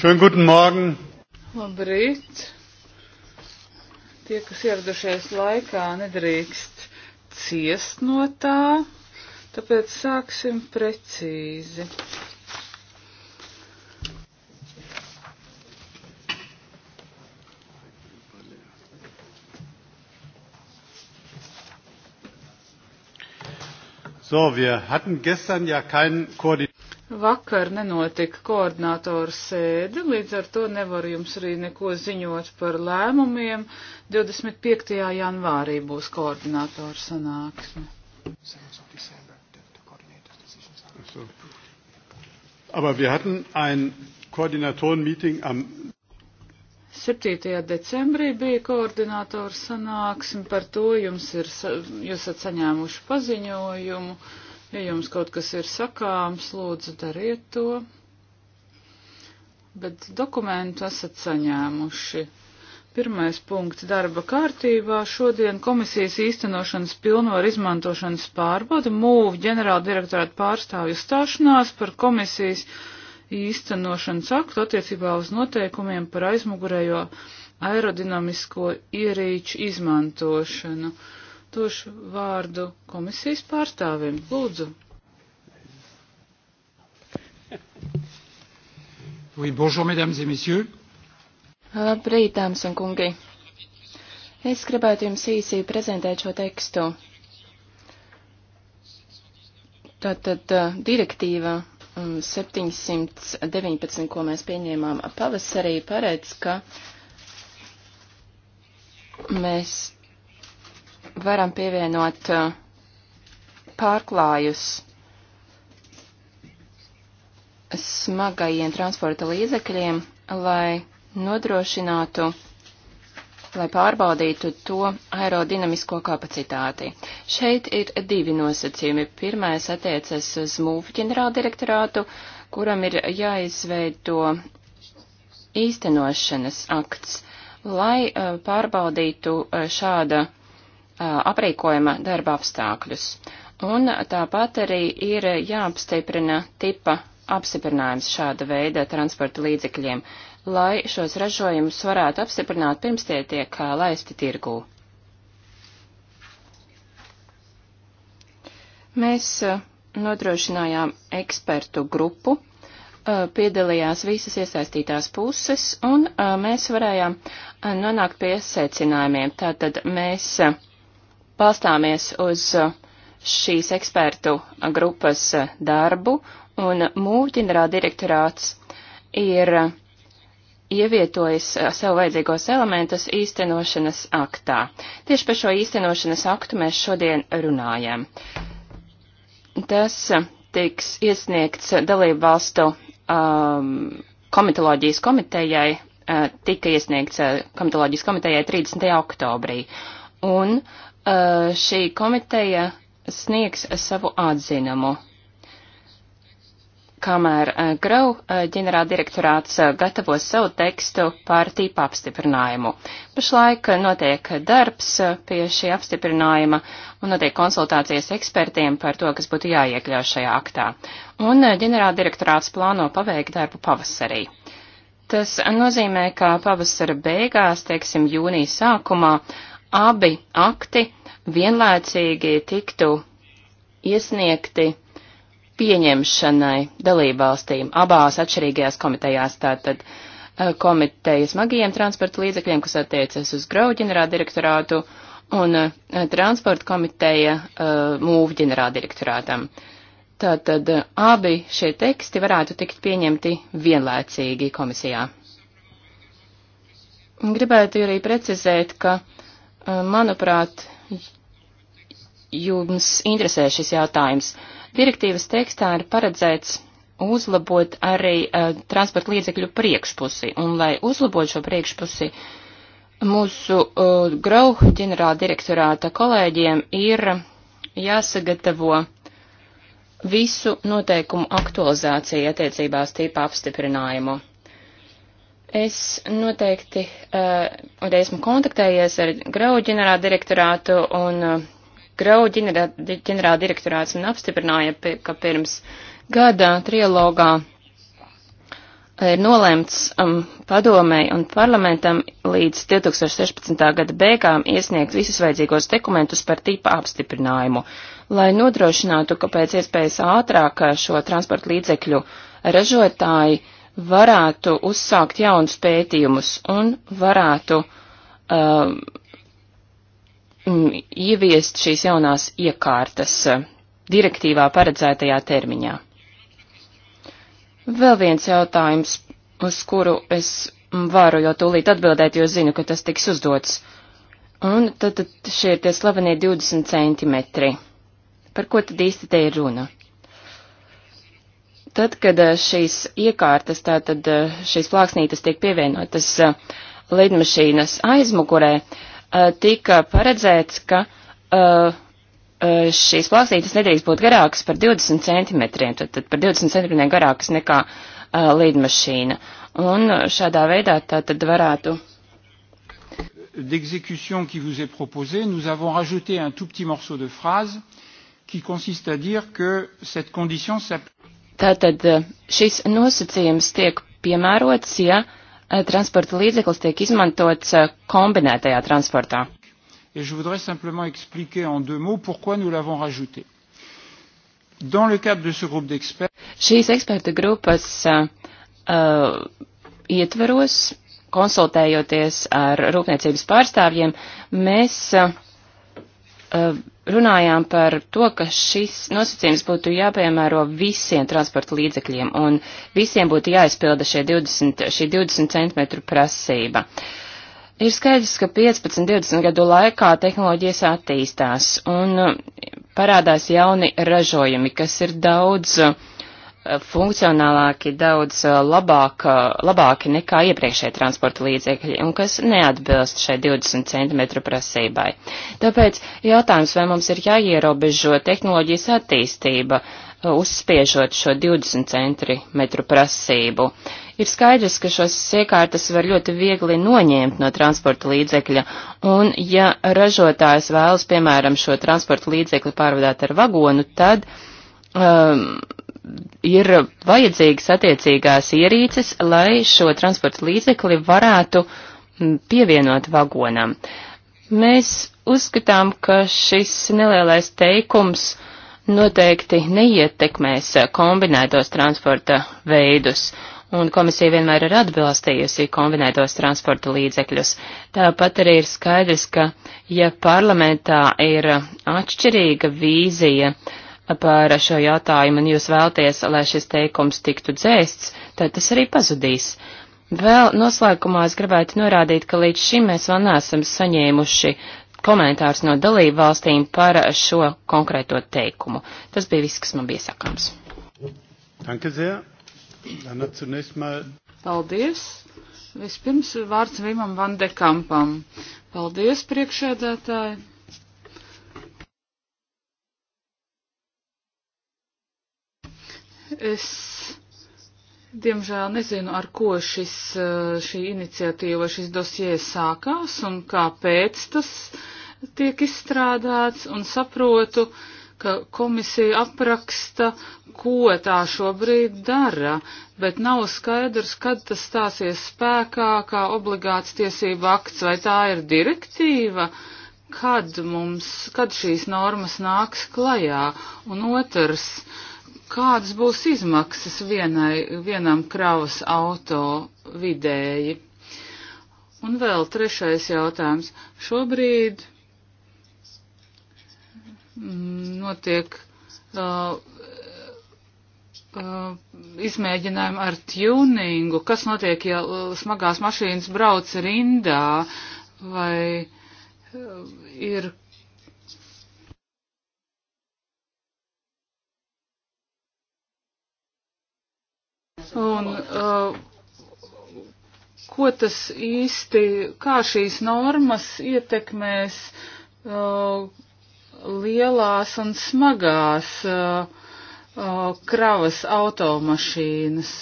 Šodien guten morgen! Labrīt! Tie, kas ieradušies laikā, nedrīkst ciest no tā, tāpēc sāksim precīzi. So, wir hatten gestern ja keinen Koordinator. Vakar nenotika koordinātoru sēde, līdz ar to nevaru jums arī neko ziņot par lēmumiem. 25. janvārī būs koordinātoru sanāksme. Aber wir hatten ein Koordinatorenmeeting am 7. decembrī bija koordinātoru sanāksme, par to jums ir, jūs esat saņēmuši paziņojumu. Ja jums kaut kas ir sakāms, lūdzu, dariet to. Bet dokumentu esat saņēmuši. Pirmais punkts darba kārtībā šodien komisijas īstenošanas pilnvaru izmantošanas pārbauda mūvu ģenerāla direktorāta pārstāvju stāšanās par komisijas īstenošanas aktu attiecībā uz noteikumiem par aizmugurējo aerodinamisko ierīču izmantošanu. Uh, Došu vārdu komisijas pārstāvim. Lūdzu. Oui, bonjour, mesdames et messieurs. Labrīt, dāmas un kungi. Es gribētu jums īsi prezentēt šo tekstu. Tātad direktīva 719, ko mēs pieņēmām pavasarī, paredz, ka mēs varam pievienot uh, pārklājus smagajiem transporta līdzekļiem, lai nodrošinātu, lai pārbaudītu to aerodinamisko kapacitāti. Šeit ir divi nosacījumi. Pirmais attiecas uz MUF ģenerāldirektorātu, kuram ir jāizveido īstenošanas akts, lai uh, pārbaudītu uh, šāda aprīkojuma darba apstākļus. Un tāpat arī ir jāapstiprina tipa apstiprinājums šāda veida transporta līdzekļiem, lai šos ražojumus varētu apstiprināt pirms tie tiek laisti tirgū. Mēs nodrošinājām ekspertu grupu, piedalījās visas iesaistītās puses, un mēs varējām nonākt pie secinājumiem. Tātad mēs pastāmies uz uh, šīs ekspertu uh, grupas uh, darbu, un MUV ģenerāldirektorāts ir ievietojis sev vajadzīgos elementus īstenošanas aktā. Tieši par šo īstenošanas aktu mēs šodien runājam. Tas tiks iesniegts dalību valstu um, komitoloģijas komitejai, uh, tika iesniegts uh, komitoloģijas komitejai 30. oktobrī. Un uh, Uh, šī komiteja sniegs savu atzinumu. Kamēr uh, Grau uh, ģenerāldirektorāts gatavos savu tekstu par tīpa apstiprinājumu. Pašlaik notiek darbs pie šī apstiprinājuma un notiek konsultācijas ekspertiem par to, kas būtu jāiekļauj šajā aktā. Un ģenerāldirektorāts plāno paveikt darbu pavasarī. Tas nozīmē, ka pavasara beigās, teiksim, jūnija sākumā, uh, abi akti vienlaicīgi tiktu iesniegti pieņemšanai dalībvalstīm abās atšķirīgajās komitejās. Tātad eh, komitejas magijiem transporta līdzekļiem, kas attiecas uz grau ģenerāldirektorātu, un eh, transporta komiteja uh, eh, mūvu ģenerāldirektorātam. Tātad abi šie teksti varētu tikt pieņemti vienlaicīgi komisijā. Gribētu arī precizēt, ka uh, Uh, manuprāt, jums interesē šis jautājums. Direktīvas tekstā ir paredzēts uzlabot arī uh, transporta līdzekļu priekšpusi, un lai uzlabotu šo priekšpusi, mūsu uh, grauhu ģenerāla direktorāta kolēģiem ir jāsagatavo visu noteikumu aktualizācija attiecībās tīpa apstiprinājumu. Es noteikti, eh, un esmu kontaktējies ar Grau ģenerāldirektorātu, un eh, Grau ģenerāldirektorāts man apstiprināja, ka pirms gada trilogā eh, ir nolēmts um, padomēji un parlamentam līdz 2016. gada beigām iesniegt visus vajadzīgos dokumentus par tipa apstiprinājumu, lai nodrošinātu, ka pēc iespējas ātrāk šo transporta līdzekļu ražotāji uh, varētu uzsākt jaunus pētījumus un varētu um, ieviest šīs jaunās iekārtas uh, direktīvā paredzētajā termiņā. Vēl viens jautājums, uz kuru es varu jau tūlīt atbildēt, jo zinu, ka tas tiks uzdots. Un tad, tad šie ir tie slavenie 20 centimetri. Par ko tad īsti te ir runa? Tad, kad eh, šīs iekārtas, tātad eh, šīs plāksnītes tiek pievienotas eh, lidmašīnas aizmugurē, tika paredzēts, ka šīs plāksnītes nedrīkst būt garākas par 20 centimetriem, tad, tad par 20 centimetriem garākas nekā lidmašīna. Un šādā veidā tātad varētu d'exécution qui vous est proposée, nous avons rajouté un tout petit morceau de phrase qui consiste à dire que cette condition s'applique. Tātad eh, šis nosacījums tiek piemērots, ja eh, transporta līdzeklis tiek izmantots eh, kombinētajā transportā. Et je voudrais simplement expliquer en deux mots pourquoi nous l'avons rajouté. Dans le cadre de ce groupe d'experts, šīs eksperta grupas uh, ietveros, konsultējoties ar rūpniecības pārstāvjiem, mēs uh, runājām par to, ka šis nosacījums būtu jāpiemēro visiem transporta līdzekļiem un visiem būtu jāizpilda 20, šī 20 centimetru prasība. Ir skaidrs, ka 15-20 gadu laikā tehnoloģijas attīstās un uh, parādās jauni ražojumi, kas ir daudz uh, funkcionālāki, daudz eh, labāk, eh, labāki nekā iepriekšēji transporta līdzekļi un kas neatbilst šai 20 cm prasībai. Tāpēc jautājums, vai mums ir jāierobežo tehnoloģijas attīstība, eh, uzspiežot šo 20 cm prasību. Ir skaidrs, ka šos iekārtas var ļoti viegli noņemt no transporta līdzekļa, un ja ražotājs vēlas, piemēram, šo transporta līdzekli pārvadāt ar vagonu, tad um, ir vajadzīgas attiecīgās ierīces, lai šo transporta līdzekli varētu pievienot vagonam. Mēs uzskatām, ka šis nelielais teikums noteikti neietekmēs kombinētos transporta veidus, un komisija vienmēr ir atbilstījusi kombinētos transporta līdzekļus. Tāpat arī ir skaidrs, ka ja parlamentā ir atšķirīga vīzija, uh, par šo jautājumu un jūs vēlties, lai šis teikums tiktu dzēsts, tad tas arī pazudīs. Vēl noslēgumā es gribētu norādīt, ka līdz šim mēs vēl neesam saņēmuši komentārs no dalību valstīm par šo konkrēto teikumu. Tas bija viss, kas man bija sakāms. Paldies! Vispirms vārds Vimam Vandekampam. Paldies, priekšēdētāji! Es diemžēl nezinu, ar ko šis, eh, šī iniciatīva, šis dosie sākās un kāpēc tas tiek izstrādāts un saprotu, ka komisija apraksta, ko tā šobrīd dara, bet nav skaidrs, kad tas stāsies spēkā kā obligāts tiesība akts, vai tā ir direktīva, kad mums, kad šīs normas nāks klajā. Un otrs, uh, Kādas būs izmaksas vienai, vienam kravas auto vidēji? Un vēl trešais jautājums. Šobrīd notiek uh, uh, izmēģinājumi ar tuningu, kas notiek, ja smagās mašīnas brauc rindā vai uh, ir Un uh, ko tas īsti, kā šīs normas ietekmēs uh, lielās un smagās uh, uh, kravas automašīnas?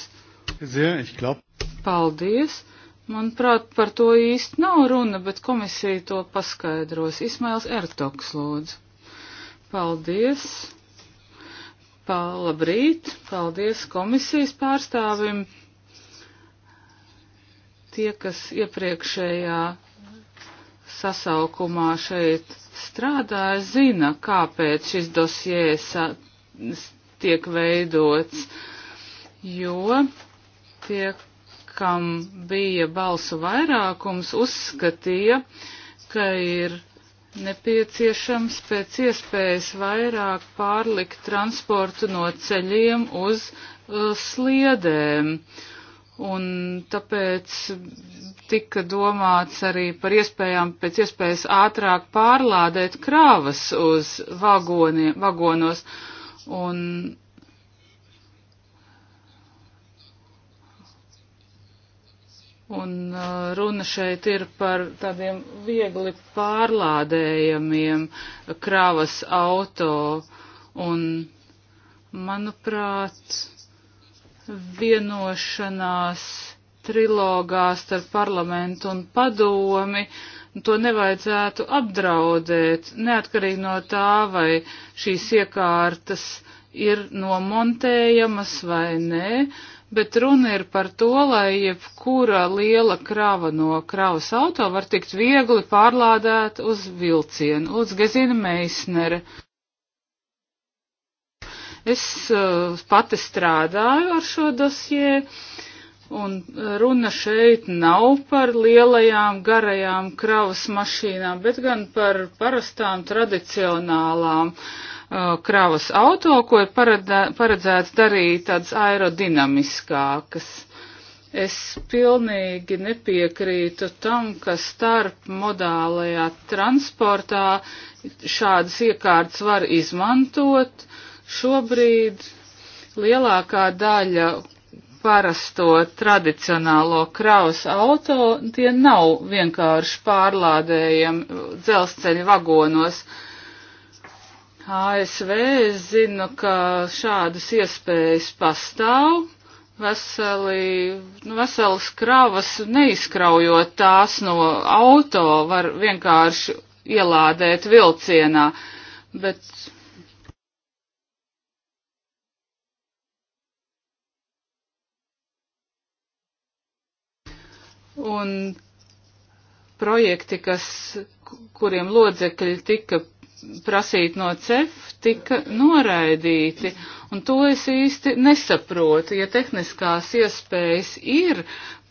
Paldies! Manuprāt, par to īsti nav runa, bet komisija to paskaidros. Ismails Ertoks lūdzu. Paldies! Pā, labrīt, paldies komisijas pārstāvim. Tie, kas iepriekšējā sasaukumā šeit strādāja, zina, kāpēc šis dosies tiek veidots, jo tie, kam bija balsu vairākums, uzskatīja, ka ir nepieciešams pēc iespējas vairāk pārlikt transportu no ceļiem uz uh, sliedēm. Un tāpēc tika domāts arī par iespējām pēc iespējas ātrāk pārlādēt krāvas uz vagoniem, vagonos. Un Un uh, runa šeit ir par tādiem viegli pārlādējamiem kravas auto. Un, manuprāt, vienošanās trilogā starp parlamentu un padomi to nevajadzētu apdraudēt, neatkarīgi no tā, vai šīs iekārtas ir nomontējamas vai nē bet runa ir par to, lai jebkura liela krava no kravas auto var tikt viegli pārlādēt uz vilcienu. Lūdzu, Gezina Meisnere. Es uh, pati strādāju ar šo dosie, un runa šeit nav par lielajām garajām kravas mašīnām, bet gan par parastām tradicionālām uh, Uh, kravas auto, ko ir paredzēts darīt tādas aerodinamiskākas. Es pilnīgi nepiekrītu tam, ka starp modālajā transportā šādas iekārtas var izmantot. Šobrīd lielākā daļa parasto tradicionālo kraus auto, tie nav vienkārši pārlādējami dzelzceļa vagonos. Uh, ASV es zinu, ka šādas iespējas pastāv. Veseli, nu, veselas kravas neizkraujot tās no auto var vienkārši ielādēt vilcienā, bet un projekti, kas, kuriem lodzekļi tika prasīt no CEF, tika noraidīti. Un to es īsti nesaprotu, ja tehniskās iespējas ir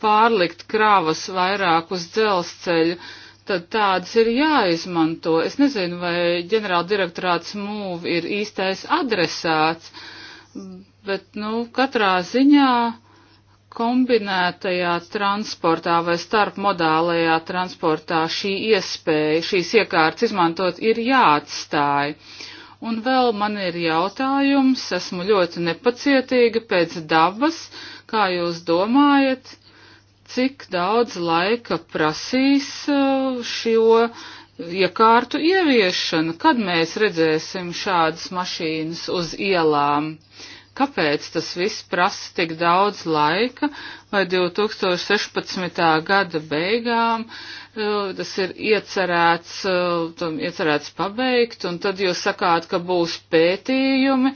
pārlikt krāvas vairāk uz dzelzceļu, tad tādas ir jāizmanto. Es nezinu, vai ģenerāldirektorāts MUV ir īstais adresāts, bet, nu, katrā ziņā kombinētajā transportā vai starpmodālajā transportā šī iespēja, šīs iekārtas izmantot ir jāatstāj. Un vēl man ir jautājums, esmu ļoti nepacietīga pēc dabas, kā jūs domājat, cik daudz laika prasīs uh, šo iekārtu ieviešana, kad mēs redzēsim šādas mašīnas uz ielām. Uh, Kāpēc tas viss prasa tik daudz laika, vai 2016. gada beigām e, tas ir iecerēts, e, iecerēts pabeigt, un tad jūs sakāt, ka būs pētījumi,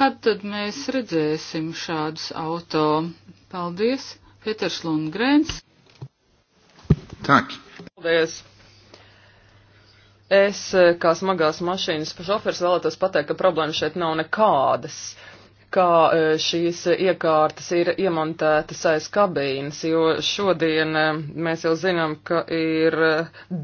kad tad mēs redzēsim šādus auto? Paldies, Peters Lundgrēns. Tak. Paldies. Es, e, kā smagās mašīnas šofers, vēlētos pateikt, ka problēma šeit nav nekādas. Uh, kā e, šīs iekārtas ir iemontētas aiz kabīnes, jo šodien e, mēs jau zinām, ka ir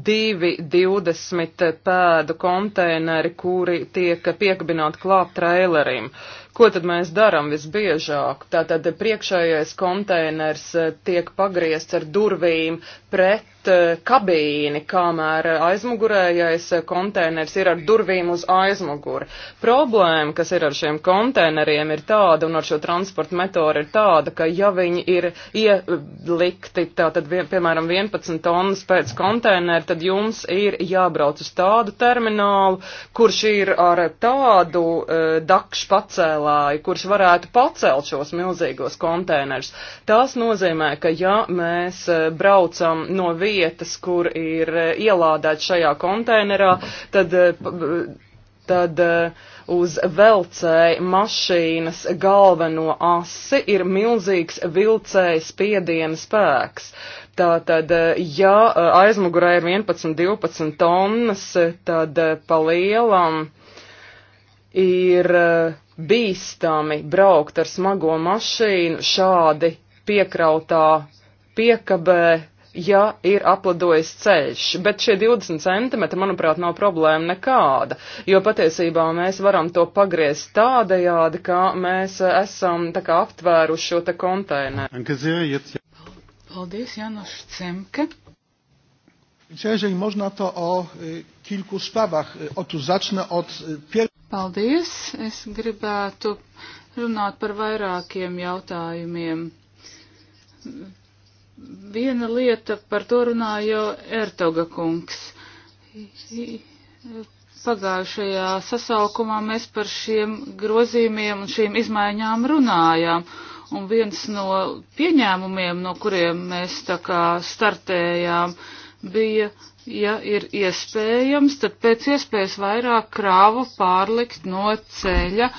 divi 20 pēdu konteineri, kuri tiek piekabināti klāt trailerim. Uh, Ko tad mēs darām visbiežāk? Tātad priekšējais konteiners eh, tiek pagriezts ar durvīm pret eh, kabīni, kamēr aizmugurējais eh, konteiners ir ar durvīm uz aizmuguri. Problēma, kas ir ar šiem konteineriem, ir tāda, un ar šo transporta metodu ir tāda, ka ja viņi ir ielikti, tātad, vien, piemēram, 11 tonnas pēc konteineru, tad jums ir jābrauc uz tādu terminālu, kurš ir ar tādu uh, dakšu pacēlu, sadalītāju, kurš varētu pacelt šos milzīgos konteinerus. Tas nozīmē, ka ja mēs e, braucam no vietas, kur ir e, ielādēts šajā konteinerā, tad. E, tad uz velcēju mašīnas galveno asi ir milzīgs vilcēja spiediena spēks. Tātad, ja aizmugurē ir 11, 12 tonnas, tad pa lielam ir bīstami braukt ar smago mašīnu šādi piekrautā piekabē, ja ir aplidojis ceļš. Bet šie 20 centimetri, manuprāt, nav problēma nekāda, jo patiesībā mēs varam to pagriezt tādajādi, kā mēs esam tā kā aptvēruši šo te konteineru. Paldies, Janoš Cemke. Jeżeli można, to o e, kilku sprawach. E, otóż zacznę od e, pierwszej. Paldies! Es gribētu runāt par vairākiem jautājumiem. Viena lieta, par to runāja jau Ertoga kungs. Pagājušajā sasaukumā mēs par šiem grozījumiem un šīm izmaiņām runājām. Un viens no pieņēmumiem, no kuriem mēs tā kā startējām, bija ja ir iespējams, tad pēc iespējas vairāk krāvu pārlikt no ceļa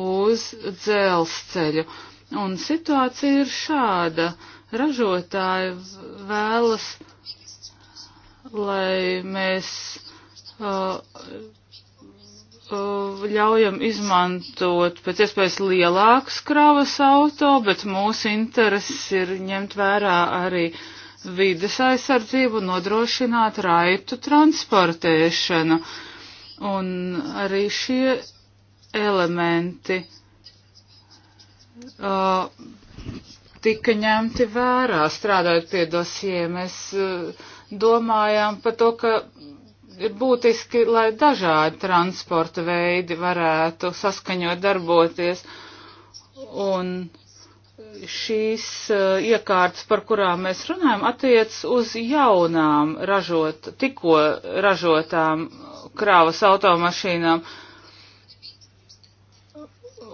uz dzelzceļu. Un situācija ir šāda. Ražotāji vēlas, lai mēs uh, uh, ļaujam izmantot pēc iespējas lielākas kravas auto, bet mūsu intereses ir ņemt vērā arī uh, vides aizsardzību, nodrošināt raitu transportēšanu. Un arī šie elementi uh, tika ņemti vērā. Strādājot pie dosiem, mēs uh, domājām par to, ka ir būtiski, lai dažādi transporta veidi varētu saskaņot darboties. Un šīs eh, iekārtas, par kurām mēs runājam, attiec uz jaunām ražot, tikko ražotām krāvas automašīnām.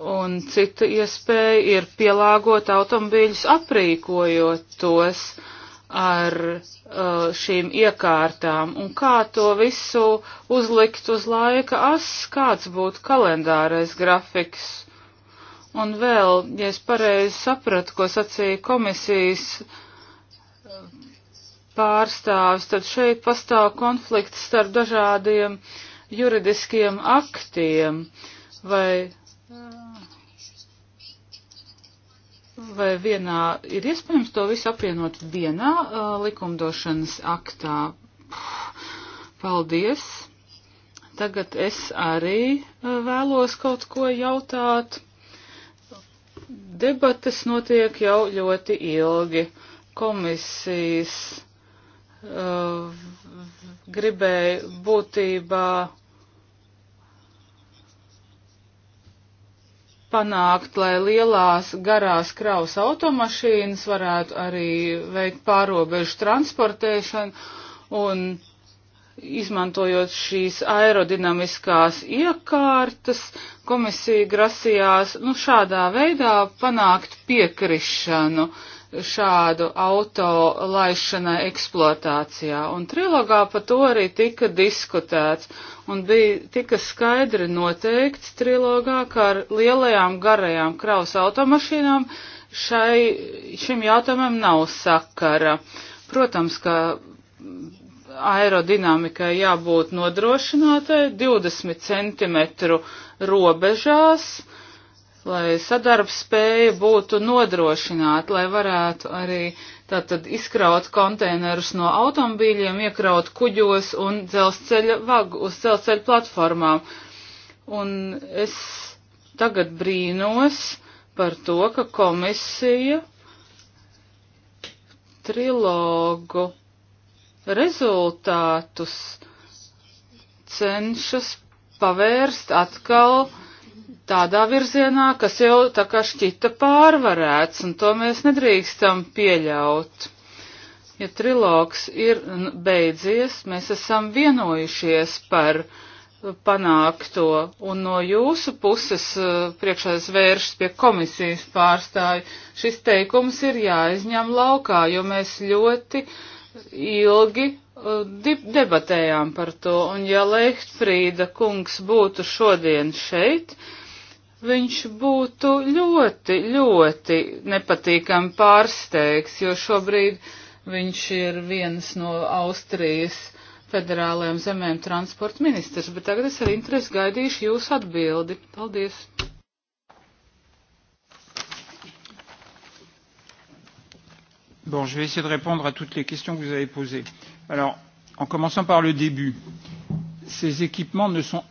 Un cita iespēja ir pielāgot automobīļus, aprīkojot tos ar eh, šīm iekārtām. Un kā to visu uzlikt uz laika as, kāds būtu kalendārais grafiks Un vēl, ja es pareizi sapratu, ko sacīja komisijas eh, pārstāvis, tad šeit pastāv konflikts starp dažādiem juridiskiem aktiem vai, eh, vai vienā, ir iespējams to visu apvienot vienā uh, likumdošanas aktā. Puh, paldies! Tagad es arī vēlos kaut ko jautāt. Debates notiek jau ļoti ilgi. Komisijas uh, gribēja būtībā panākt, lai lielās garās kraus automašīnas varētu arī veikt pārobežu transportēšanu un Izmantojot šīs aerodinamiskās iekārtas, komisija grasījās nu, šādā veidā panākt piekrišanu šādu auto laišanai eksploatācijā. Un trilogā par to arī tika diskutēts un bija tika skaidri noteikts trilogā, ka ar lielajām garajām kraus automašīnām šai, šim jautājumam nav sakara. Protams, ka aerodinamikai jābūt nodrošinātai 20 cm robežās, lai sadarbspēja būtu nodrošināta, lai varētu arī tātad izkraut konteinerus no automobīļiem, iekraut kuģos un dzelzceļa vagu uz dzelzceļa platformām. Un es tagad brīnos par to, ka komisija trilogu rezultātus cenšas pavērst atkal tādā virzienā, kas jau tā kā šķita pārvarēts, un to mēs nedrīkstam pieļaut. Ja trilogs ir beidzies, mēs esam vienojušies par panākto, un no jūsu puses e, priekšās vēršas pie komisijas pārstāju, šis teikums ir jāizņem laukā, jo mēs ļoti uh, ilgi uh, debatējām par to, un ja Leichtfrīda kungs būtu šodien šeit, viņš būtu ļoti, ļoti nepatīkami pārsteigts, jo šobrīd viņš ir viens no Austrijas federālajiem zemēm transporta ministrs, bet tagad es ar interesi gaidīšu jūsu atbildi. Paldies! Bon, je vais essayer de répondre à toutes les questions que vous avez posées. Alors, en commençant par le début, ces équipements ne sont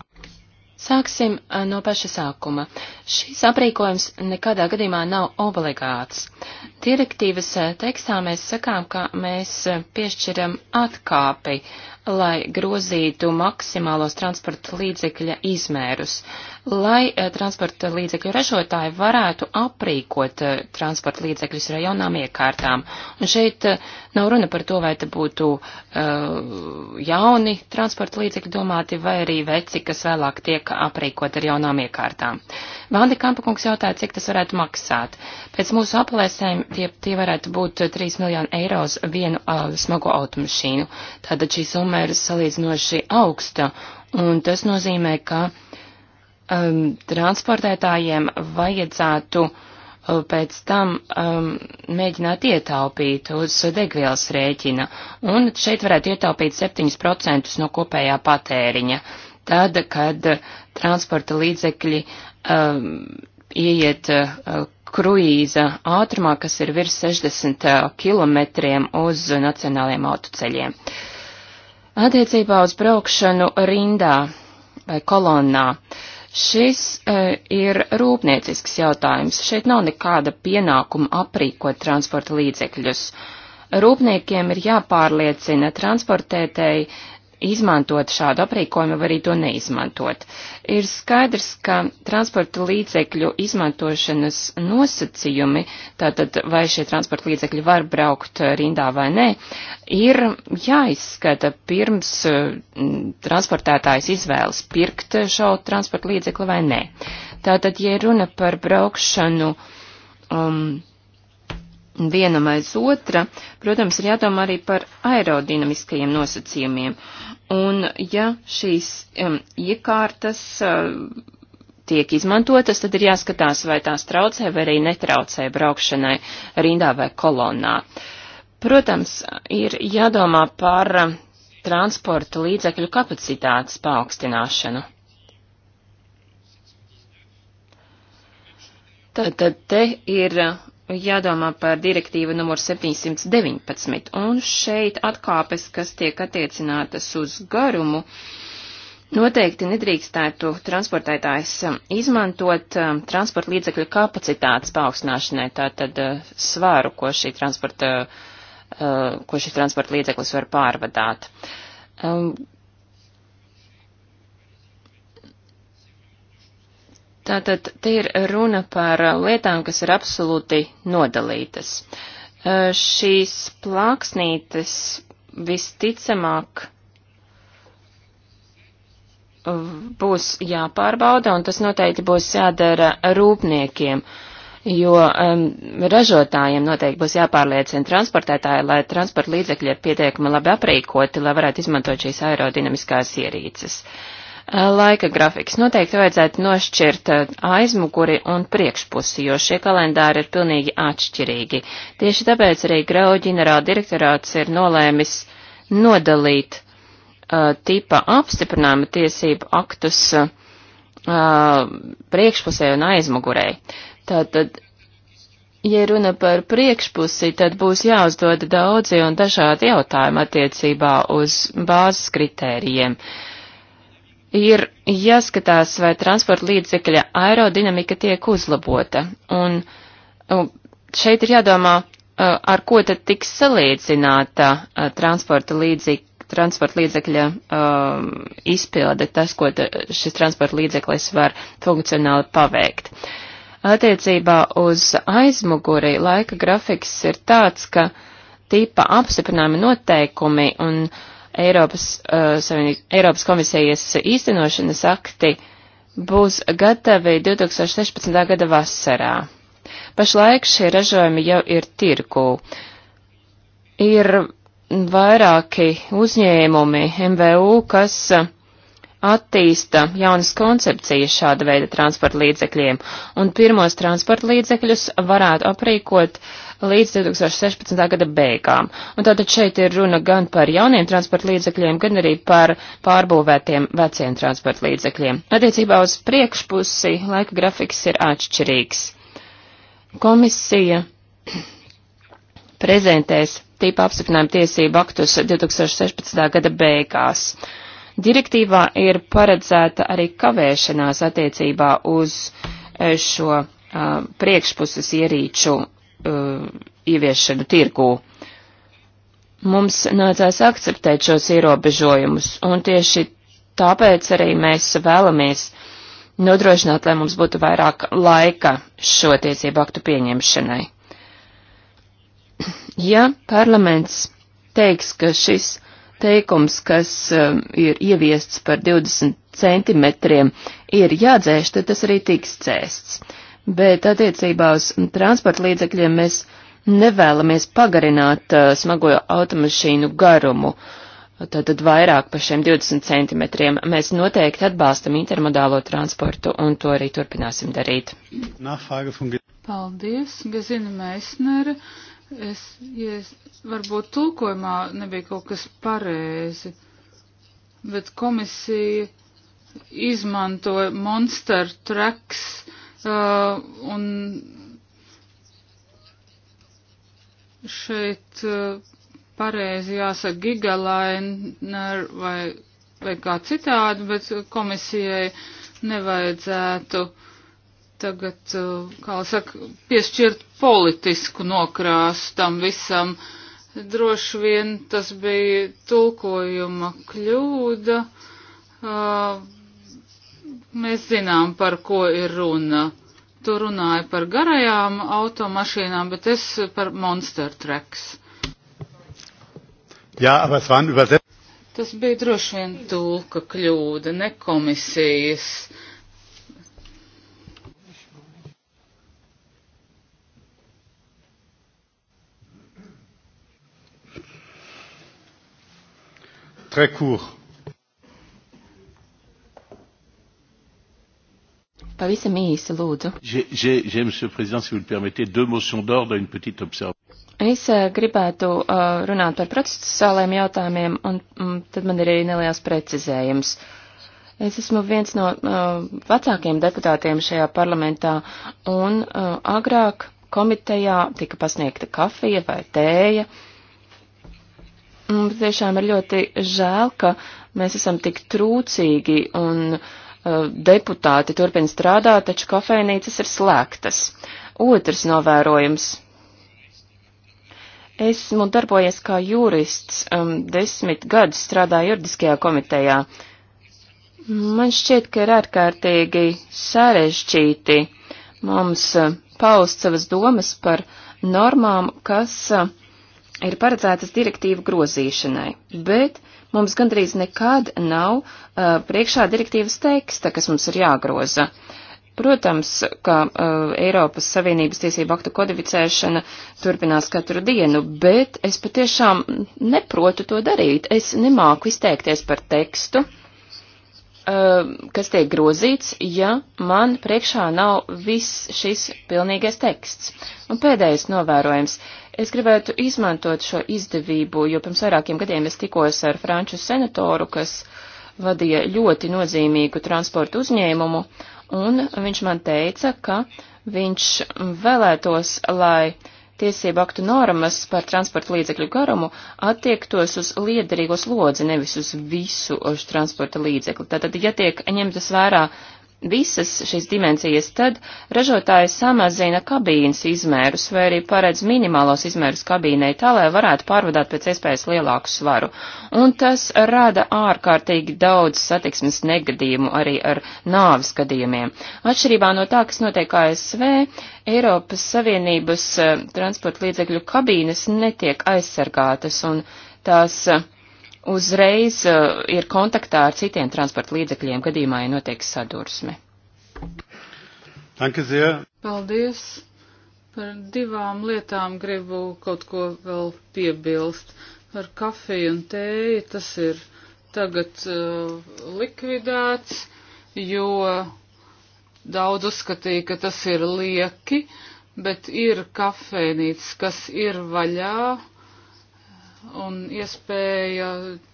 Sāksim eh, no paša sākuma. Šīs aprīkojums nekādā gadījumā nav obligāts. Direktīvas eh, tekstā mēs sakām, ka mēs eh, piešķiram atkāpi lai grozītu maksimālos transporta līdzekļa izmērus, lai eh, transporta līdzekļu ražotāji varētu aprīkot eh, transporta līdzekļus rajonām iekārtām. Un šeit eh, nav runa par to, vai te būtu uh, jauni transporta līdzekļi domāti, vai arī veci, kas vēlāk tiek aprīkot ar jaunām iekārtām. Vandi Kampakungs jautāja, cik tas varētu maksāt. Pēc mūsu aplēsēm tie, tie varētu būt 3 miljoni eiros vienu uh, smago automašīnu. Tātad šī summa tomēr salīdzinoši augsta, un tas nozīmē, ka um, transportētājiem vajadzētu uh, pēc tam um, mēģināt ietaupīt uz degvielas rēķina, un šeit varētu ietaupīt 7% no kopējā patēriņa, tad, kad transporta līdzekļi um, ieiet uh, kruīza ātrumā, kas ir virs 60 uh, km uz nacionāliem autoceļiem. Uh, Attiecībā uz braukšanu rindā vai eh, kolonnā. Šis e, ir rūpniecisks jautājums. Šeit nav nekāda pienākuma aprīkot transporta līdzekļus. Rūpniekiem ir jāpārliecina transportētēji izmantot šādu aprīkojumu, var arī to neizmantot. Ir skaidrs, ka transporta līdzekļu izmantošanas nosacījumi, tātad vai šie transporta līdzekļi var braukt rindā vai nē, ir jāizskata pirms mm, transportētājs izvēlas pirkt šo transporta līdzekli vai nē. Tātad, ja runa par braukšanu. Um, vienam aiz otra, protams, ir jādomā arī par aerodinamiskajiem nosacījumiem. Un ja šīs um, iekārtas uh, tiek izmantotas, tad ir jāskatās, vai tās traucē vai arī netraucē braukšanai rindā vai kolonnā. Protams, ir jādomā par uh, transporta līdzekļu kapacitātes paaugstināšanu. Tātad te ir uh, jādomā par direktīvu numur 719, un šeit atkāpes, kas tiek attiecinātas uz garumu, noteikti nedrīkstētu transportētājs um, izmantot um, transporta līdzekļu kapacitātes paaugstināšanai, tātad uh, svāru, ko šī transporta, uh, uh, ko šis transporta līdzeklis var pārvadāt. Um, Tātad te ir runa par lietām, kas ir absolūti nodalītas. Šīs plāksnītes visticamāk būs jāpārbauda, un tas noteikti būs jādara rūpniekiem, jo um, ražotājiem noteikti būs jāpārliecina transportētāji, lai transporta līdzekļi ir pietiekami labi aprīkoti, lai varētu izmantot šīs aerodinamiskās ierīces. Uh, Eh, laika grafiks. Noteikti vajadzētu nošķirt eh, aizmuguri un priekšpusi, jo šie kalendāri ir pilnīgi atšķirīgi. Tieši tāpēc arī Grau ģenerāla direktorāts ir nolēmis nodalīt uh, tipa apstiprinājuma tiesību aktus uh, priekšpusē un aizmugurē. Tātad Ja runa par priekšpusi, tad būs jāuzdod daudzi un dažādi jautājumi attiecībā uz bāzes kritērijiem ir jāskatās, vai transporta līdzekļa aerodinamika tiek uzlabota. Un šeit ir jādomā, ar ko tad tiks salīdzināta transporta līdzekļa transporta līdzekļa um, izpilde, tas, ko šis transporta līdzeklis var funkcionāli paveikt. Attiecībā uz aizmuguri laika grafiks ir tāds, ka tipa apstiprinājuma noteikumi un uh, Eiropas, uh, savienī, Eiropas komisijas īstenošanas akti būs gatavi 2016. gada vasarā. Pašlaik šie ražojumi jau ir tirgū. Ir vairāki uzņēmumi MVU, kas attīsta jaunas koncepcijas šāda veida transporta līdzekļiem, un pirmos transporta līdzekļus varētu aprīkot uh, līdz 2016. gada beigām. Un tātad šeit ir runa gan par jauniem transporta līdzekļiem, gan arī par pārbūvētiem veciem transporta līdzekļiem. Attiecībā uz priekšpusi laika grafiks ir atšķirīgs. Komisija prezentēs tīpa apstiprinājuma tiesību aktus 2016. gada beigās. Direktīvā ir paredzēta arī kavēšanās attiecībā uz eh, šo uh, priekšpuses ierīču uh, ieviešanu tirgū. Mums nācās akceptēt šos ierobežojumus, un tieši tāpēc arī mēs vēlamies nodrošināt, lai mums būtu vairāk laika šo tiesību aktu pieņemšanai. Ja parlaments teiks, ka šis teikums, kas um, ir ieviests par 20 centimetriem, ir jādzēš, tad tas arī tiks cēsts bet attiecībā uz transporta līdzekļiem mēs nevēlamies pagarināt uh, smago automašīnu garumu. Tātad vairāk par šiem 20 centimetriem. Mēs noteikti atbalstam intermodālo transportu un to arī turpināsim darīt. Paldies, Gezina Meisnere. Es, ja es, varbūt tulkojumā nebija kaut kas pareizi, bet komisija izmantoja Monster Tracks Uh, un šeit uh, pareizi jāsaka gigalainer vai, vai kā citādi, bet komisijai nevajadzētu tagad, uh, kā saka, piešķirt politisku nokrāsu tam visam. Droši vien tas bija tulkojuma kļūda. Uh, Mēs zinām, par ko ir runa. Tu runāji par garajām automašīnām, bet es par Monster Tracks. Jā, aber es waren übersetzt. Tas bija droši vien tulka kļūda, ne komisijas. Très court. Pavisam īsi, lūdzu. J -j -j, es eh, gribētu uh, runāt par procesuāliem jautājumiem, un mm, tad man ir arī neliels precizējums. Es esmu viens no uh, vecākiem deputātiem šajā parlamentā, un uh, agrāk komitejā tika pasniegta kafija vai tēja. Un mm, tiešām ir ļoti žēl, ka mēs esam tik trūcīgi un uh, Eh, deputāti turpina strādāt, taču kafejnīcas ir slēgtas. Otrs novērojums. Esmu darbojies kā jurists, um, desmit gadus strādāju juridiskajā komitejā. Man šķiet, ka ir ārkārtīgi sarežģīti mums eh, paust savas domas par normām, kas eh, ir paredzētas direktīvu grozīšanai, bet uh, Mums gandrīz nekad nav uh, priekšā direktīvas teksta, kas mums ir jāgroza. Protams, ka uh, Eiropas Savienības tiesību aktu kodificēšana turpinās katru dienu, bet es patiešām neprotu to darīt. Es nemāku izteikties par tekstu, uh, kas tiek grozīts, ja man priekšā nav viss šis pilnīgais teksts. Un pēdējais novērojums. Uh, Es gribētu izmantot šo izdevību, jo pirms vairākiem gadiem es tikos ar franču senatoru, kas vadīja ļoti nozīmīgu transportu uzņēmumu, un viņš man teica, ka viņš vēlētos, lai tiesību aktu normas par transporta līdzekļu garumu attiektos uz liederīgo slodzi, nevis uz visu uz transporta līdzekli. Tātad, ja tiek ņemtas vērā visas šīs dimensijas, tad ražotājs samazina kabīnes izmērus vai arī paredz minimālos izmērus kabīnei, tā lai varētu pārvadāt pēc iespējas lielāku svaru. Un tas rada ārkārtīgi daudz satiksmes negadījumu arī ar nāvis gadījumiem. Atšķirībā no tā, kas notiek ASV, Eiropas Savienības eh, transporta līdzekļu kabīnes netiek aizsargātas un tās uh, uzreiz uh, ir kontaktā ar citiem transporta līdzekļiem, gadījumā, ja notiek sadursme. Paldies! Par divām lietām gribu kaut ko vēl piebilst. Par kafiju un tēju tas ir tagad uh, likvidēts, jo daudz uzskatīja, ka tas ir lieki, bet ir kafēnīts, kas ir vaļā un iespēja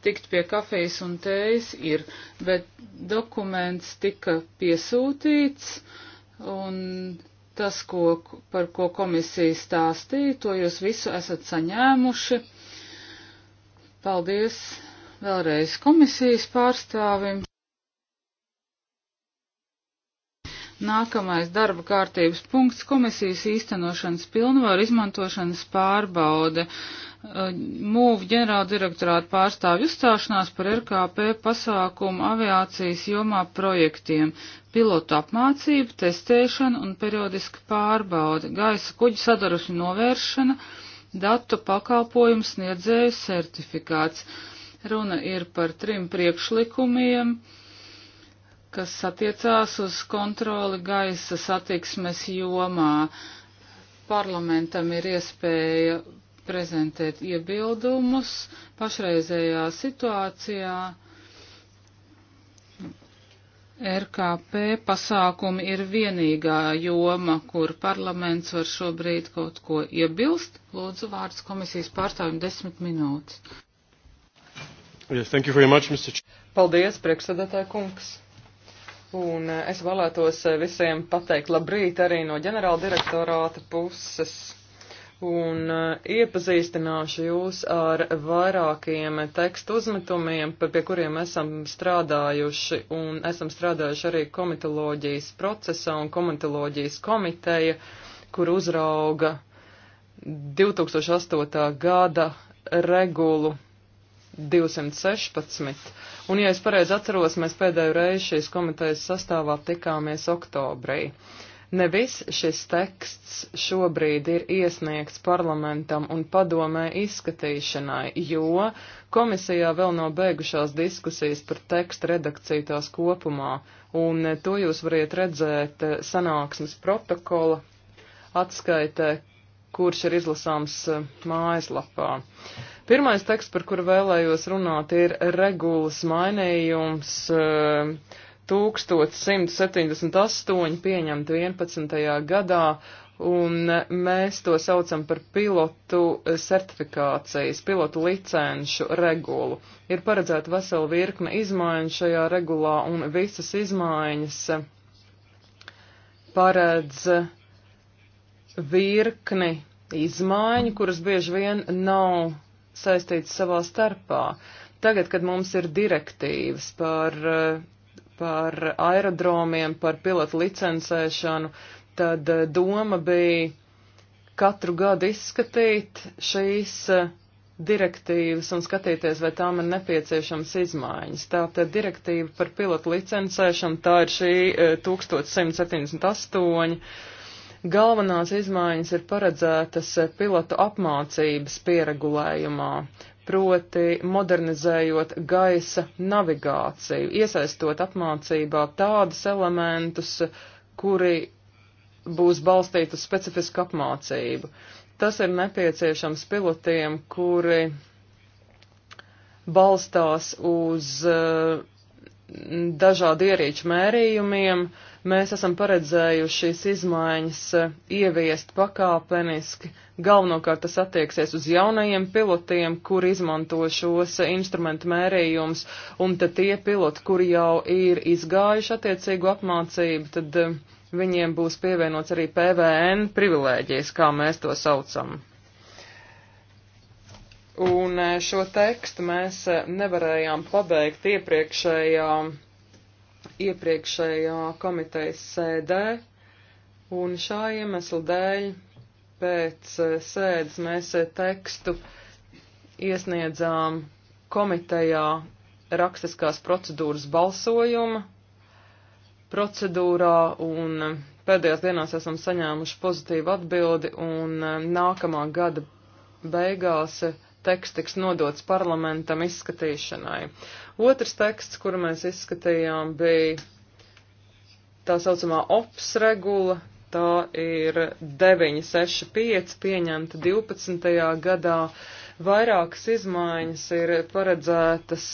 tikt pie kafijas un tējas ir, bet dokuments tika piesūtīts un tas, ko, par ko komisija stāstīja, to jūs visu esat saņēmuši. Paldies vēlreiz komisijas pārstāvim. Nākamais darba kārtības punkts - komisijas īstenošanas pilnvaru izmantošanas pārbaude. Uh, Mūvu ģenerāla direktorāta pārstāvju uzstāšanās par RKP pasākumu aviācijas jomā projektiem, pilotu apmācību, testēšanu un periodiska pārbaude, gaisa kuģu sadarusu novēršana, datu pakalpojumu sniedzēju certifikāts. Runa ir par trim priekšlikumiem. Uh, kas attiecās uz kontroli gaisa satiksmes jomā. Parlamentam ir iespēja prezentēt iebildumus pašreizējā situācijā. RKP pasākumi ir vienīgā joma, kur parlaments var šobrīd kaut ko iebilst. Lūdzu, vārds komisijas pārstāvjum desmit minūtes. Yes, thank you very much, Mr. Č Paldies, priekšsēdētāja kungs. Un eh, es vēlētos eh, visiem pateikt labrīt arī no ģenerāla direktorāta puses. Un eh, iepazīstināšu jūs ar vairākiem tekstu uzmetumiem, pie kuriem esam strādājuši un esam strādājuši arī komitoloģijas procesā un komitoloģijas komiteja, kur uzrauga 2008. gada regulu 216. Un, ja es pareizi atceros, mēs pēdējo reizi šīs komitejas sastāvā tikāmies oktobrī. Ne viss šis teksts šobrīd ir iesniegts parlamentam un padomē izskatīšanai, jo komisijā vēl nav beigušās diskusijas par tekstu redakciju tās kopumā, un eh, to jūs variet redzēt eh, sanāksmes protokola atskaitē, kurš ir izlasāms eh, mājaslapā. Pirmais teksts, par kuru vēlējos runāt, ir regulas mainījums 1178 eh, pieņemt 11. gadā, un mēs to saucam par pilotu eh, certifikācijas, pilotu licenšu regulu. Ir paredzēta vesela virkne izmaiņu šajā regulā, un visas izmaiņas paredz virkni izmaiņu, kuras bieži vien nav saistīts savā starpā. Tagad, kad mums ir direktīvas par, par aerodromiem, par pilotu licencēšanu, tad eh, doma bija katru gadu izskatīt šīs eh, direktīvas un skatīties, vai tām ir nepieciešams izmaiņas. Tātad direktīva par pilotu licencēšanu, tā ir šī 1178 eh, Galvenās izmaiņas ir paredzētas pilotu apmācības pieregulējumā, proti modernizējot gaisa navigāciju, iesaistot apmācībā tādus elementus, kuri būs balstīti uz specifisku apmācību. Tas ir nepieciešams pilotiem, kuri balstās uz uh, dažādu ierīču mērījumiem, uh, Mēs esam paredzējuši šīs izmaiņas eh, ieviest pakāpeniski. Galvenokārt tas attieksies uz jaunajiem pilotiem, kur izmanto šos eh, instrumentu mērījumus, un tad tie piloti, kuri jau ir izgājuši attiecīgu apmācību, tad eh, viņiem būs pievienots arī PVN privilēģijas, kā mēs to saucam. Un šo tekstu mēs nevarējām pabeigt iepriekšējām iepriekšējā komitejas sēdē, un šā iemesla dēļ pēc eh, sēdes mēs eh, tekstu iesniedzām komitejā rakstiskās procedūras balsojuma procedūrā, un eh, pēdējās dienās esam saņēmuši pozitīvu atbildi, un nākamā gada beigās teksts tiks nodots parlamentam izskatīšanai. Otrs teksts, kuru mēs izskatījām, bija tā saucamā OPS regula, tā ir 965 pieņemta 12. gadā. Vairākas izmaiņas ir paredzētas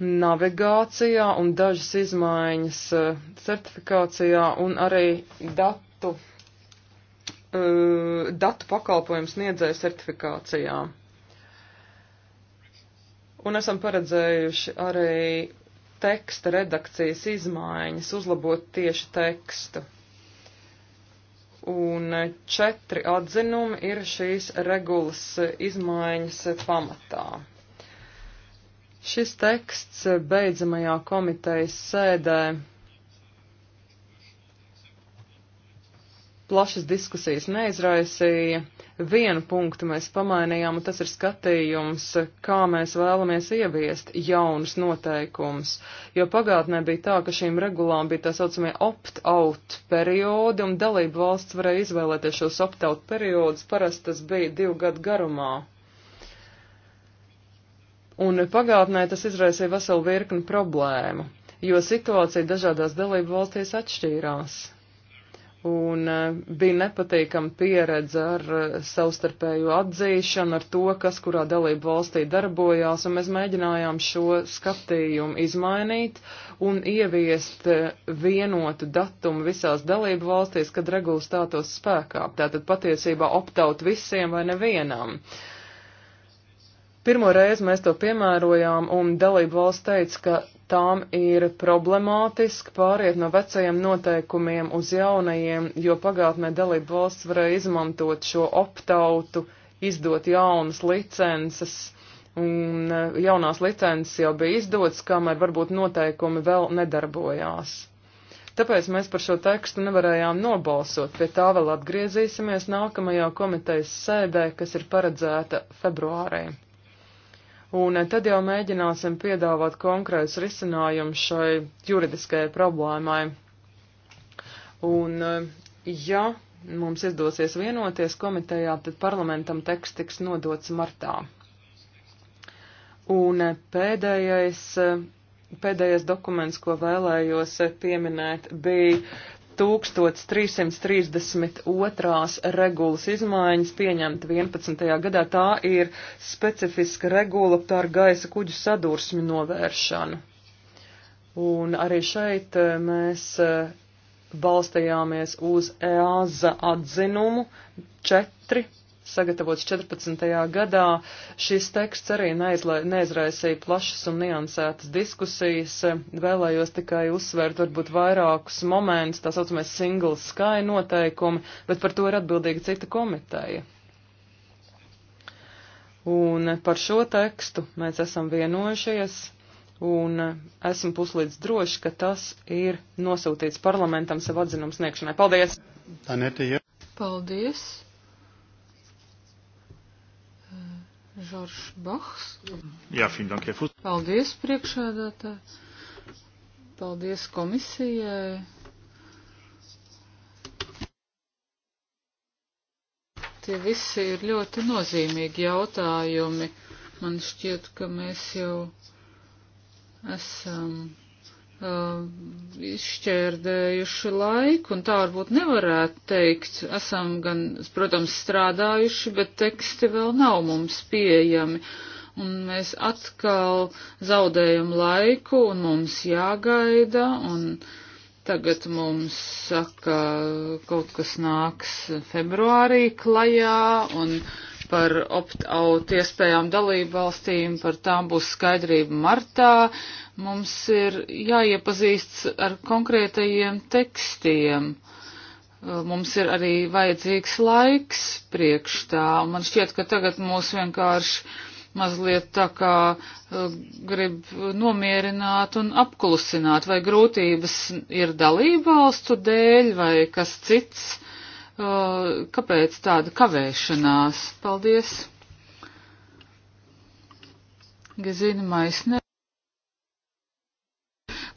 navigācijā un dažas izmaiņas eh, certifikācijā un arī datu uh, datu pakalpojumu sniedzēju certifikācijā. Un esam paredzējuši arī teksta redakcijas izmaiņas, uzlabot tieši tekstu. Un četri atzinumi ir šīs regulas izmaiņas pamatā. Šis teksts beidzamajā komitejas sēdē plašas diskusijas neizraisīja. Vienu punktu mēs pamainījām, un tas ir skatījums, kā mēs vēlamies ieviest jaunus noteikumus. Jo pagātnē bija tā, ka šīm regulām bija tā saucamie opt-out periodi, un dalību valsts varēja izvēlēties šos opt-out periodus, parasti tas bija divu gadu garumā. Un pagātnē tas izraisīja veselu virkni problēmu, jo situācija dažādās dalību valstīs atšķīrās un eh, bija nepatīkama pieredze ar eh, savstarpēju atzīšanu, ar to, kas kurā dalību valstī darbojās, un mēs mēģinājām šo skatījumu izmainīt un ieviest eh, vienotu datumu visās dalību valstīs, kad regula stātos spēkā. Tātad patiesībā optaut visiem vai nevienam. Pirmo reizi mēs to piemērojām, un dalību valsts teica, ka tām ir problemātiski pāriet no vecajiem noteikumiem uz jaunajiem, jo pagātnē dalību valsts varēja izmantot šo optautu, izdot jaunas licences, un eh, jaunās licences jau bija izdotas, kamēr varbūt noteikumi vēl nedarbojās. Tāpēc mēs par šo tekstu nevarējām nobalsot, pie tā vēl atgriezīsimies nākamajā komitejas sēdē, kas ir paredzēta februārī un eh, tad jau mēģināsim piedāvāt konkrēts risinājums šai juridiskajai problēmai. Un, eh, ja mums izdosies vienoties komitejā, tad parlamentam teksts tiks nodots martā. Un eh, pēdējais, pēdējais dokuments, ko vēlējos pieminēt, bija 1332. regulas izmaiņas pieņemta 11. gadā. Tā ir specifiska regula par gaisa kuģu sadursmi novēršanu. Un arī šeit eh, mēs eh, balstījāmies uz EASA atzinumu 4 sagatavots 14. gadā, šis teksts arī neizla, neizraisīja plašas un niansētas diskusijas. Vēlējos tikai uzsvērt varbūt vairākus momentus, tā saucamais single sky noteikumi, bet par to ir atbildīga cita komiteja. Un par šo tekstu mēs esam vienojušies un esmu puslīdz droši, ka tas ir nosūtīts parlamentam sev atzinumu sniegšanai. Paldies! Anete, ja. Paldies! Žoržs Bahs. Jā, findank, ja fut. Paldies priekšēdētāji. Paldies komisijai. Tie visi ir ļoti nozīmīgi jautājumi. Man šķiet, ka mēs jau esam Uh, izšķērdējuši laiku, un tā varbūt nevarētu teikt. Esam gan, protams, strādājuši, bet teksti vēl nav mums pieejami. Un mēs atkal zaudējam laiku, un mums jāgaida, un tagad mums saka, kaut kas nāks februārī klajā, un. Uh, par opt-out iespējām dalību valstīm, par tām būs skaidrība martā. Mums ir jāiepazīsts ar konkrētajiem tekstiem. Mums ir arī vajadzīgs laiks priekš tā. Man šķiet, ka tagad mūs vienkārši mazliet tā kā uh, grib nomierināt un apklusināt, vai grūtības ir dalībvalstu dēļ vai kas cits. Uh, kāpēc tāda kavēšanās? Paldies! Gezina Maisne.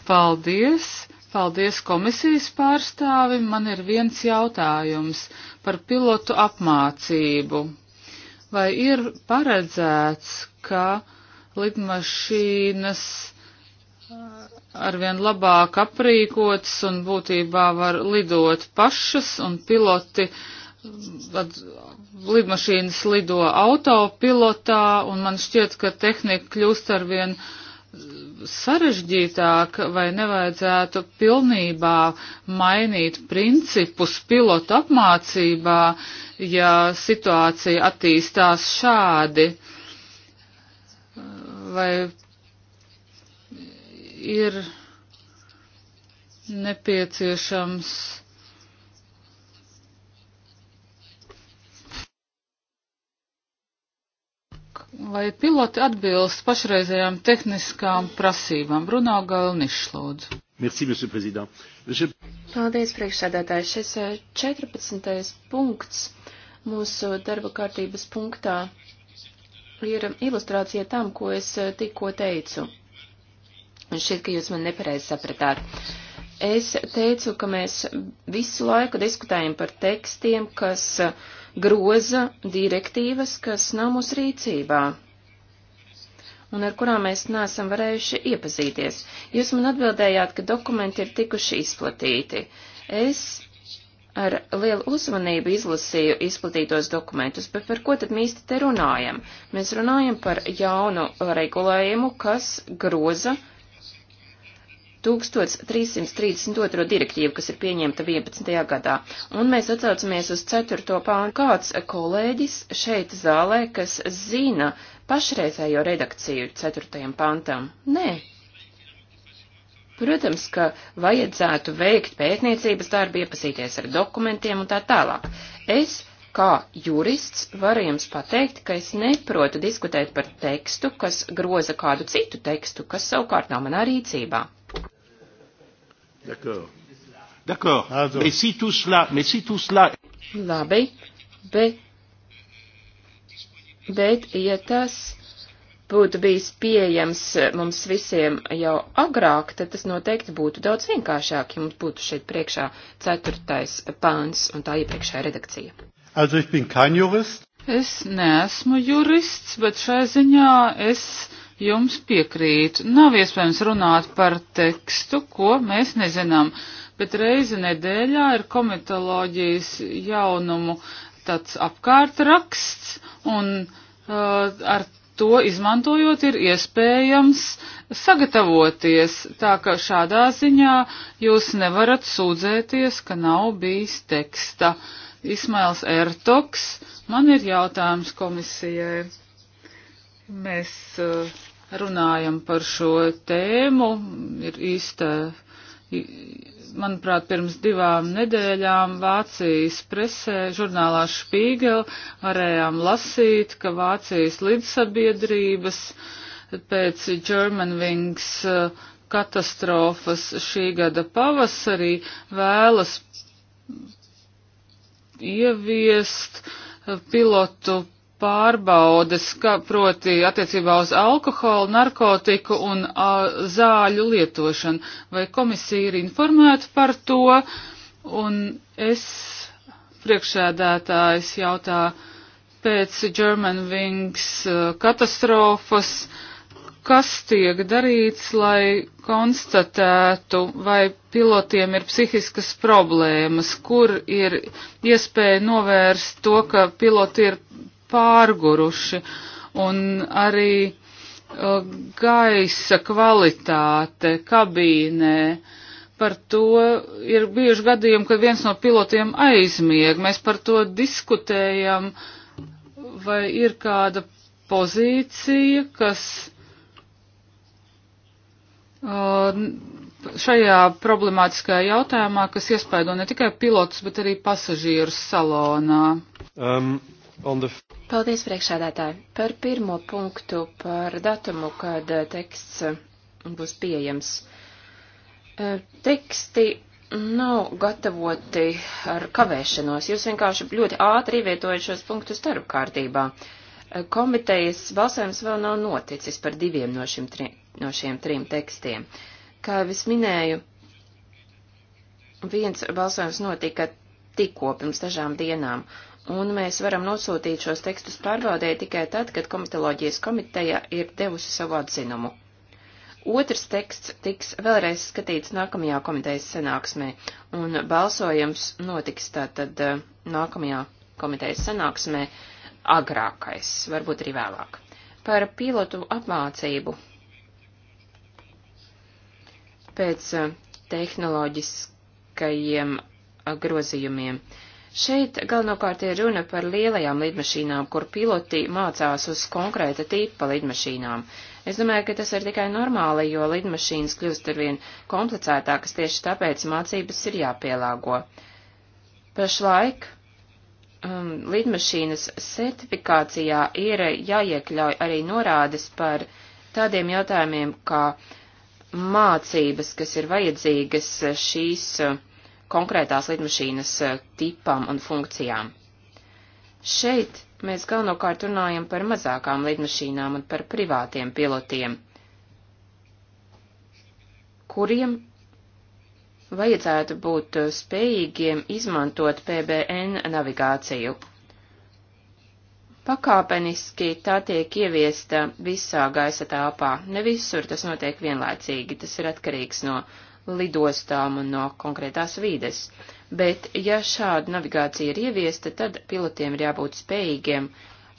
Paldies! Paldies komisijas pārstāvim. Man ir viens jautājums par pilotu apmācību. Vai ir paredzēts, ka lidmašīnas arvien labāk aprīkotas un būtībā var lidot pašas un piloti. Lidmašīnas lido autopilotā un man šķiet, ka tehnika kļūst arvien sarežģītāk vai nevajadzētu pilnībā mainīt principus pilotu apmācībā, ja situācija attīstās šādi. Vai ir nepieciešams lai piloti atbilst pašreizējām tehniskām prasībām. Bruno Galnišs, lūdzu. Merci, monsieur président. Je... Paldies, priekšsēdētāji. Šis 14. Eh, punkts mūsu darba kārtības punktā ir ilustrācija tam, ko es eh, tikko teicu. Un šķiet, ka jūs man nepareizi sapratāt. Es teicu, ka mēs visu laiku diskutējam par tekstiem, kas groza direktīvas, kas nav mūsu rīcībā un ar kurām mēs nesam varējuši iepazīties. Jūs man atbildējāt, ka dokumenti ir tikuši izplatīti. Es ar lielu uzmanību izlasīju izplatītos dokumentus, bet par ko tad mīsti te runājam? Mēs runājam par jaunu regulējumu, kas groza 1332 direktīvu, kas ir pieņemta 11. gadā. Un mēs atsaucamies uz 4. pānu. Kāds kolēģis šeit zālē, kas zina pašreizējo redakciju 4. pantam? Nē. Protams, ka vajadzētu veikt pētniecības darbu, iepazīties ar dokumentiem un tā tālāk. Es kā jurists varu jums pateikt, ka es neprotu diskutēt par tekstu, kas groza kādu citu tekstu, kas savukārt nav manā rīcībā. D'accord. D'accord. Ah, mais si tout cela, mais si tout cela. Labi, bet, bet, ja tas būtu bijis pieejams eh, mums visiem jau agrāk, tad tas noteikti būtu daudz vienkāršāk, ja mums būtu šeit priekšā ceturtais pāns un tā iepriekšējā redakcija. Also, es neesmu jurists, bet šai ziņā es jums piekrītu. Nav iespējams runāt par tekstu, ko mēs nezinām, bet reizi nedēļā ir komitoloģijas jaunumu tāds apkārtraksts, un uh, ar to izmantojot ir iespējams sagatavoties, tā ka šādā ziņā jūs nevarat sūdzēties, ka nav bijis teksta. Ismails Ertoks, man ir jautājums komisijai. Mēs eh, runājam par šo tēmu. Ir īsta, manuprāt, pirms divām nedēļām Vācijas presē, žurnālā Špīgel, varējām lasīt, ka Vācijas lidsabiedrības pēc Germanwings eh, katastrofas šī gada pavasarī vēlas ieviest pilotu pārbaudas, kā proti attiecībā uz alkoholu, narkotiku un a, zāļu lietošanu. Vai komisija ir informēta par to? Un es priekšēdētājs jautā pēc German Wings katastrofas, kas tiek darīts, lai konstatētu, vai pilotiem ir psihiskas problēmas, kur ir iespēja novērst to, ka piloti ir pārguruši un arī uh, gaisa kvalitāte kabīnē. Par to ir bijuši gadījumi, kad viens no pilotiem aizmieg. Mēs par to diskutējam, vai ir kāda pozīcija, kas uh, šajā problemātiskajā jautājumā, kas iespaido ne tikai pilotus, bet arī pasažierus salonā. Um, The... Paldies, priekšādātāji. Par pirmo punktu, par datumu, kad eh, teksts eh, būs pieejams. Eh, teksti nav gatavoti ar kavēšanos. Jūs vienkārši ļoti ātri ievietojat šos punktus starp kārtībā. Komitejas balsojums vēl nav noticis par diviem no, šim, tri, no šiem trim tekstiem. Kā jau es minēju, viens balsojums notika tikko pirms dažām dienām, un mēs varam nosūtīt šos tekstus pārbaudē tikai tad, kad komitoloģijas komiteja ir devusi savu atzinumu. Otrs teksts tiks vēlreiz skatīts nākamajā komitejas sanāksmē, un balsojums notiks tātad eh, nākamajā komitejas sanāksmē agrākais, varbūt arī vēlāk. Par pilotu apmācību pēc eh, tehnoloģiskajiem eh, grozījumiem. Uh, Šeit galvenokārt ir runa par lielajām lidmašīnām, kur piloti mācās uz konkrēta tipa lidmašīnām. Es domāju, ka tas ir tikai normāli, jo lidmašīnas kļūst arvien komplicētākas tieši tāpēc mācības ir jāpielāgo. Pašlaik um, lidmašīnas certifikācijā ir jāiekļauj arī norādes par tādiem jautājumiem kā mācības, kas ir vajadzīgas šīs uh, konkrētās lidmašīnas eh, tipam un funkcijām. Šeit mēs galvenokārt runājam par mazākām lidmašīnām un par privātiem pilotiem, kuriem vajadzētu būt eh, spējīgiem izmantot PBN navigāciju. Pakāpeniski tā tiek ieviesta visā gaisa telpā, ne visur tas notiek vienlaicīgi, tas ir atkarīgs no lidostām un no konkrētās vīdes. Bet, ja šāda navigācija ir ieviesta, tad pilotiem ir jābūt spējīgiem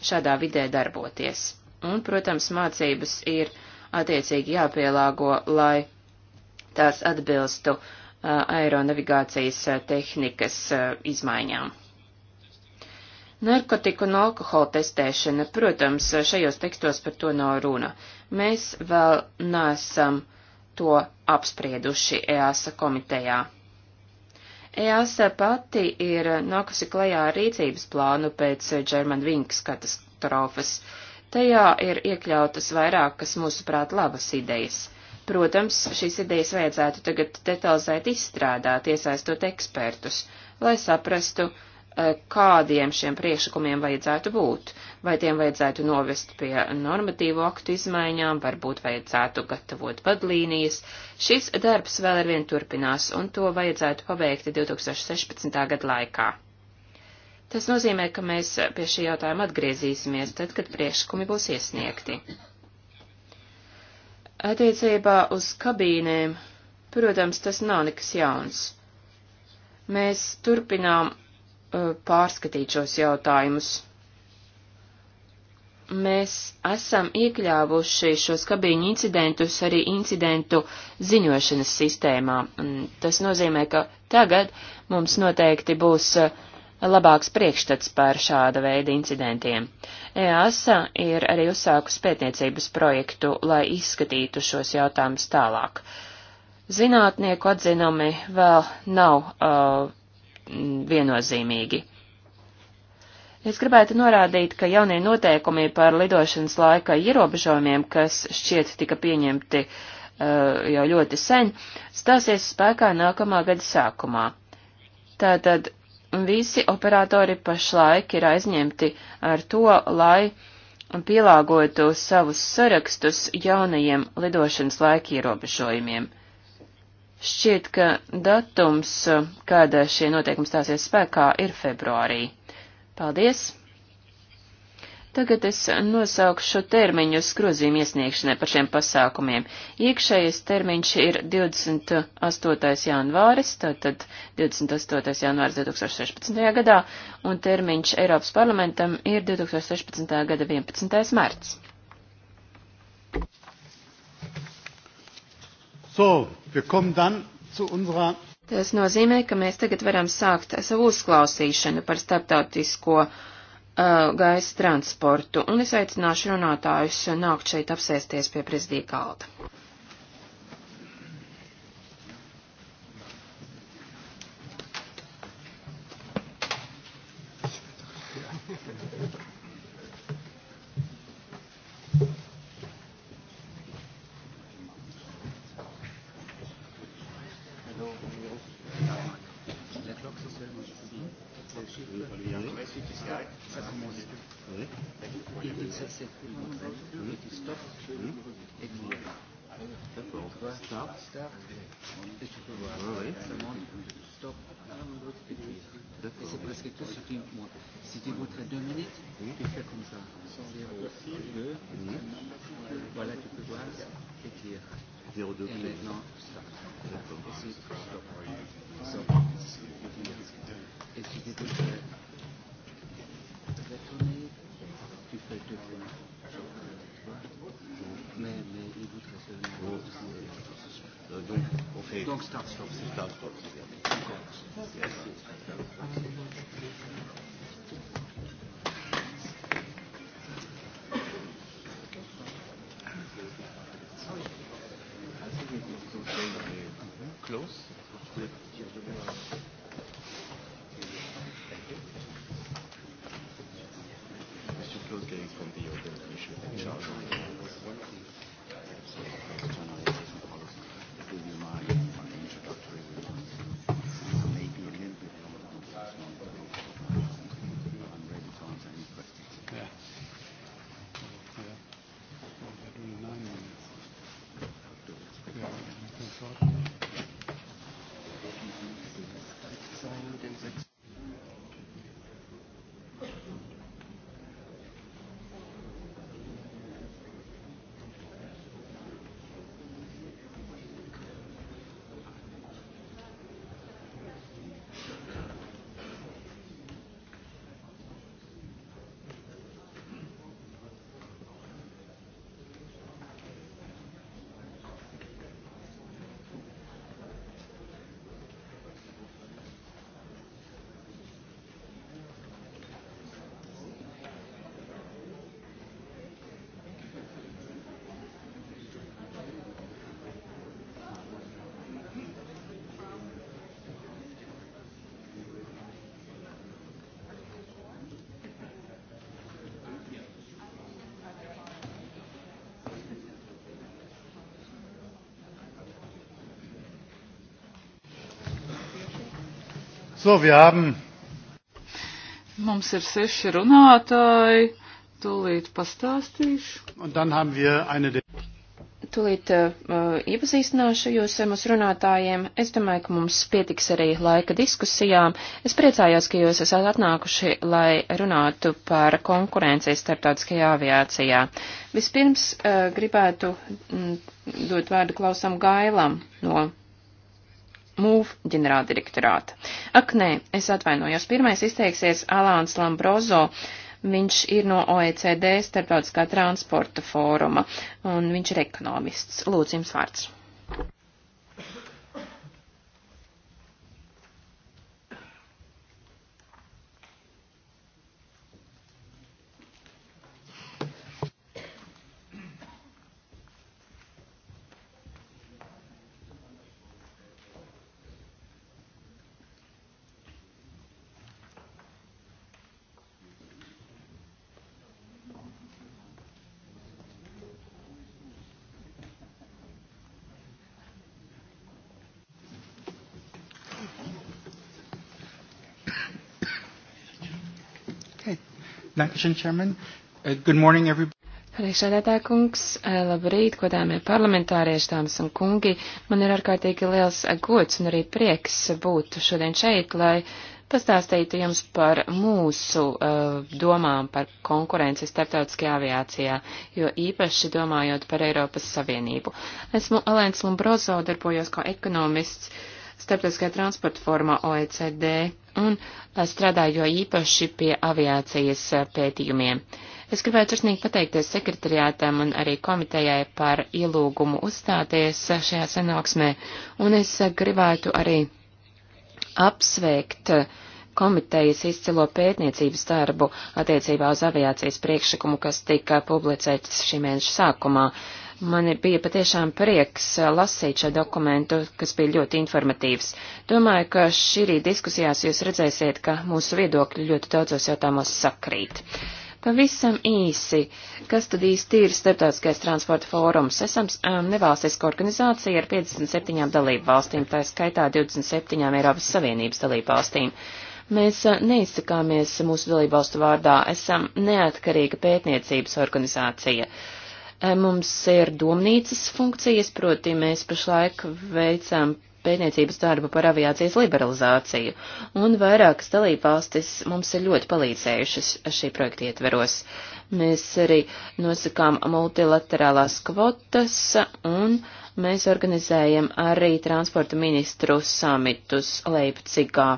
šādā vidē darboties. Un, protams, mācības ir attiecīgi jāpielāgo, lai tās atbilstu uh, aeronavigācijas uh, tehnikas uh, izmaiņām. Narkotiku un alkohola testēšana, protams, šajos tekstos par to nav runa. Mēs vēl nesam to apsprieduši EASA komitejā. EASA pati ir nākusi klajā ar rīcības plānu pēc German Wings katastrofas. Tajā ir iekļautas vairākas mūsuprāt labas idejas. Protams, šīs idejas vajadzētu tagad detalizēt izstrādāt, iesaistot ekspertus, lai saprastu, eh, kādiem šiem priekšlikumiem vajadzētu būt vai tiem vajadzētu novest pie normatīvu aktu izmaiņām, varbūt vajadzētu gatavot vadlīnijas. Šis darbs vēl ar vienu turpinās, un to vajadzētu pabeigt 2016. gada laikā. Tas nozīmē, ka mēs pie šī jautājuma atgriezīsimies tad, kad priekšlikumi būs iesniegti. Attiecībā uz kabīnēm, protams, tas nav nekas jauns. Mēs turpinām uh, pārskatīt šos jautājumus mēs esam iekļāvuši šos kabīņu incidentus arī incidentu ziņošanas sistēmā. Tas nozīmē, ka tagad mums noteikti būs uh, labāks priekšstats par šāda veida incidentiem. EASA ir arī uzsākus pētniecības projektu, lai izskatītu šos jautājumus tālāk. Zinātnieku atzinumi vēl nav uh, viennozīmīgi. Es gribētu norādīt, ka jaunie noteikumi par lidošanas laika ierobežojumiem, kas šķiet tika pieņemti uh, jau ļoti sen, stāsies spēkā nākamā gada sākumā. Tātad visi operatori pašlaik ir aizņemti ar to, lai pielāgotu savus sarakstus jaunajiem lidošanas laika ierobežojumiem. Šķiet, ka datums, kādā šie noteikumi stāsies spēkā, ir februārī. Paldies! Tagad es nosaukšu termiņus grozījuma iesniegšanai par šiem pasākumiem. Iekšējais termiņš ir 28. janvāris, tātad 28. janvāris 2016. gadā, un termiņš Eiropas parlamentam ir 2016. gada 11. marts. So, wir kommen dann zu unserer Tas nozīmē, ka mēs tagad varam sākt savu uzklausīšanu par starptautisko uh, gaisa transportu, un es aicināšu runātājus nākt šeit apsēsties pie prezidija galda. Et c'est parce que tout, si tu, moi, si tu voudrais deux minutes, oui. tu fais comme ça. Deux. Oui. Voilà, tu peux voir, écrire. 0,2 Et maintenant, stop. D'accord. Ici, stop. Stop. So, wir haben. Mums ir seši runātāji, tūlīt pastāstīšu. Un dann haben wir eine de... Tūlīt uh, iepazīstināšu jūs ar mūsu runātājiem. Es domāju, ka mums pietiks arī laika diskusijām. Es priecājos, ka jūs esat atnākuši, lai runātu par konkurenciju starptautiskajā aviācijā. Vispirms uh, gribētu mm, dot vārdu klausam Gailam no MUV ģenerāldirektorāta. Ak, nē, es atvainojos. Pirmais izteiksies Alāns Lambrozo. Viņš ir no OECD starptautiskā transporta fóruma, un viņš ir ekonomists. Lūdzu, jums vārds. Dankeschön, Chairman. Uh, good morning, everybody. Priekšādātā kungs, uh, labrīt, godāmie parlamentārieši, dāmas un kungi. Man ir ārkārtīgi liels uh, gods un arī prieks būt šodien šeit, lai pastāstītu jums par mūsu uh, domām par konkurenci starptautiskajā aviācijā, jo īpaši domājot par Eiropas Savienību. Esmu Alēns Lombrozo, darbojos kā ekonomists starptautiskajā transporta formā OECD un eh, strādāju jo īpaši pie aviācijas eh, pētījumiem. Es gribētu sirsnīgi pateikties sekretariātam un arī komitejai par ielūgumu uzstāties eh, šajā sanāksmē, un es gribētu arī apsveikt komitejas izcilo pētniecības darbu attiecībā uz aviācijas priekšlikumu, kas tika publicēts šī mēneša sākumā. Uh, Man bija patiešām prieks uh, lasīt šo dokumentu, kas bija ļoti informatīvs. Domāju, ka šī rīt diskusijās jūs redzēsiet, ka mūsu viedokļi ļoti daudzos jautājumos sakrīt. Pavisam īsi, kas tad īsti ir starptautiskais transporta fórums? Esam um, nevalstiska organizācija ar 57 dalību valstīm, tā skaitā 27 Eiropas Savienības dalību valstīm. Mēs uh, neizsakāmies mūsu dalībvalstu vārdā, esam neatkarīga pētniecības organizācija. Uh, Eh, mums ir domnīcas funkcijas, proti mēs pašlaik veicam pētniecības darbu par aviācijas liberalizāciju, un vairākas dalībvalstis mums ir ļoti palīdzējušas šī projekta ietveros. Mēs arī nosakām multilaterālās kvotas, un mēs organizējam arī transporta ministru samitus Leipcigā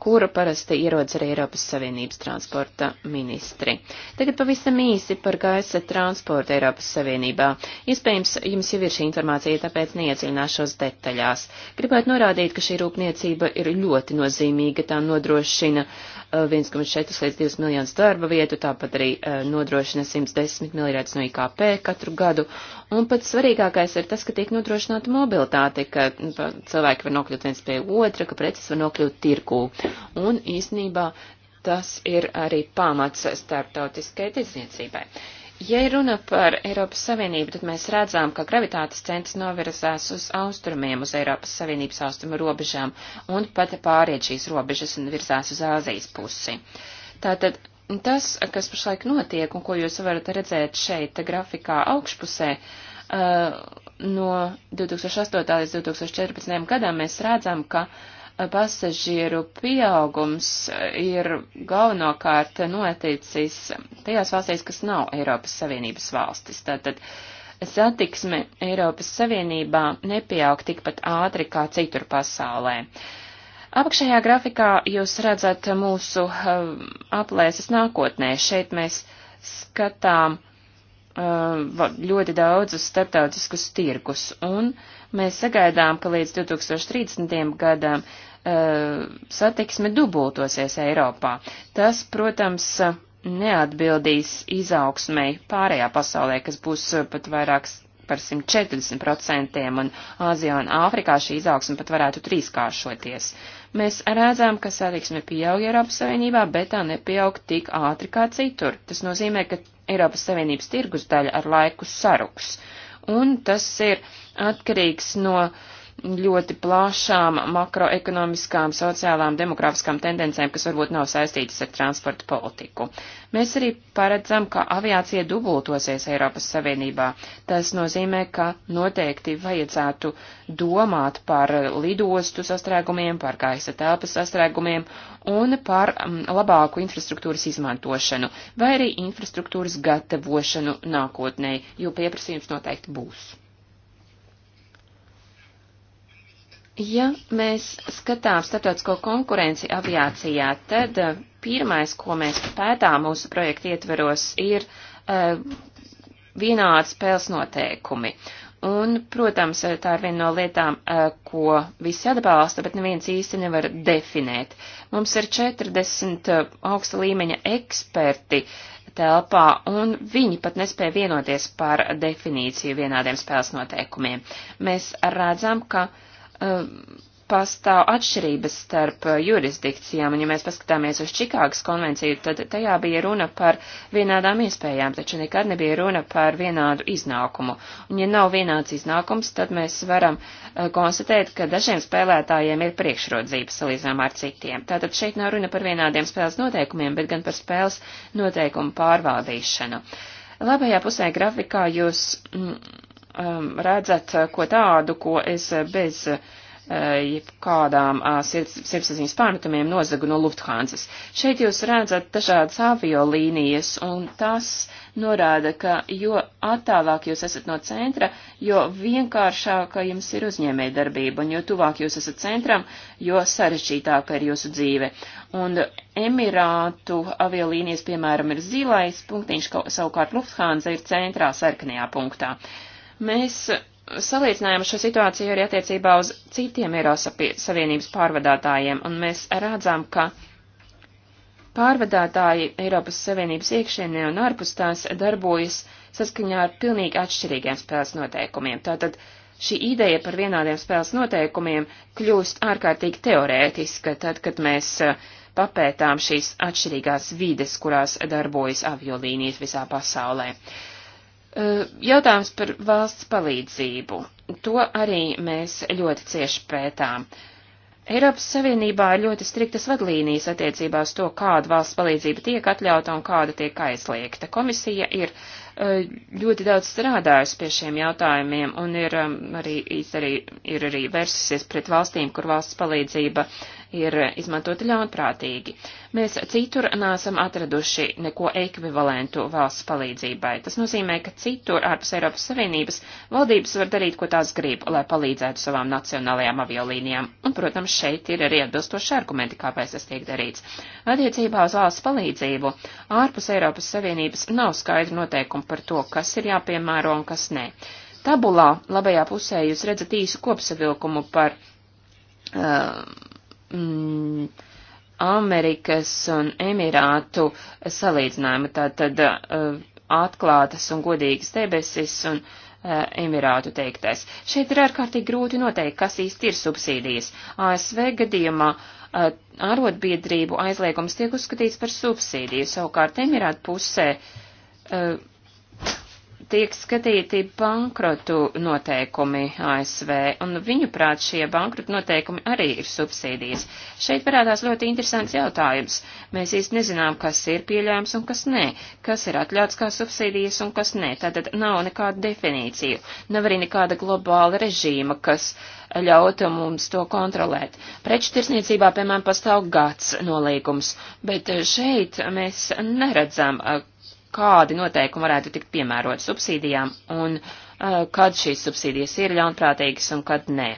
kuru parasti ierodas arī Eiropas Savienības transporta ministri. Tagad pavisam īsi par gaisa transportu Eiropas Savienībā. Iespējams, jums jau ir šī informācija, tāpēc neieciļināšos detaļās. Gribētu norādīt, ka šī rūpniecība ir ļoti nozīmīga, tā nodrošina uh, 1,4 eh, līdz 2 miljonus darba vietu, tāpat arī eh, nodrošina 110 miljardus no IKP katru gadu. Un pats svarīgākais ir tas, ka tiek nodrošināta mobilitāte, ka nu, cilvēki var nokļūt viens pie otra, ka preces var nokļūt tirkū. Un īsnībā tas ir arī pamats starptautiskai tirdzniecībai. Uh, Ja runa par Eiropas Savienību, tad mēs redzam, ka gravitātes centrs novirzās uz austrumiem, uz Eiropas Savienības austrumu robežām, un pat pāriet šīs robežas un virzās uz Āzijas pusi. Tātad tas, kas pašlaik notiek un ko jūs varat redzēt šeit grafikā augšpusē, uh, no 2008. līdz 2014. gadam mēs redzam, ka uh, pasažieru pieaugums ir galvenokārt noticis tajās valstīs, kas nav Eiropas Savienības valstis. Tātad satiksme Eiropas Savienībā nepieaug tikpat ātri kā citur pasaulē. Apakšējā grafikā jūs redzat mūsu eh, aplēses nākotnē. Šeit mēs skatām eh, ļoti daudzus starptautiskus tirgus, un mēs sagaidām, ka līdz 2030. gadam E, satiksme dubultosies Eiropā. Tas, protams, neatbildīs izaugsmei pārējā pasaulē, kas būs pat vairāks par 140%, un Āzijā un Āfrikā šī izaugsme pat varētu trīskāršoties. Mēs redzam, ka satiksme pieaug Eiropas Savienībā, bet tā nepieaug tik ātri kā citur. Tas nozīmē, ka Eiropas Savienības tirgus daļa ar laiku saruks. Un tas ir atkarīgs no uh, ļoti plašām makroekonomiskām, sociālām, demografiskām tendencēm, kas varbūt nav saistītas ar transportu politiku. Mēs arī paredzam, ka aviācija dubultosies Eiropas Savienībā. Tas nozīmē, ka noteikti vajadzētu domāt par lidostu sastrēgumiem, par gaisa telpas sastrēgumiem un par um, labāku infrastruktūras izmantošanu vai arī infrastruktūras gatavošanu nākotnē, jo pieprasījums noteikti būs. Ja mēs skatām starptautisko konkurenci aviācijā, tad eh, pirmais, ko mēs pētām mūsu projektu ietveros, ir uh, eh, vienāds spēles noteikumi. Un, protams, eh, tā ir viena no lietām, uh, ko visi atbalsta, bet neviens īsti nevar definēt. Mums ir 40 augsta līmeņa eksperti telpā, un viņi pat nespēja vienoties par definīciju vienādiem spēles noteikumiem. Mēs redzam, ka uh, Um, pastāv atšķirības starp uh, jurisdikcijām, un ja mēs paskatāmies uz Čikāgas konvenciju, tad tajā bija runa par vienādām iespējām, taču nekad nebija runa par vienādu iznākumu. Un ja nav vienāds iznākums, tad mēs varam uh, konstatēt, ka dažiem spēlētājiem ir priekšrocības salīdzinām ar citiem. Tātad šeit nav runa par vienādiem spēles noteikumiem, bet gan par spēles noteikumu pārvaldīšanu. Labajā pusē grafikā jūs mm, um, redzat uh, ko tādu, ko es uh, bez uh, jebkādām sirds, sirdsapziņas pārmetumiem nozagu no Lufthansas. Šeit jūs redzat dažādas aviolīnijas, un tas norāda, ka jo attālāk jūs esat no centra, jo vienkāršāka jums ir uzņēmē darbība, un jo tuvāk jūs esat centram, jo sarežģītāka ir jūsu dzīve. Un Emirātu aviolīnijas, piemēram, ir zilais punktiņš, savukārt Lufthansa ir centrā sarkanajā punktā. Uh, Mēs salīdzinājām šo situāciju arī attiecībā uz citiem Eiropas Savienības pārvadātājiem, un mēs redzam, ka pārvadātāji Eiropas Savienības iekšienē un ārpus tās darbojas saskaņā ar pilnīgi atšķirīgiem spēles noteikumiem. Tātad šī ideja par vienādiem spēles noteikumiem kļūst ārkārtīgi teorētiska, tad, kad mēs eh, papētām šīs atšķirīgās vides, kurās darbojas aviolīnijas visā pasaulē. Uh, Eh, jautājums par valsts palīdzību. To arī mēs ļoti cieši pētām. Eiropas Savienībā ir ļoti striktas vadlīnijas attiecībā uz to, kāda valsts palīdzība tiek atļauta un kāda tiek aizliegta. Komisija ir eh, ļoti daudz strādājusi pie šiem jautājumiem un ir um, arī, arī, ir arī versusies pret valstīm, kur valsts palīdzība uh, ir izmantoti ļaunprātīgi. Mēs citur nesam atraduši neko ekvivalentu valsts palīdzībai. Tas nozīmē, ka citur ārpus Eiropas Savienības valdības var darīt, ko tās grib, lai palīdzētu savām nacionālajām aviolīnijām. Un, protams, šeit ir arī atbilstoši argumenti, kāpēc tas tiek darīts. Attiecībā uz valsts palīdzību ārpus Eiropas Savienības nav skaidru noteikumu par to, kas ir jāpiemēro un kas nē. Tabulā labajā pusē jūs redzat īsu kopsavilkumu par uh, mm, Amerikas un Emirātu salīdzinājumu. Tātad uh, atklātas un godīgas debesis un uh, Emirātu teiktais. Šeit ir ārkārtīgi grūti noteikt, kas īsti ir subsīdijas. ASV gadījumā uh, arotbiedrību aizliegums tiek uzskatīts par subsīdiju, savukārt Emirātu pusē uh, tiek skatīti bankrotu noteikumi ASV, un viņuprāt šie bankrotu noteikumi arī ir subsīdijas. Šeit parādās ļoti interesants jautājums. Mēs īsti nezinām, kas ir pieļēms un kas nē, kas ir atļauts kā subsīdijas un kas nē. Tātad nav nekāda definīcija, nav arī nekāda globāla režīma, kas ļautu mums to kontrolēt. Preču tirsniecībā, piemēram, pastāv gads nolīgums, bet šeit mēs neredzam, kādi noteikumi varētu tikt piemērot subsīdijām un uh, kad šīs subsīdijas ir ļaunprātīgas un kad nē.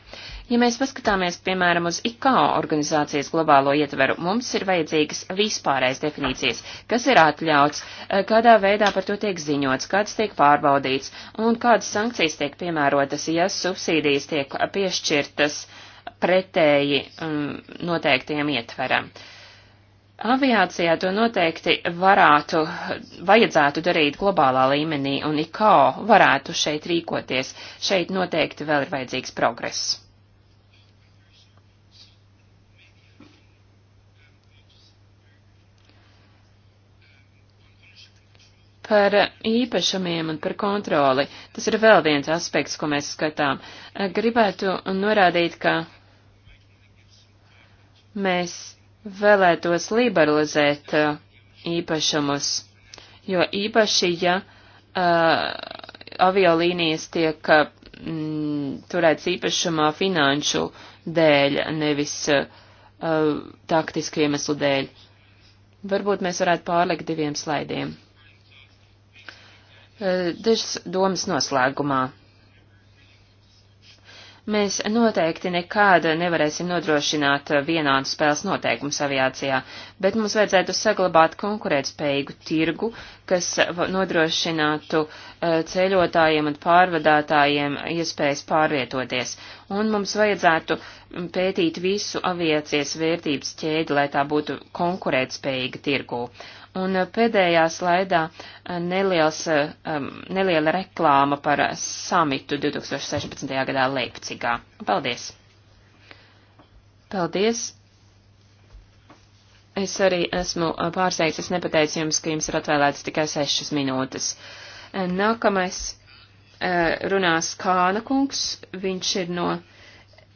Ja mēs paskatāmies, piemēram, uz ICAO organizācijas globālo ietveru, mums ir vajadzīgas vispārējas definīcijas, kas ir atļauts, eh, kādā veidā par to tiek ziņots, kāds tiek pārbaudīts un kādas sankcijas tiek piemērotas, ja subsīdijas tiek piešķirtas pretēji um, mm, noteiktajam ietveram. Uh, Aviācijā to noteikti varētu, vajadzētu darīt globālā līmenī, un ICAO varētu šeit rīkoties. Šeit noteikti vēl ir vajadzīgs progress. Par īpašumiem un par kontroli. Tas ir vēl viens aspekts, ko mēs skatām. Gribētu norādīt, ka mēs vēlētos liberalizēt uh, īpašumus, jo īpaši, ja uh, aviolīnijas tiek uh, mm, turēts īpašumā finanšu dēļ, nevis uh, taktisku iemeslu dēļ. Varbūt mēs varētu pārlikt diviem slaidiem. Uh, Dažas domas noslēgumā. Mēs noteikti nekad nevarēsim nodrošināt vienādu spēles noteikumus aviācijā, bet mums vajadzētu saglabāt konkurētspējīgu tirgu, kas nodrošinātu e, ceļotājiem un pārvadātājiem iespējas pārvietoties. Un mums vajadzētu pētīt visu aviācijas vērtības ķēdi, lai tā būtu konkurētspējīga tirgu. Un eh, pēdējā slaidā eh, neliels, eh, neliela reklāma par samitu 2016. gadā Leipcigā. Paldies! Paldies! Es arī esmu pārsteigts, es nepateicu jums, ka jums ir atvēlētas tikai sešas minūtes. Nākamais runās Kāna kungs, viņš ir no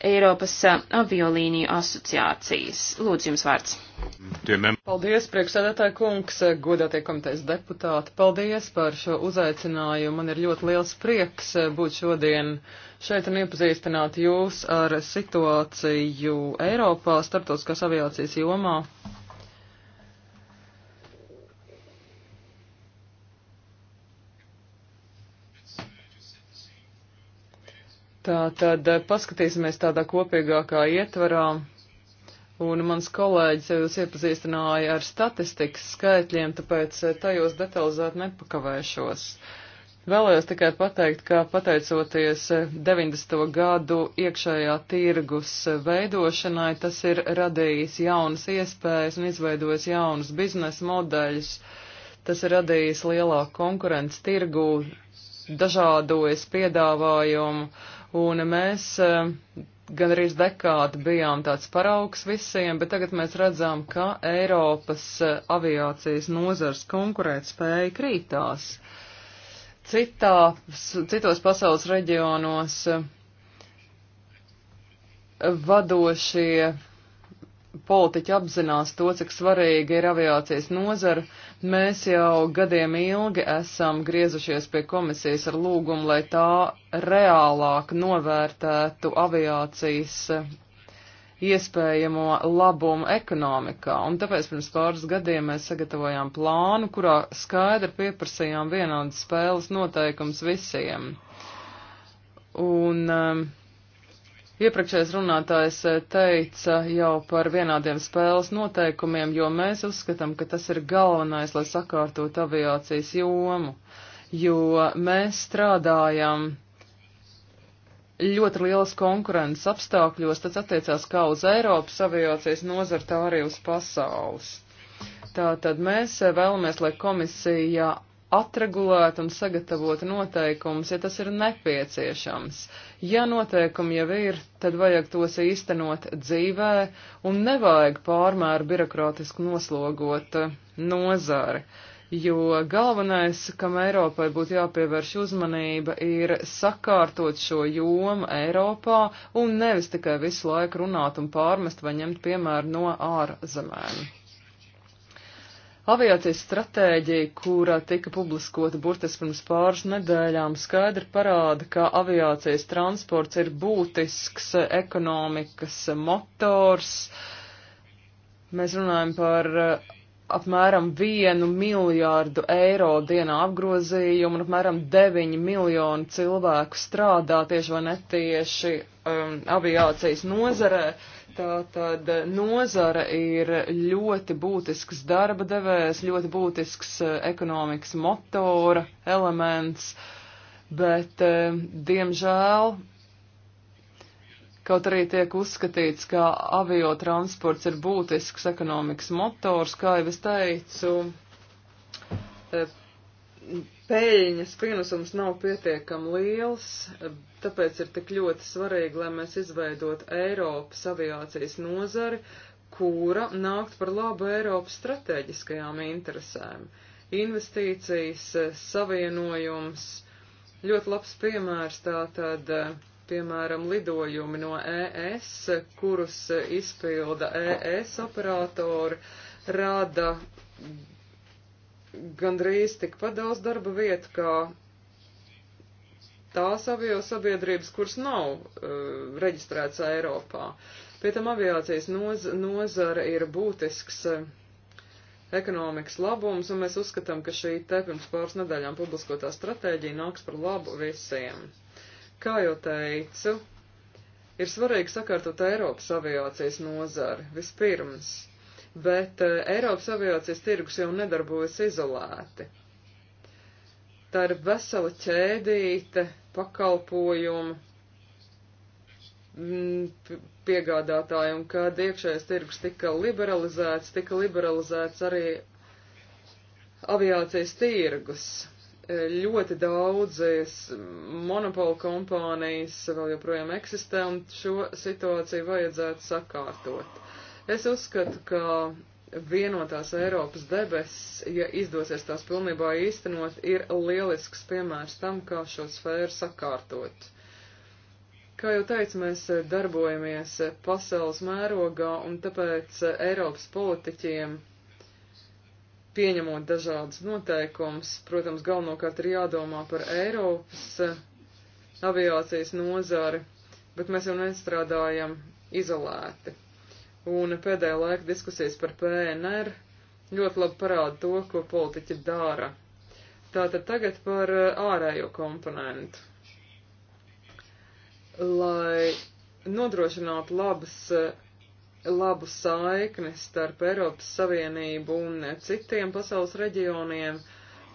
Eiropas aviolīniju asociācijas. Lūdzu, jums vārds. Tiemēm. Paldies, priekšsēdētāji kungs, godātie komitejas deputāti. Paldies par šo uzaicinājumu. Man ir ļoti liels prieks būt šodien šeit un iepazīstināt jūs ar situāciju Eiropā starptautiskās aviācijas jomā. Tā tad eh, paskatīsimies tādā kopīgākā ietvarā, un mans kolēģis jau jūs iepazīstināja ar statistikas skaitļiem, tāpēc eh, tajos detalizēt nepakavēšos. Vēlējos tikai pateikt, ka pateicoties 90. Eh, gadu iekšējā tirgus veidošanai, tas ir radījis jaunas iespējas un izveidojis jaunus biznesa modeļus. Tas ir radījis lielāku konkurences tirgu, dažādojas piedāvājumu. Uh, un mēs e, gan arī dekādi bijām tāds paraugs visiem, bet tagad mēs redzam, ka Eiropas e, aviācijas nozars konkurētspēja krītās. Citā, citos pasaules reģionos e, vadošie politiķi apzinās to, cik svarīga ir aviācijas nozara. Mēs jau gadiem ilgi esam griezušies pie komisijas ar lūgumu, lai tā reālāk novērtētu aviācijas eh, iespējamo labumu ekonomikā. Un tāpēc pirms pāris gadiem mēs sagatavojām plānu, kurā skaidri pieprasījām vienādas spēles noteikums visiem. Un um, Iepriekšējais runātājs eh, teica jau par vienādiem spēles noteikumiem, jo mēs uzskatām, ka tas ir galvenais, lai sakārtot aviācijas jomu, jo mēs strādājam ļoti lielas konkurences apstākļos, tas attiecās kā uz Eiropas aviācijas nozar, tā arī uz pasaules. Tātad mēs eh, vēlamies, lai komisija atregulēt un sagatavot noteikumus, ja tas ir nepieciešams. Ja noteikumi jau ir, tad vajag tos īstenot dzīvē un nevajag pārmēru birokrātisku noslogot nozari. Jo galvenais, kam Eiropai būtu jāpievērš uzmanība, ir sakārtot šo jomu Eiropā un nevis tikai visu laiku runāt un pārmest vai ņemt piemēru no ārzemēm. Aviācijas stratēģija, kura tika publiskota burtiski pirms pāris nedēļām, skaidri parāda, ka aviācijas transports ir būtisks ekonomikas motors. Mēs runājam par eh, apmēram 1 miljārdu eiro dienā apgrozījumu un apmēram 9 miljonu cilvēku strādā tieši vai netieši um, aviācijas nozarē. Uh, Tātad nozara ir ļoti būtisks darba devējs, ļoti būtisks eh, ekonomikas motora elements, bet, eh, diemžēl, kaut arī tiek uzskatīts, ka aviotransports ir būtisks ekonomikas motors, kā jau es teicu, eh, peļņas pienesums nav pietiekam liels, tāpēc ir tik ļoti svarīgi, lai mēs izveidot Eiropas aviācijas nozari, kura nākt par labu Eiropas strateģiskajām interesēm. Investīcijas, savienojums, ļoti labs piemērs tātad, piemēram, lidojumi no ES, kurus izpilda ES operatori, rada gandrīz tikpat daudz darba vietu kā tās avio sabiedrības, kuras nav uh, reģistrētas Eiropā. Pie tam aviācijas noz nozara ir būtisks uh, ekonomikas labums, un mēs uzskatām, ka šī te pirms pāris nedēļām publiskotā stratēģija nāks par labu visiem. Kā jau teicu, ir svarīgi sakārtot Eiropas aviācijas nozari vispirms, bet uh, Eiropas aviācijas tirgus jau nedarbojas izolēti tā ir vesela ķēdīte pakalpojumu mm, piegādātājiem, kad iekšējais tirgus tika liberalizēts, tika liberalizēts arī aviācijas tirgus. Ļoti daudzas monopolu kompānijas vēl joprojām eksistē, un šo situāciju vajadzētu sakārtot. Es uzskatu, ka vienotās Eiropas debesis, ja izdosies tās pilnībā īstenot, ir lielisks piemērs tam, kā šo sfēru sakārtot. Kā jau teicu, mēs darbojamies pasaules mērogā, un tāpēc Eiropas politiķiem, pieņemot dažādas noteikums, protams, galvenokārt ir jādomā par Eiropas aviācijas nozari, bet mēs jau nestrādājam izolēti un pēdējā laika diskusijas par PNR ļoti labi parāda to, ko politiķi dara. Tātad tagad par uh, ārējo komponentu. Lai nodrošinātu labas, uh, labu saikni starp Eiropas Savienību un citiem pasaules reģioniem,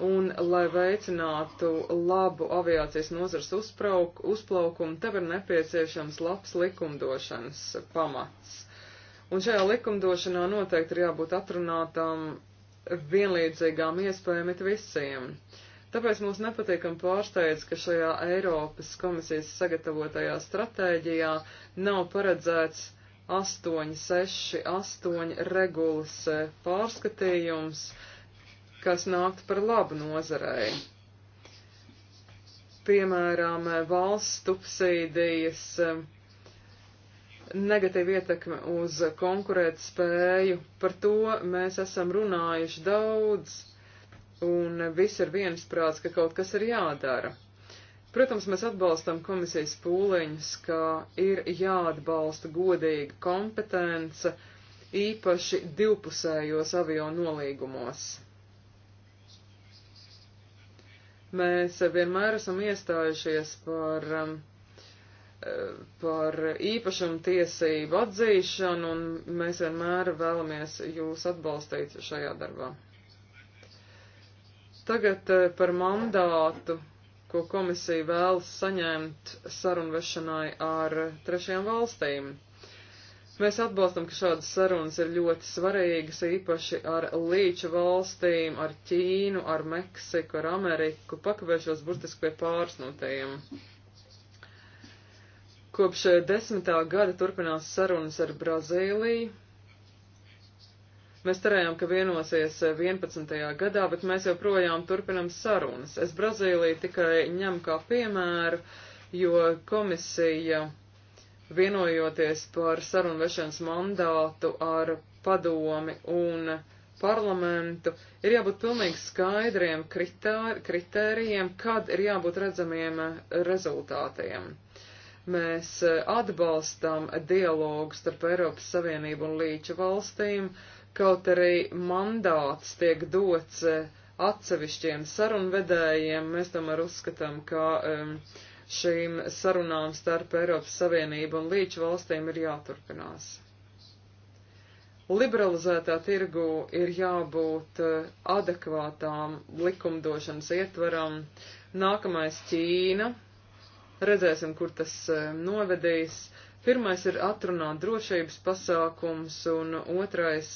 un lai veicinātu labu aviācijas nozars uzplaukumu, tev ir nepieciešams labs likumdošanas pamats Un šajā likumdošanā noteikti ir jābūt atrunātām vienlīdzīgām iespējām it visiem. Tāpēc mums nepatīkam pārsteidz, ka šajā Eiropas komisijas sagatavotajā stratēģijā nav paredzēts 8, 6, 8 regulas e, pārskatījums, kas nākt par labu nozarei. Piemēram, e, valsts subsīdijas e, negatīva ietekme uz konkurētspēju. Par to mēs esam runājuši daudz, un viss ir viensprāts, ka kaut kas ir jādara. Protams, mēs atbalstam komisijas pūliņus, ka ir jāatbalsta godīga kompetence, īpaši divpusējos avio nolīgumos. Mēs vienmēr esam iestājušies par um, par īpašumu tiesību atzīšanu, un mēs vienmēr vēlamies jūs atbalstīt šajā darbā. Tagad eh, par mandātu, ko komisija vēlas saņemt sarunvešanai ar trešajām valstīm. Mēs atbalstam, ka šādas sarunas ir ļoti svarīgas, īpaši ar līča valstīm, ar Ķīnu, ar Meksiku, ar Ameriku, pakavēšos burtiski pie pāris no tiem. Kopš eh, desmitā gada turpinās sarunas ar Brazīliju. Mēs cerējām, ka vienosies 11. Eh, gadā, bet mēs joprojām turpinam sarunas. Es Brazīliju tikai ņem kā piemēru, jo komisija vienojoties par sarunvešanas mandātu ar padomi un parlamentu, ir jābūt pilnīgi skaidriem kritērijiem, kad ir jābūt redzamiem eh, rezultātiem. Mēs eh, atbalstam dialogu starp Eiropas Savienību un līča valstīm, kaut arī mandāts tiek dots eh, atsevišķiem sarunvedējiem. Mēs tomēr uzskatām, ka um, šīm sarunām starp Eiropas Savienību un līča valstīm ir jāturpinās. Liberalizētā tirgu ir jābūt eh, adekvātām likumdošanas ietvaram. Nākamais Ķīna Redzēsim, kur tas eh, novedīs. Pirmais ir atrunāt drošības pasākums, un otrais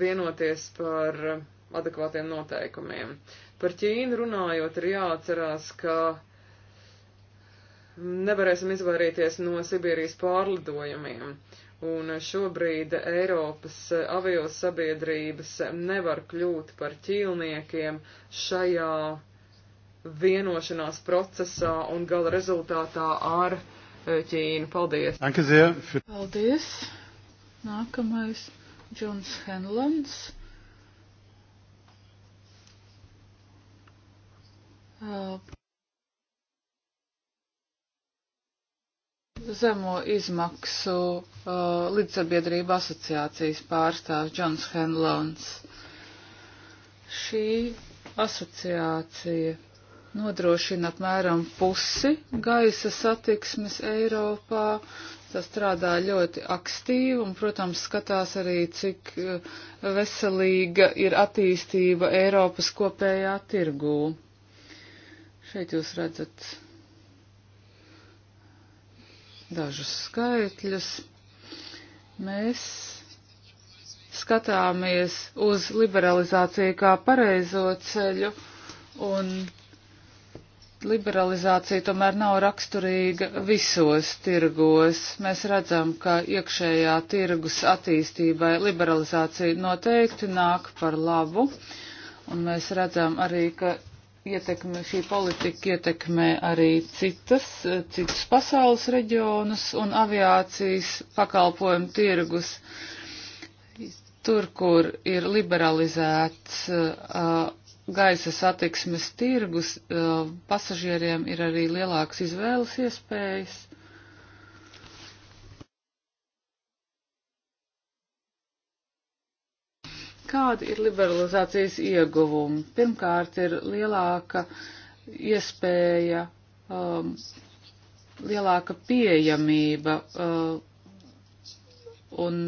vienoties par adekvātiem noteikumiem. Par Ķīnu runājot, ir jāatcerās, ka nevarēsim izvairīties no Sibīrijas pārlidojumiem, un šobrīd Eiropas avios sabiedrības nevar kļūt par ķīlniekiem šajā vienošanās procesā un gala rezultātā ar e, Ķīnu. Paldies! Paldies! Nākamais Džons Henlands. E, Zemo izmaksu uh, līdzsabiedrība asociācijas pārstāvs Džons Henlons. Šī asociācija nodrošina apmēram pusi gaisa satiksmes Eiropā. Tas strādā ļoti aktīvi un, protams, skatās arī, cik eh, veselīga ir attīstība Eiropas kopējā tirgū. Šeit jūs redzat dažus skaitļus. Mēs skatāmies uz liberalizāciju kā pareizo ceļu un liberalizācija tomēr nav raksturīga visos tirgos. Mēs redzam, ka iekšējā tirgus attīstībai liberalizācija noteikti nāk par labu, un mēs redzam arī, ka ietekme, šī politika ietekmē arī citas, citus pasaules reģionus un aviācijas pakalpojumu tirgus. Tur, kur ir liberalizēts uh, gaisa satiksmes tirgus uh, pasažieriem ir arī lielāks izvēles iespējas. Kādi ir liberalizācijas ieguvumi? Pirmkārt, ir lielāka iespēja, um, lielāka pieejamība uh, un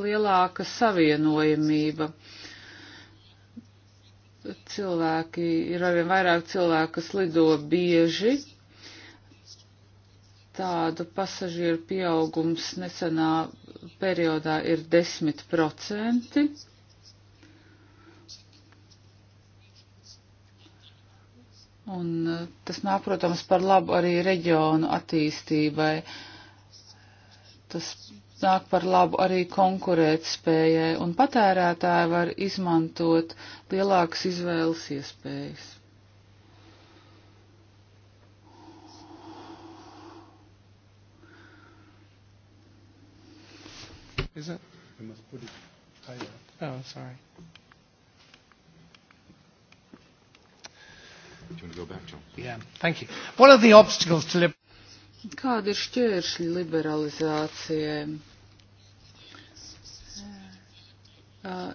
lielāka savienojamība. Uh, Cilvēki, ir arvien vairāk cilvēku, kas lido bieži. Tādu pasažieru pieaugums nesenā periodā ir 10%. Un eh, tas nāk, protams, par labu arī reģionu attīstībai. Tas nāk par labu arī konkurētspējai, un patērētāji var izmantot lielākas izvēles iespējas. Is it? You must put it higher. Oh, sorry. Do you want to go back, John? Yeah, thank you. What are the obstacles to liberalisation? Kādi ir šķēršļi liberalizācijai?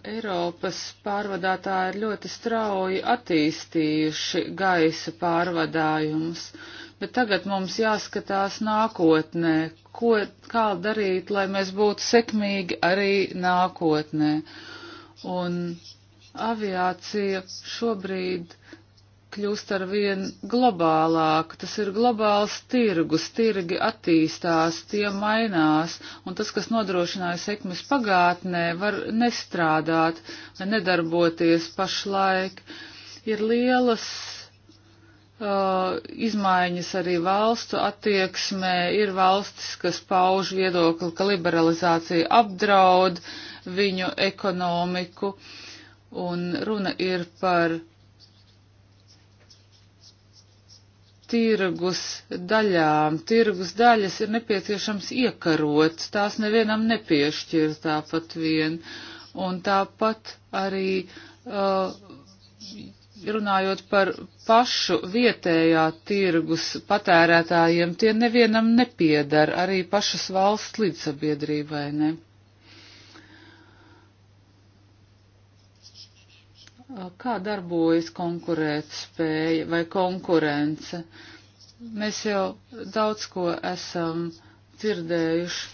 Eiropas pārvadātāji ir ļoti strauji attīstījuši gaisa pārvadājumus, bet tagad mums jāskatās nākotnē, ko, kā darīt, lai mēs būtu sekmīgi arī nākotnē. Un aviācija šobrīd kļūst ar vien globālāk. Tas ir globāls tirgus, tirgi attīstās, tie mainās, un tas, kas nodrošināja sekmes pagātnē, var nestrādāt vai nedarboties pašlaik. Ir lielas Uh, izmaiņas arī valstu attieksmē. Ir valstis, kas pauž viedokli, ka liberalizācija apdraud viņu ekonomiku, un runa ir par tirgus daļām. Tirgus daļas ir nepieciešams iekarot, tās nevienam nepiešķir tāpat vien. Un tāpat arī uh, runājot par pašu vietējā tirgus patērētājiem, tie nevienam nepiedara arī pašas valsts līdzsabiedrībai, ne? kā darbojas konkurētspēja vai konkurence. Mēs jau daudz ko esam dzirdējuši.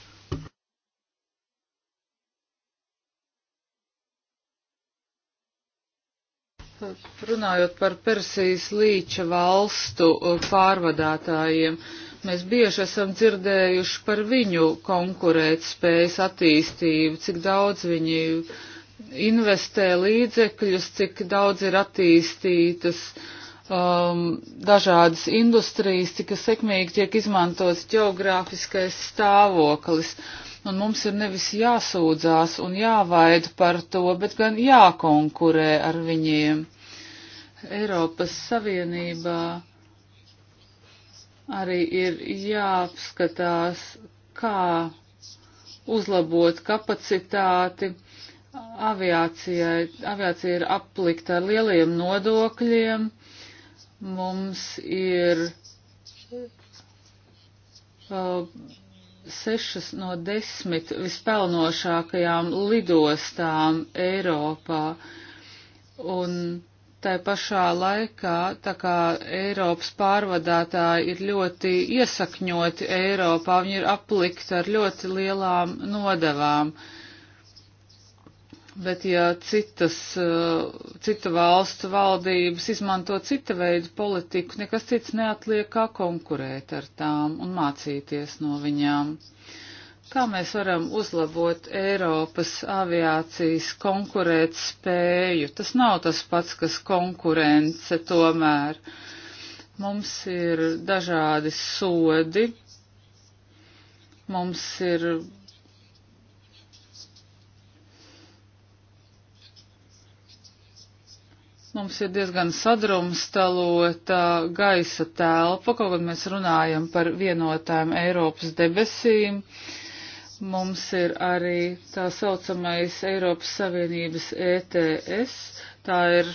Runājot par Persijas līča valstu uh, pārvadātājiem, mēs bieži esam dzirdējuši par viņu konkurētspējas attīstību, cik daudz viņi uh, investē līdzekļus, cik daudz ir attīstītas um, dažādas industrijas, cik sekmīgi tiek izmantots geogrāfiskais stāvoklis. Un mums ir nevis jāsūdzās un jāvaid par to, bet gan jākonkurē ar viņiem. Eiropas Savienībā arī ir jāapskatās, kā uzlabot kapacitāti aviācijai. Aviācija ir aplikta ar lieliem nodokļiem. Mums ir uh, sešas no desmit vispelnošākajām lidostām Eiropā. Un tai pašā laikā, tā kā Eiropas pārvadātāji ir ļoti iesakņoti Eiropā, viņi ir aplikti ar ļoti lielām nodevām. Uh, Bet ja citas, eh, citu valstu valdības izmanto cita veidu politiku, nekas cits neatliek kā konkurēt ar tām un mācīties no viņām. Kā mēs varam uzlabot Eiropas aviācijas konkurēt spēju? Tas nav tas pats, kas konkurence tomēr. Mums ir dažādi sodi, mums ir Mums ir diezgan sadrumstalota gaisa telpa, kaut gan mēs runājam par vienotām Eiropas debesīm. Mums ir arī tā saucamais Eiropas Savienības ETS. Tā ir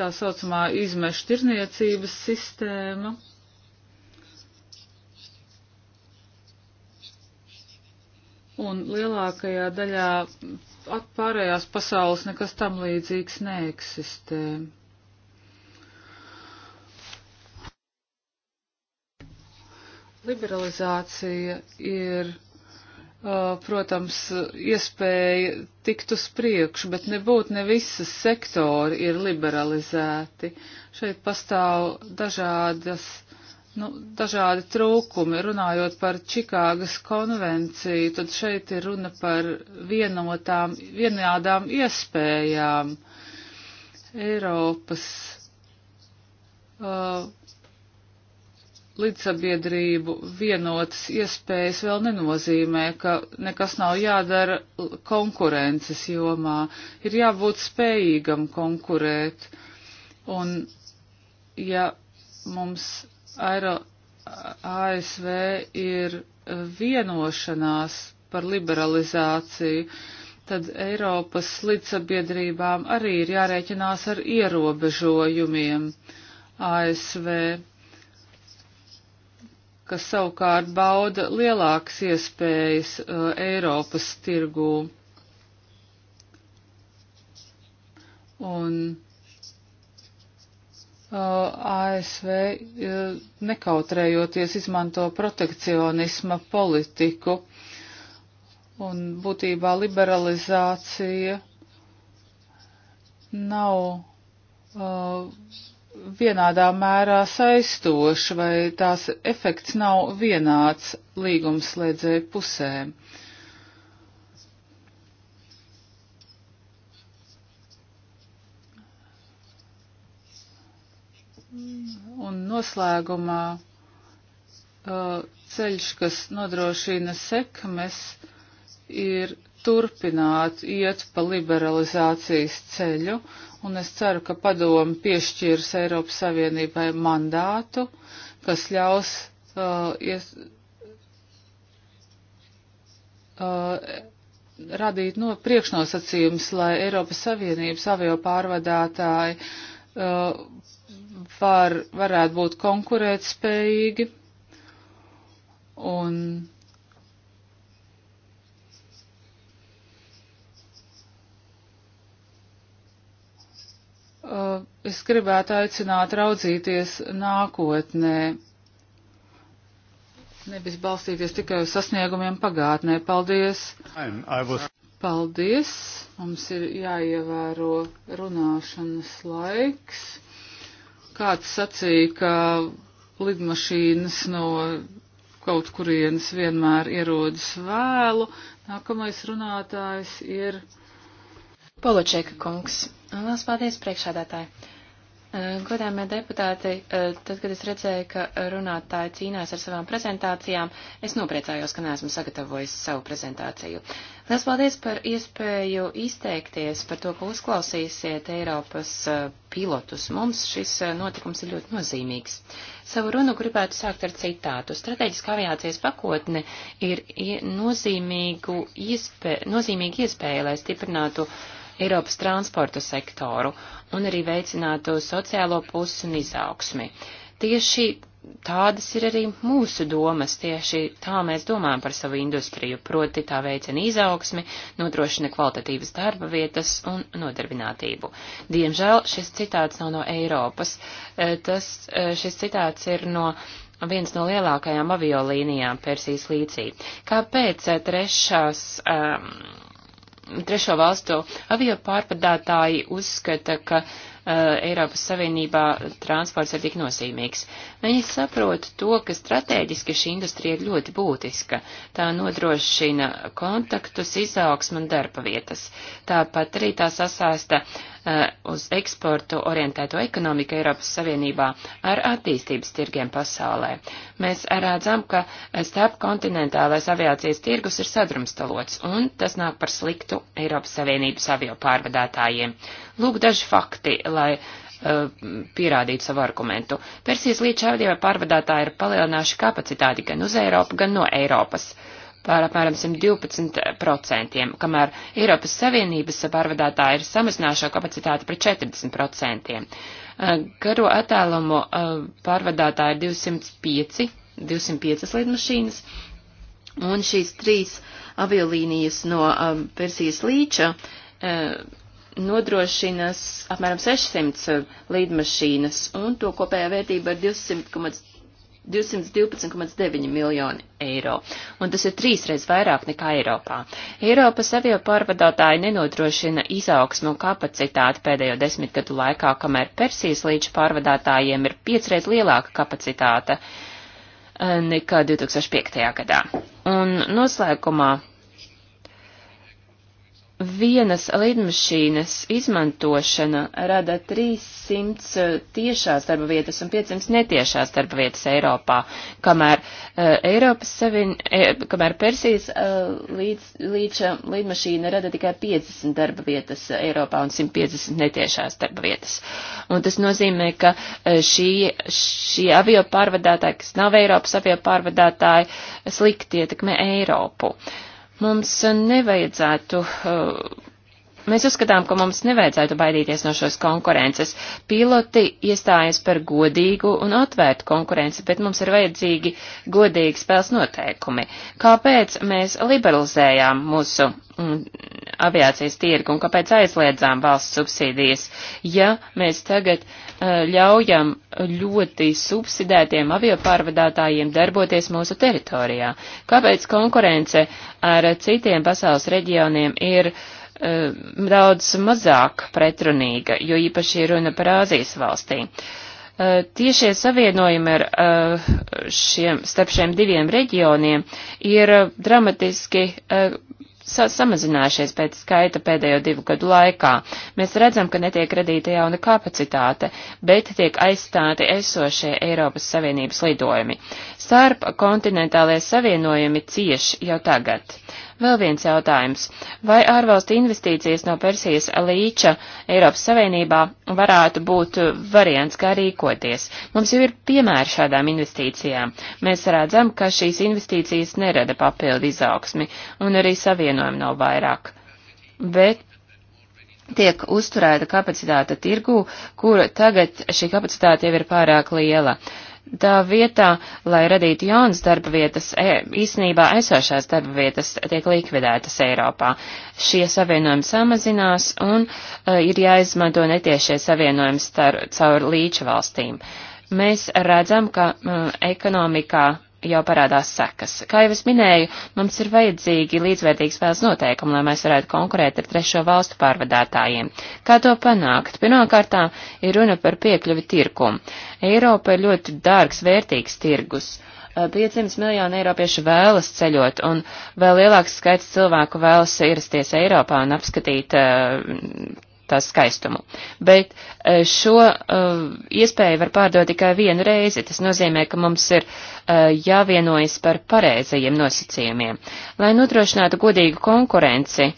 tā saucamā izmešu tirniecības sistēma. un lielākajā daļā pārējās pasaules nekas tam līdzīgs neeksistē. Liberalizācija ir, protams, iespēja tikt uz priekšu, bet nebūt ne visas sektori ir liberalizēti. Šeit pastāv dažādas nu, dažādi trūkumi. Runājot par Čikāgas konvenciju, tad šeit ir runa par vienotām, vienādām iespējām Eiropas uh, līdzsabiedrību vienotas iespējas vēl nenozīmē, ka nekas nav jādara konkurences jomā. Ir jābūt spējīgam konkurēt. Un, ja mums Aero, ASV ir e, vienošanās par liberalizāciju, tad Eiropas līdzsabiedrībām arī ir jārēķinās ar ierobežojumiem ASV, kas savukārt bauda lielākas iespējas uh, Eiropas tirgū. Un Uh, ASV uh, nekautrējoties izmanto protekcionisma politiku un būtībā liberalizācija nav uh, vienādā mērā saistoša vai tās efekts nav vienāds līgumslēdzēju pusēm. Uh, Un noslēgumā uh, ceļš, kas nodrošina sekmes, ir turpināt iet pa liberalizācijas ceļu, un es ceru, ka padomu piešķirs Eiropas Savienībai mandātu, kas ļaus uh, ies, uh, radīt no priekšnosacījums, lai Eiropas Savienības avio pārvadātāji uh, var, varētu būt konkurētspējīgi un uh, es gribētu aicināt raudzīties nākotnē, nevis balstīties tikai uz sasniegumiem pagātnē. Paldies! Paldies! Mums ir jāievēro runāšanas laiks. Kāds sacīja, ka lidmašīnas no kaut kurienes vienmēr ierodas vēlu. Nākamais runātājs ir. Poločēka kungs. Lielas paldies priekšādātāji. Eh, godāmie deputāti, eh, tad, kad es redzēju, ka runātāji cīnās ar savām prezentācijām, es nopriecājos, ka neesmu sagatavojis savu prezentāciju. Lielas paldies par iespēju izteikties par to, ka uzklausīsiet Eiropas eh, pilotus. Mums šis notikums ir ļoti nozīmīgs. Savu runu gribētu sākt ar citātu. Strateģiskā aviācijas pakotne ir nozīmīgu iespēju, nozīmīga iespēja, lai stiprinātu Eiropas transporta sektoru un arī veicinātu sociālo pusi un izaugsmi. Tieši tādas ir arī mūsu domas, tieši tā mēs domājam par savu industriju, proti tā veicina izaugsmi, nodrošina kvalitatīvas darba vietas un nodarbinātību. Diemžēl šis citāts nav no Eiropas, e, Tas, e, šis citāts ir no viens no lielākajām aviolīnijām Persijas līcī. Kāpēc e, trešās um, trešo valstu avio pārpadātāji uzskata, ka Uh, Eiropas Savienībā transports ir tik nozīmīgs. Viņi saprot to, ka strateģiski šī industrija ir ļoti būtiska. Tā nodrošina kontaktus, izaugsmu un darba vietas. Tāpat arī tā sasaista uh, uz eksportu orientēto ekonomiku Eiropas Savienībā ar attīstības tirgiem pasaulē. Mēs redzam, ka starpkontinentālais aviācijas tirgus ir sadrumstalots, un tas nāk par sliktu Eiropas Savienības avio pārvadātājiem. Lūk, daži fakti, lai uh, pierādītu savu argumentu. Persijas līča avadījuma pārvadātāji ir palielinājuši kapacitāti gan uz Eiropu, gan no Eiropas par apmēram 112%, kamēr Eiropas Savienības pārvadātāji ir samazinājušo kapacitāti par 40%. Eh, garo attālumu eh, pārvadātāji ir 205, 205 lidmašīnas, un šīs trīs aviolīnijas no Persijas līča nodrošinas apmēram 600 uh, līdmašīnas, un to kopējā vērtība ir 212,9 miljoni eiro, un tas ir trīsreiz vairāk nekā Eiropā. Eiropas avio pārvadātāji nenodrošina izaugsmu un kapacitāti pēdējo desmitgadu laikā, kamēr Persijas līča pārvadātājiem ir piecreiz lielāka kapacitāte uh, nekā 2005. gadā. Un noslēgumā vienas lidmašīnas izmantošana rada 300 eh, tiešās darba vietas un 500 netiešās darba vietas Eiropā, kamēr, uh, Eiropas savin, e, kamēr Persijas uh, līdz, līdz, lidmašīna rada tikai 50 darba vietas Eiropā un 150 netiešās darba vietas. Un tas nozīmē, ka šī, šī avio pārvadātāji, kas nav Eiropas avio pārvadātāji, slikti ietekmē Eiropu. Uh, Mums nevajadzētu uh, Mēs uzskatām, ka mums nevajadzētu baidīties no šos konkurences. Piloti iestājas par godīgu un atvērtu konkurenci, bet mums ir vajadzīgi godīgi spēles noteikumi. Kāpēc mēs liberalizējām mūsu mm, aviācijas tirgu un kāpēc aizliedzām valsts subsīdijas, ja mēs tagad uh, ļaujam ļoti subsidētiem aviopārvadātājiem darboties mūsu teritorijā? Kāpēc konkurence ar citiem pasaules reģioniem ir uh, Eh, daudz mazāk pretrunīga, jo īpaši ir runa par Āzijas valstīm. Eh, tiešie savienojumi ar eh, šiem, starp šiem diviem reģioniem ir dramatiski sa samazinājušies pēc skaita pēdējo divu gadu laikā. Mēs redzam, ka netiek radīta jauna kapacitāte, bet tiek aizstāti esošie Eiropas Savienības lidojumi. Starp kontinentālie savienojumi cieši jau tagad. Vēl viens jautājums. Vai ārvalstu investīcijas no Persijas līča Eiropas Savienībā varētu būt variants, kā rīkoties? Mums jau ir piemēri šādām investīcijām. Mēs redzam, ka šīs investīcijas nerada papildu izaugsmi un arī savienojumi nav vairāk. Bet tiek uzturēta kapacitāte tirgū, kur tagad šī kapacitāte jau ir pārāk liela. Uh, Tā vietā, lai radītu jaunas darba vietas, e, īsnībā esošās darba vietas tiek likvidētas Eiropā. Šie savienojumi samazinās un e, ir jāizmanto netiešie savienojumi star, caur līča valstīm. Mēs redzam, ka m, ekonomikā jau parādās sekas. Kā jau es minēju, mums ir vajadzīgi līdzvērtīgi spēles noteikumi, lai mēs varētu konkurēt ar trešo valstu pārvadātājiem. Kā to panākt? Pirmkārtām ir runa par piekļuvi tirkumu. Eiropa ir ļoti dārgs, vērtīgs tirgus. 500 miljoni eiropiešu vēlas ceļot, un vēl lielāks skaits cilvēku vēlas ierasties Eiropā un apskatīt uh, tā skaistumu. Bet e, šo uh, iespēju var pārdot tikai vienu reizi. Tas nozīmē, ka mums ir uh, jāvienojas par pareizajiem nosacījumiem. Lai nodrošinātu godīgu konkurenci,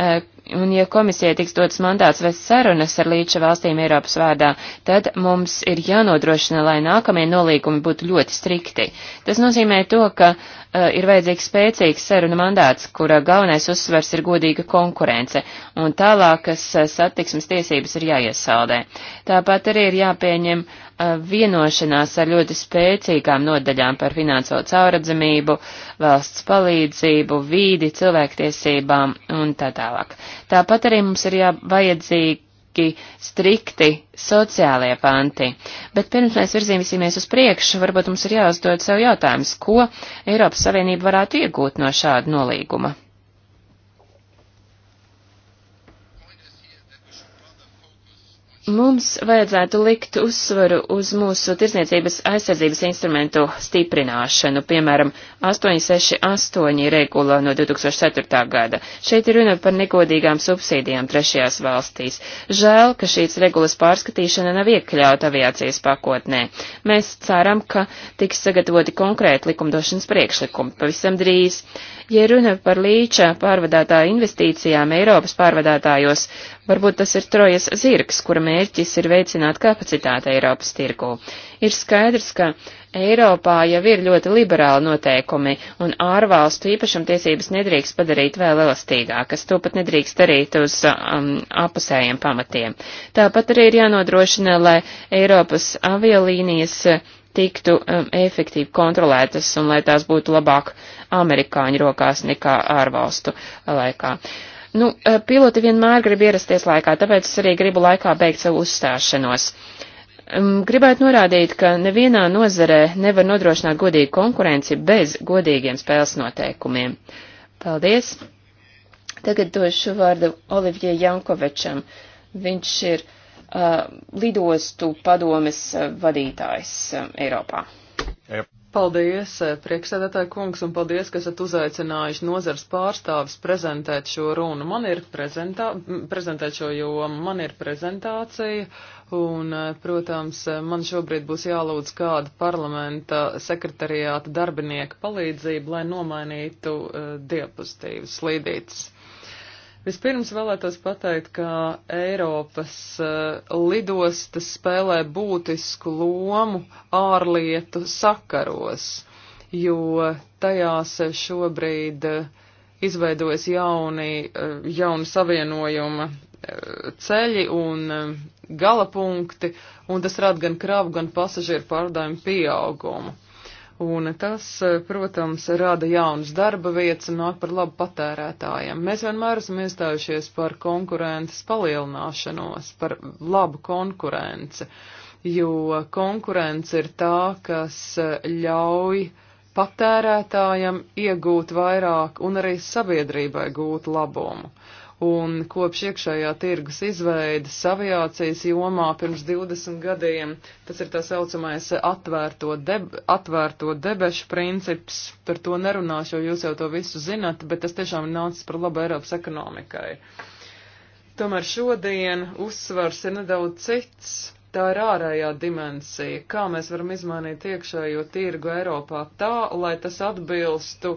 uh, un ja komisija tiks dots mandāts vai sarunas ar līdša valstīm Eiropas vārdā, tad mums ir jānodrošina, lai nākamie nolīgumi būtu ļoti strikti. Tas nozīmē to, ka Eh, ir vajadzīgs spēcīgs saruna mandāts, kura galvenais uzsvers ir godīga konkurence, un tālākas eh, satiksmes tiesības ir jāiesaldē. Tāpat arī ir jāpieņem eh, vienošanās ar ļoti spēcīgām nodaļām par finanso cauradzamību, valsts palīdzību, vīdi, cilvēktiesībām un tā tālāk. Tāpat arī mums ir jā, vajadzīgi ārkārtīgi strikti sociālie panti. Bet pirms mēs virzīsimies uz priekšu, varbūt mums ir jāuzdod sev jautājums, ko Eiropas Savienība varētu iegūt no šāda nolīguma. Mums vajadzētu likt uzsvaru uz mūsu tirsniecības aizsardzības instrumentu stiprināšanu, piemēram, 868 regula no 2004. gada. Šeit ir runa par negodīgām subsīdijām trešajās valstīs. Žēl, ka šīs regulas pārskatīšana nav iekļauta aviācijas pakotnē. Mēs ceram, ka tiks sagatavoti konkrēti likumdošanas priekšlikumi pavisam drīz. Ja runa par līča pārvadātāju investīcijām Eiropas pārvadātājos, varbūt tas ir trojas zirgs, kura mērķis mērķis ir veicināt kapacitāti Eiropas tirgū. Ir skaidrs, ka Eiropā jau ir ļoti liberāli noteikumi, un ārvalstu īpašumtiesības nedrīkst padarīt vēl elastīgākas, to pat nedrīkst darīt uz um, apusējiem pamatiem. Tāpat arī ir jānodrošina, lai Eiropas avialīnijas tiktu um, efektīvi kontrolētas un lai tās būtu labāk amerikāņu rokās nekā ārvalstu laikā. Uh, Nu, eh, piloti vienmēr grib ierasties laikā, tāpēc es arī gribu laikā beigt savu uzstāšanos. Mm, gribētu norādīt, ka nevienā nozarē nevar nodrošināt godīgu konkurenci bez godīgiem spēles noteikumiem. Paldies! Tagad došu vārdu Olivijai Jankovečam. Viņš ir uh, lidostu padomes eh, vadītājs uh, Eiropā. Yep. Paldies, eh, priekšsēdētāji kungs, un paldies, ka esat uzaicinājuši nozars pārstāvis prezentēt šo runu. Man ir prezentā, prezentēt šo jomu, man ir prezentācija, un, eh, protams, eh, man šobrīd būs jālūdz kāda parlamenta sekretariāta darbinieka palīdzība, lai nomainītu uh, diapustīvas slīdītas. Vispirms vēlētos pateikt, ka Eiropas eh, lidostas spēlē būtisku lomu ārlietu sakaros, jo tajās šobrīd eh, izveidojas jauni, eh, jauni savienojuma ceļi un gala punkti, un tas rada gan kravu, gan pasažieru pārdājumu pieaugumu. Un tas, eh, protams, rada jaunas darba vietas un nāk par labu patērētājiem. Mēs vienmēr esam iestājušies par konkurences palielināšanos, par labu konkurenci, jo konkurence ir tā, kas eh, ļauj patērētājam iegūt vairāk un arī sabiedrībai gūt labumu un kopš iekšējā tirgus izveidas aviācijas jomā pirms 20 gadiem, tas ir tā saucamais atvērto, deb atvērto debešu princips, par to nerunāšu, jo jūs jau to visu zinat, bet tas tiešām ir nācis par labu Eiropas ekonomikai. Tomēr šodien uzsvars ir nedaudz cits Tā ir ārējā dimensija, kā mēs varam izmainīt iekšējo tirgu Eiropā tā, lai tas atbilstu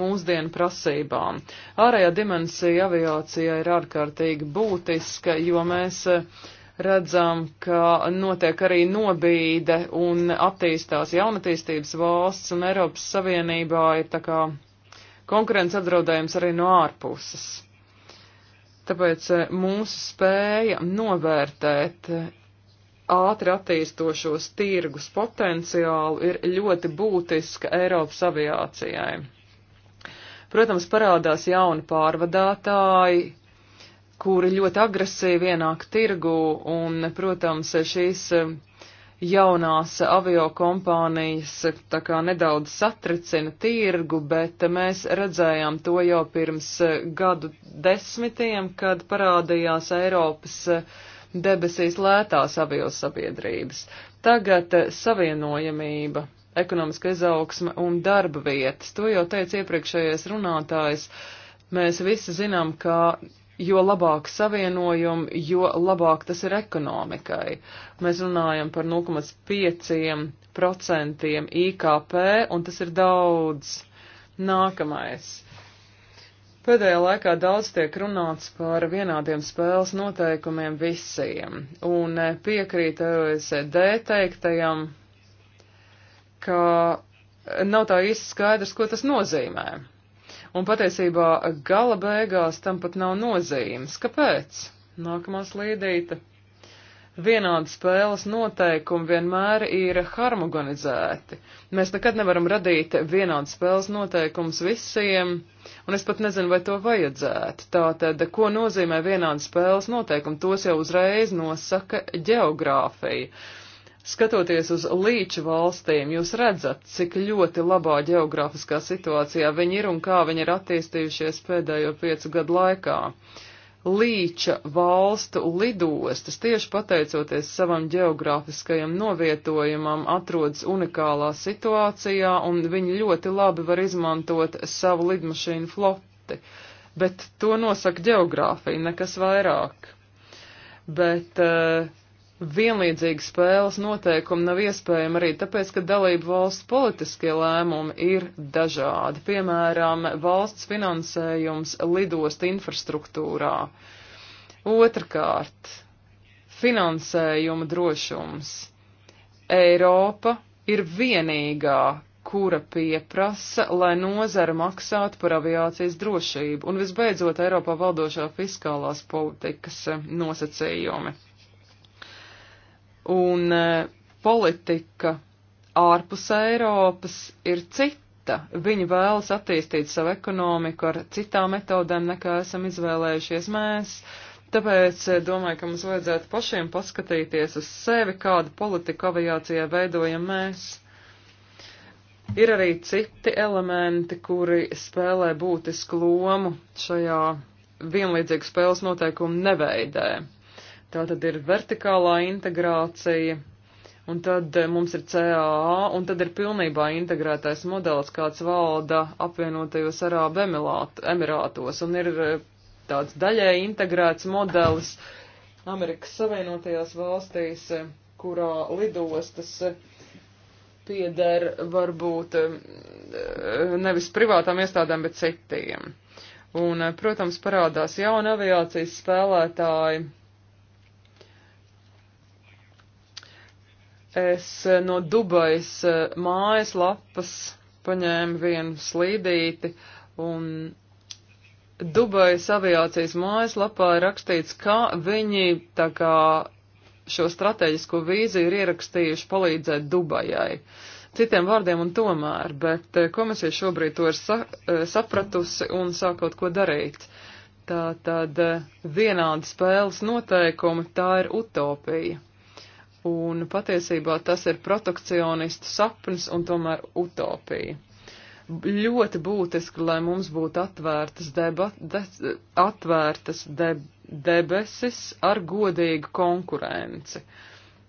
mūsdienu prasībām. Ārējā dimensija aviācijā ir ārkārtīgi būtiska, jo mēs eh, redzam, ka notiek arī nobīde un attīstās jaunatīstības valsts, un Eiropas Savienībā ir tā kā konkurence apdraudējums arī no ārpuses. Tāpēc eh, mūsu spēja novērtēt ātri attīstošos tirgus potenciālu ir ļoti būtiska Eiropas aviācijai. Protams, parādās jauni pārvadātāji, kuri ļoti agresīvi ienāk tirgu, un, protams, šīs um, jaunās avio kompānijas tā kā nedaudz satricina tirgu, bet mēs redzējām to jau pirms uh, gadu desmitiem, kad parādījās Eiropas uh, debesīs lētās avios sabiedrības. Tagad eh, savienojamība, ekonomiska izaugsme un darba vietas. To jau teica iepriekšējais runātājs. Mēs visi zinām, ka jo labāk savienojumi, jo labāk tas ir ekonomikai. Mēs runājam par 0,5% IKP, un tas ir daudz. Nākamais. Pēdējā laikā daudz tiek runāts par vienādiem spēles noteikumiem visiem, un piekrīt OECD teiktajam, ka nav tā īsti skaidrs, ko tas nozīmē. Un patiesībā gala beigās tam pat nav nozīmes. Kāpēc? Nākamā slīdīte vienādi spēles noteikumi vienmēr ir harmonizēti. Mēs nekad nevaram radīt vienādi spēles noteikumus visiem, un es pat nezinu, vai to vajadzētu. Tātad, ko nozīmē vienādi spēles noteikumi, tos jau uzreiz nosaka geogrāfija. Skatoties uz līča valstīm, jūs redzat, cik ļoti labā geogrāfiskā situācijā viņi ir un kā viņi ir attīstījušies pēdējo piecu gadu laikā. Uh, līča valstu lidostas tieši pateicoties savam geogrāfiskajam novietojumam atrodas unikālā situācijā un viņi ļoti labi var izmantot savu lidmašīnu floti. Bet to nosaka geogrāfija, nekas vairāk. Bet uh, vienlīdzīgi spēles noteikumi nav iespējami arī tāpēc, ka dalību valsts politiskie lēmumi ir dažādi. Piemēram, valsts finansējums lidost infrastruktūrā. Otrakārt, finansējuma drošums. Eiropa ir vienīgā, kura pieprasa, lai nozara maksātu par aviācijas drošību un visbeidzot Eiropā valdošā fiskālās politikas nosacījumi un eh, politika ārpus Eiropas ir cita. Viņi vēlas attīstīt savu ekonomiku ar citām metodēm, nekā esam izvēlējušies mēs. Tāpēc eh, domāju, ka mums vajadzētu pašiem paskatīties uz sevi, kādu politiku aviācijā veidojam mēs. Ir arī citi elementi, kuri spēlē būtisku lomu šajā vienlīdzīgu spēles noteikumu neveidē. Tā tad ir vertikālā integrācija, un tad eh, mums ir CAA, un tad ir pilnībā integrētais modelis, kāds valda apvienotajos Arābu Emirātos, un ir eh, tāds daļai integrēts modelis Amerikas Savienotajās valstīs, eh, kurā lidostas pieder varbūt nevis privātām iestādēm, bet citiem. Un, protams, parādās jauna aviācijas spēlētāji, Es eh, no Dubajas eh, mājas lapas paņēmu vienu slīdīti un Dubajas aviācijas mājaslapā ir rakstīts, ka viņi tā kā šo strateģisko vīziju ir ierakstījuši palīdzēt Dubajai. Citiem vārdiem un tomēr, bet eh, komisija šobrīd to ir sa sapratusi un sāk kaut ko darīt. Tā tad vienādi spēles noteikumi, tā ir utopija un patiesībā tas ir protekcionistu sapnis un tomēr utopija. Ļoti būtiski, lai mums būtu atvērtas, deba, de, atvērtas de, debesis ar godīgu konkurenci.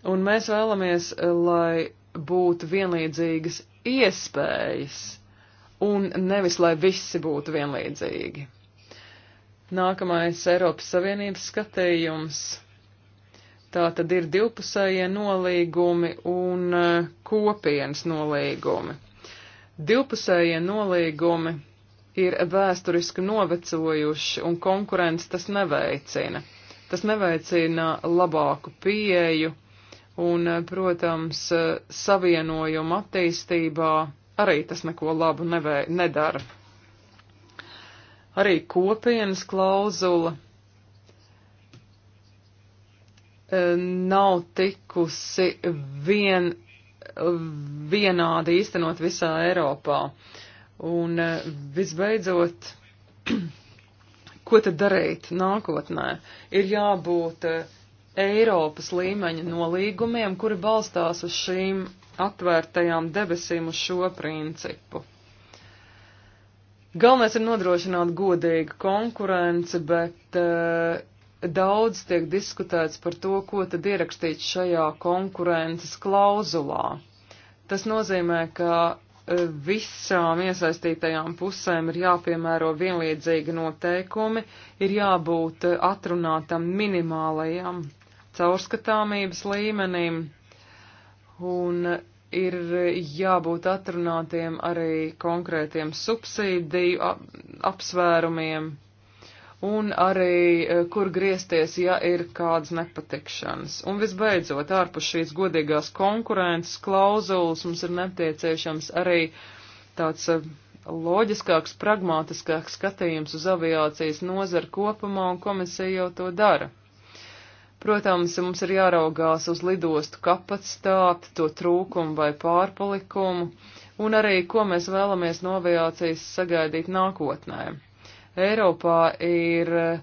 Un mēs vēlamies, lai būtu vienlīdzīgas iespējas un nevis, lai visi būtu vienlīdzīgi. Nākamais Eiropas Savienības skatījums Tā tad ir divpusējie nolīgumi un eh, kopienas nolīgumi. Divpusējie nolīgumi ir vēsturiski novecojuši un konkurence tas neveicina. Tas neveicina labāku pieeju un, eh, protams, eh, savienojumu attīstībā arī tas neko labu nevē, nedara. Arī kopienas klauzula nav tikusi vien, vienādi īstenot visā Eiropā. Un eh, visbeidzot, ko tad darīt nākotnē? Ir jābūt eh, Eiropas līmeņa nolīgumiem, kuri balstās uz šīm atvērtajām debesīm uz šo principu. Galvenais ir nodrošināt godīgu konkurenci, bet uh, daudz tiek diskutēts par to, ko tad ierakstīts šajā konkurences klauzulā. Tas nozīmē, ka e, visām iesaistītajām pusēm ir jāpiemēro vienlīdzīgi noteikumi, ir jābūt e, atrunātam minimālajam caurskatāmības līmenim un ir jābūt atrunātiem arī konkrētiem subsīdiju apsvērumiem. Ap un arī e, kur griezties, ja ir kādas nepatikšanas. Un visbeidzot, ārpus šīs godīgās konkurences klauzulas mums ir nepieciešams arī tāds e, loģiskāks, pragmātiskāks skatījums uz aviācijas nozaru kopumā, un komisija jau to dara. Protams, mums ir jāraugās uz lidostu kapacitāti, to trūkumu vai pārpalikumu, un arī, ko mēs vēlamies no aviācijas sagaidīt nākotnē. Eiropā ir eh,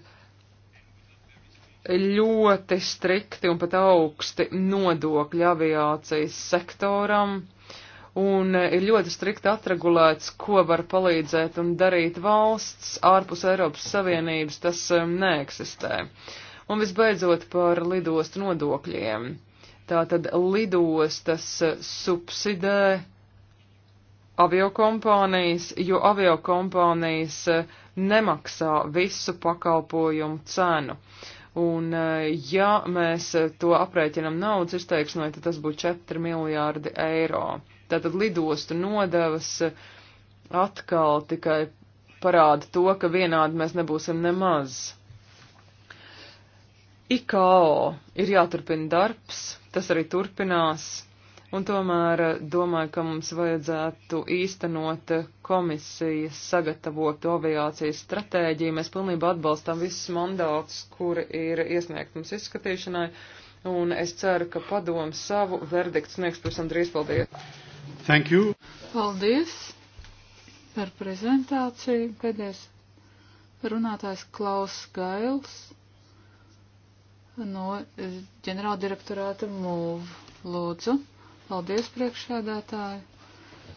ļoti strikti un pat augsti nodokļi aviācijas sektoram, un eh, ir ļoti strikti atregulēts, ko var palīdzēt un darīt valsts ārpus Eiropas Savienības, tas um, neeksistē. Un visbeidzot par lidostu nodokļiem. Tātad lidostas subsidē aviokompānijas, jo aviokompānijas eh, nemaksā visu pakalpojumu cenu. Un, eh, ja mēs to aprēķinam naudas izteiksmē, tad tas būtu 4 miljārdi eiro. Tātad lidostu nodevas eh, atkal tikai parāda to, ka vienādi mēs nebūsim nemaz. IKO ir jāturpina darbs, tas arī turpinās un tomēr eh, domāju, ka mums vajadzētu īstenot eh, komisijas sagatavotu aviācijas stratēģiju. Mēs pilnībā atbalstām visus mandātus, kuri ir iesniegt mums izskatīšanai, un es ceru, ka padomu savu verdiktu sniegs pavisam drīz. Paldies! Thank you! Paldies par prezentāciju. Pēdējais runātājs Klaus Gails no ģenerāldirektorāta MOV. Lūdzu. Paldies, priekšsēdētāji.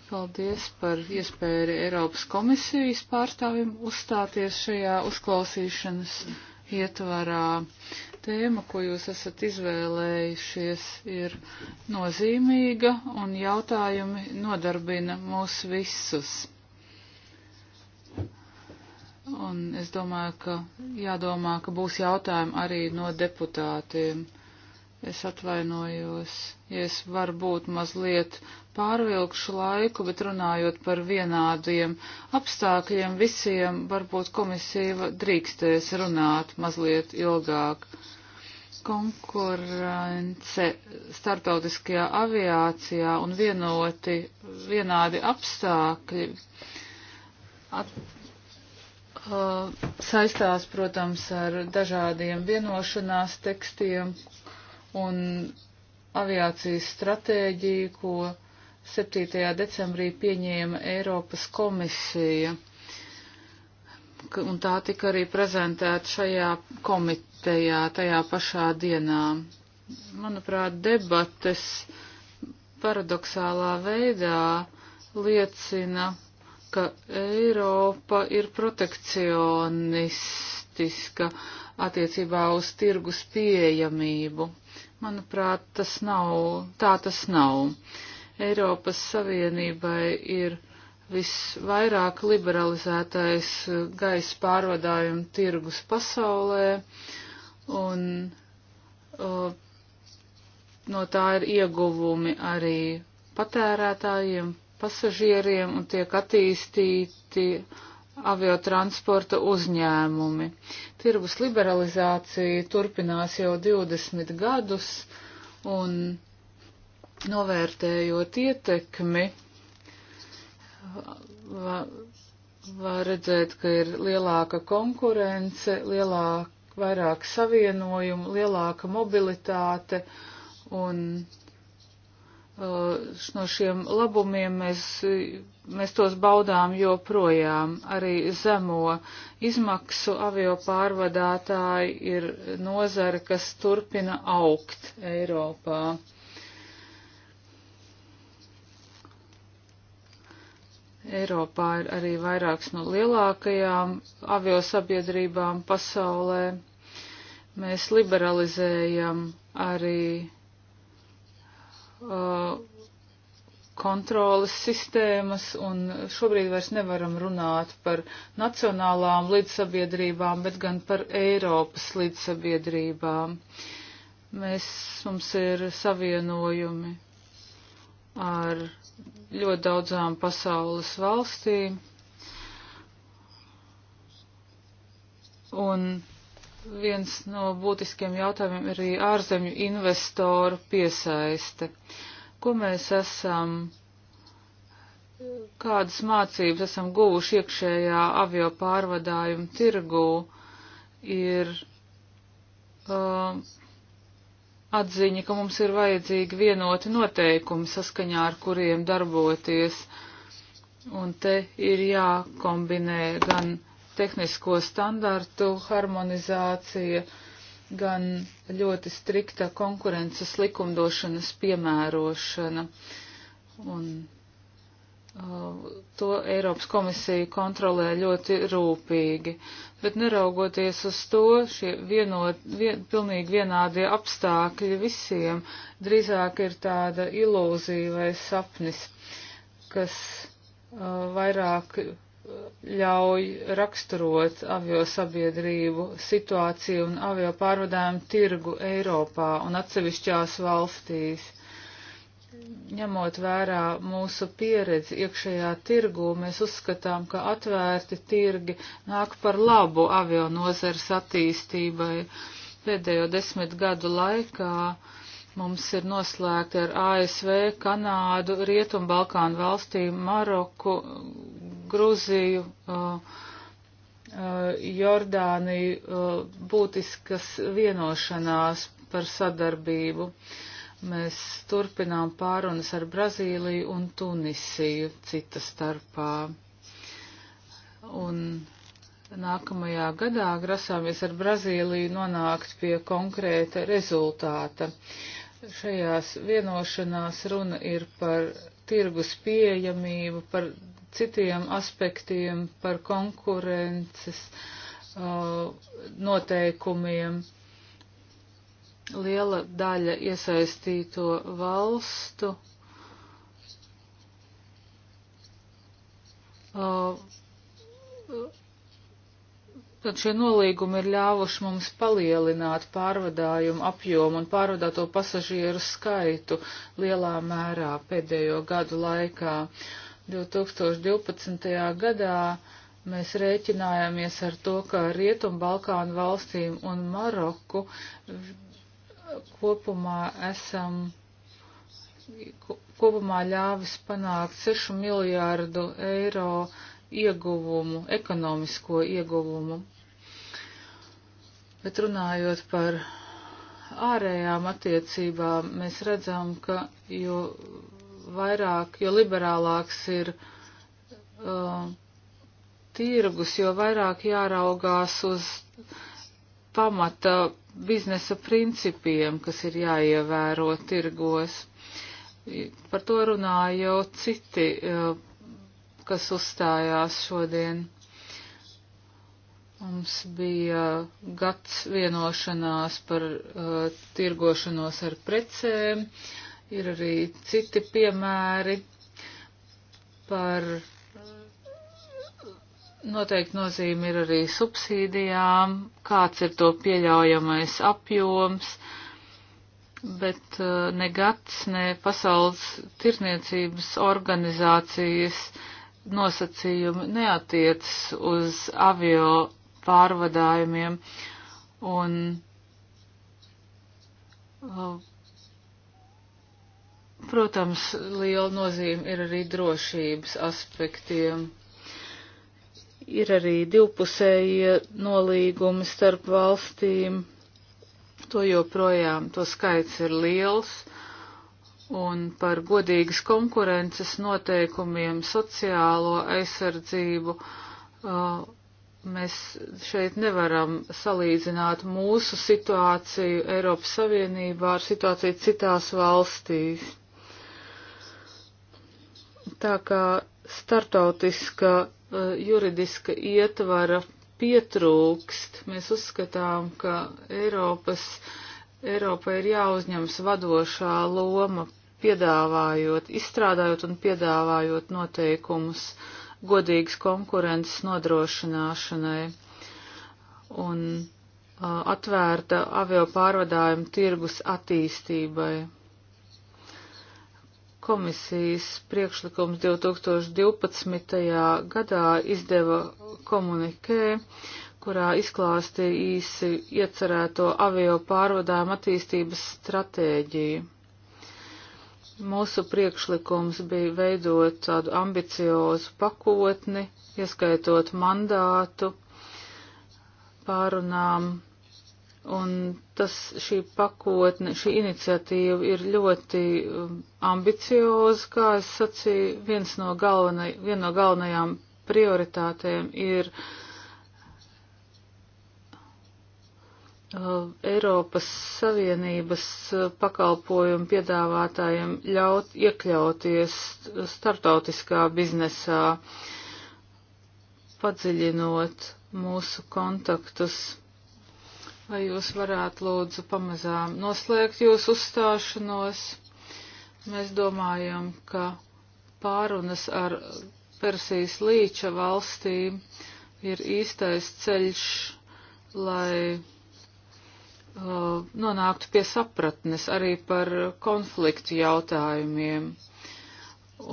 Paldies par iespēju Eiropas komisijas pārstāvim uzstāties šajā uzklausīšanas ietvarā. Tēma, ko jūs esat izvēlējušies, ir nozīmīga un jautājumi nodarbina mūs visus. Un es domāju, ka jādomā, ka būs jautājumi arī no deputātiem. Es atvainojos, ja es varbūt mazliet pārvilkšu laiku, bet runājot par vienādiem apstākļiem visiem, varbūt komisija drīkstēs runāt mazliet ilgāk. Konkurence starptautiskajā aviācijā un vienoti, vienādi apstākļi at, uh, saistās, protams, ar dažādiem vienošanās tekstiem, un aviācijas stratēģiju, ko 7. decembrī pieņēma Eiropas komisija. Un tā tika arī prezentēta šajā komitejā tajā pašā dienā. Manuprāt, debates paradoxālā veidā liecina, ka Eiropa ir protekcionistiska attiecībā uz tirgus pieejamību Manuprāt, tas nav, tā tas nav. Eiropas Savienībai ir visvairāk liberalizētais eh, gaisa pārvadājuma tirgus pasaulē, un uh, no tā ir ieguvumi arī patērētājiem, pasažieriem, un tiek attīstīti uh, aviotransporta uzņēmumi. Tirgus liberalizācija turpinās jau 20 gadus un novērtējot ietekmi, var va redzēt, ka ir lielāka konkurence, lielāk, vairāk savienojumu, lielāka mobilitāte un Eh, no šiem labumiem mēs, mēs tos baudām joprojām. Arī zemo izmaksu avio pārvadātāji ir nozara, kas turpina augt Eiropā. Eiropā ir arī vairākas no lielākajām aviosabiedrībām pasaulē. Mēs liberalizējam arī Uh, kontrolas sistēmas, un šobrīd vairs nevaram runāt par nacionālām līdzsabiedrībām, bet gan par Eiropas līdzsabiedrībām. Mēs, mums ir savienojumi ar ļoti daudzām pasaules valstīm, un viens no būtiskiem jautājumiem ir arī ārzemju investoru piesaiste. Ko mēs esam, kādas mācības esam guvuši iekšējā avio pārvadājuma tirgū, ir uh, atziņa, ka mums ir vajadzīgi vienoti noteikumi, saskaņā ar kuriem darboties, un te ir jākombinē gan tehnisko standartu harmonizācija, gan ļoti strikta konkurences likumdošanas piemērošana. Un uh, to Eiropas komisija kontrolē ļoti rūpīgi. Bet neraugoties uz to, šie vienot, vien, pilnīgi vienādie apstākļi visiem drīzāk ir tāda ilūzija vai sapnis, kas uh, vairāk ļauj raksturot avio sabiedrību situāciju un avio pārvadājumu tirgu Eiropā un atsevišķās valstīs. Ņemot vērā mūsu pieredzi iekšējā tirgu, mēs uzskatām, ka atvērti tirgi nāk par labu avio nozars attīstībai. Pēdējo desmit gadu laikā mums ir noslēgti ar ASV, Kanādu, Rietumbalkānu valstīm, Maroku, Gruziju, Jordāniju būtiskas vienošanās par sadarbību. Mēs turpinām pārunas ar Brazīliju un Tunisiju cita starpā. Un nākamajā gadā grasāmies ar Brazīliju nonākt pie konkrēta rezultāta. Šajās vienošanās runa ir par tirgus pieejamību, par citiem aspektiem, par konkurences uh, noteikumiem. Liela daļa iesaistīto valstu uh, Tad šie nolīgumi ir ļāvuši mums palielināt pārvadājumu apjomu un pārvadāto pasažieru skaitu lielā mērā pēdējo gadu laikā. Uh, 2012. gadā mēs rēķinājāmies ar to, ka Rietumbalkānu valstīm un Maroku kopumā esam kopumā ļāvis panākt 6 miljārdu eiro ieguvumu, ekonomisko ieguvumu. Bet runājot par ārējām attiecībām, mēs redzam, ka jo vairāk, jo liberālāks ir uh, tirgus, jo vairāk jāraugās uz pamata biznesa principiem, kas ir jāievēro tirgos. Par to runāja jau citi, uh, kas uzstājās šodien. Mums bija gads vienošanās par uh, tirgošanos ar precēm. Uh, Ir arī citi piemēri par noteikti nozīme ir arī subsīdijām, kāds ir to pieļaujamais apjoms, bet eh, ne gads, ne pasaules tirniecības organizācijas nosacījumi neatiec uz avio pārvadājumiem un eh, Protams, liela nozīme ir arī drošības aspektiem. Ir arī divpusējie nolīgumi starp valstīm. To joprojām, to skaits ir liels. Un par godīgas konkurences noteikumiem, sociālo aizsardzību mēs šeit nevaram salīdzināt mūsu situāciju Eiropas Savienībā ar situāciju citās valstīs tā kā startautiska uh, juridiska ietvara pietrūkst, mēs uzskatām, ka Eiropas, Eiropa ir jāuzņems vadošā loma, piedāvājot, izstrādājot un piedāvājot noteikumus godīgas konkurences nodrošināšanai. Un eh, atvērta avio pārvadājuma tirgus attīstībai. Komisijas priekšlikums 2012. gadā izdeva komunikē, kurā izklāstīja īsi iecerēto avio pārvadājumu attīstības stratēģiju. Mūsu priekšlikums bija veidot tādu ambiciozu pakotni, ieskaitot mandātu pārunām Un tas, šī pakotne, šī iniciatīva ir ļoti um, ambicioza, kā es sacīju, viens no galvenai, viena no galvenajām prioritātēm ir uh, Eiropas Savienības uh, pakalpojumu piedāvātājiem ļaut iekļauties startautiskā biznesā, padziļinot mūsu kontaktus Vai jūs varētu lūdzu pamazām noslēgt jūsu uzstāšanos? Mēs domājam, ka pārunas ar Persijas līča valstīm ir īstais ceļš, lai uh, nonāktu pie sapratnes arī par konfliktu jautājumiem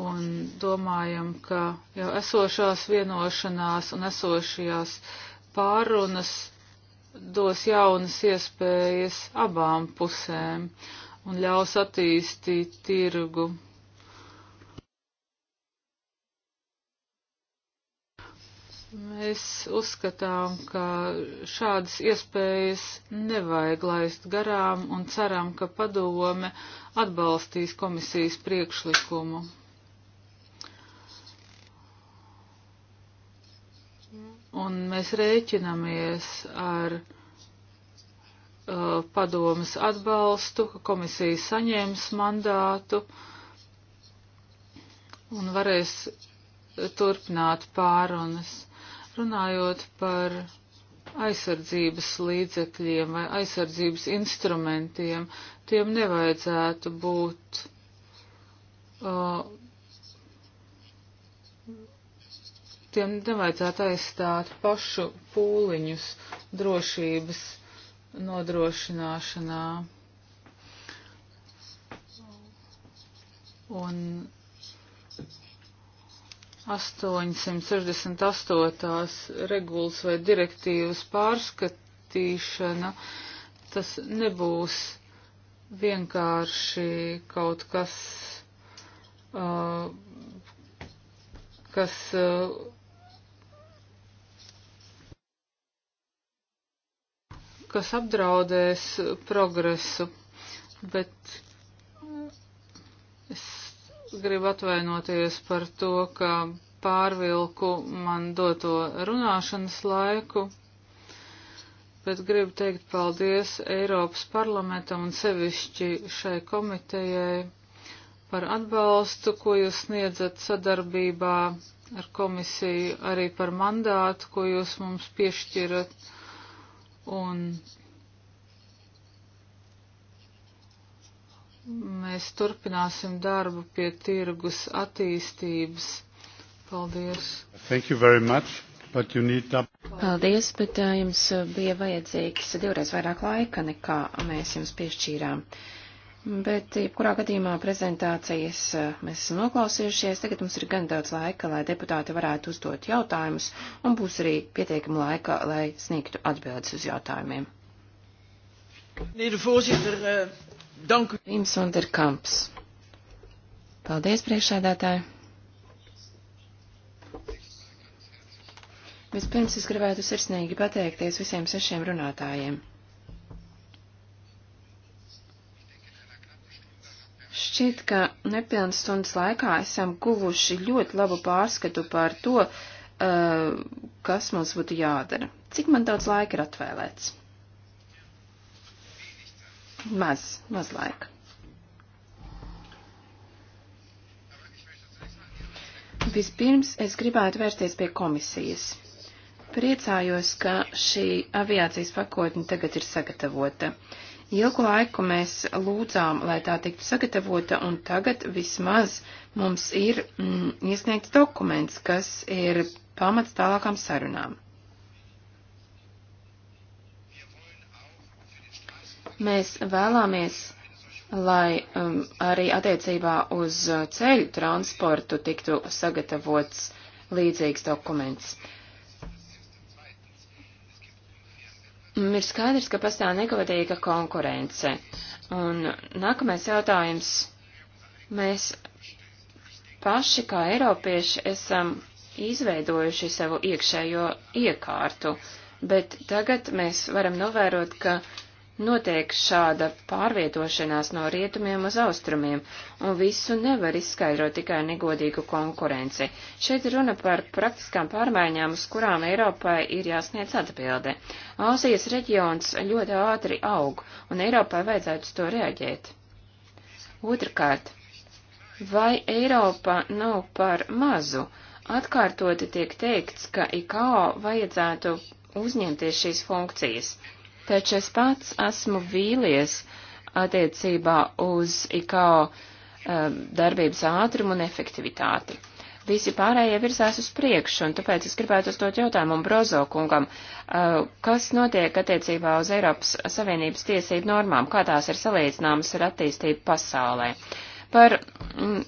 un domājam, ka jau esošās vienošanās un esošajās pārunas dos jaunas iespējas abām pusēm un ļaus attīstīt tirgu. Mēs uzskatām, ka šādas iespējas nevajag laist garām un ceram, ka padome atbalstīs komisijas priekšlikumu. un mēs rēķinamies ar uh, padomas atbalstu, ka komisija saņēmis mandātu un varēs turpināt pārunas. Runājot par aizsardzības līdzekļiem vai aizsardzības instrumentiem, tiem nevajadzētu būt uh, tiem nevajadzētu aizstāt pašu pūliņus drošības nodrošināšanā. Un 868. regulas vai direktīvas pārskatīšana, tas nebūs vienkārši kaut kas, uh, kas uh, kas apdraudēs progresu, bet es gribu atvainoties par to, ka pārvilku man doto runāšanas laiku, bet gribu teikt paldies Eiropas parlamentam un sevišķi šai komitejai par atbalstu, ko jūs sniedzat sadarbībā ar komisiju, arī par mandātu, ko jūs mums piešķirat Un mēs turpināsim darbu pie tirgus attīstības. Paldies. Thank you very much, but you need to... Paldies, bet uh, jums uh, bija vajadzīgs divreiz vairāk laika, nekā mēs jums piešķīrām. Uh, Bet, jebkurā gadījumā, prezentācijas eh, mēs esam noklausījušies. Tagad mums ir gan daudz laika, lai deputāti varētu uzdot jautājumus, un būs arī pietiekama laika, lai sniegtu atbildes uz jautājumiem. Jums un der Kamps. Paldies, priekšsēdētāji. Vispirms es gribētu sirsnīgi pateikties visiem sešiem runātājiem. Šķiet, ka nepilnas stundas laikā esam guvuši ļoti labu pārskatu par to, uh, kas mums būtu jādara. Cik man daudz laika ir atvēlēts? Maz, maz laika. Vispirms es gribētu vērsties pie komisijas. Priecājos, ka šī aviācijas pakotne tagad ir sagatavota. Uh, Ilgu laiku mēs lūdzām, lai tā tiktu sagatavota, un tagad vismaz mums ir mm, iesniegts dokuments, kas ir pamats tālākām sarunām. Mēs vēlamies, lai um, arī attiecībā uz uh, ceļu transportu tiktu sagatavots līdzīgs dokuments. Uh, Mm, ir skaidrs, ka pastāv negodīga konkurence. Un nākamais jautājums. Mēs paši kā eiropieši esam izveidojuši savu iekšējo iekārtu, bet tagad mēs varam novērot, ka Notiek šāda pārvietošanās no rietumiem uz austrumiem, un visu nevar izskaidrot tikai negodīgu konkurenci. Šeit runa par praktiskām pārmaiņām, uz kurām Eiropai ir jāsniedz atbilde. Āzijas reģions ļoti ātri aug, un Eiropai vajadzētu uz to reaģēt. Otrakārt, vai Eiropa nav par mazu? Atkārtoti tiek teikts, ka IKO vajadzētu uzņemties šīs funkcijas taču es pats esmu vīlies attiecībā uz IKO um, darbības ātrumu un efektivitāti. Visi pārējie virzās uz priekšu, un tāpēc es gribētu uzdot jautājumu Brozo kungam, uh, kas notiek attiecībā uz Eiropas Savienības tiesību normām, kā tās ir salīdzināmas ar attīstību pasaulē. Par mm,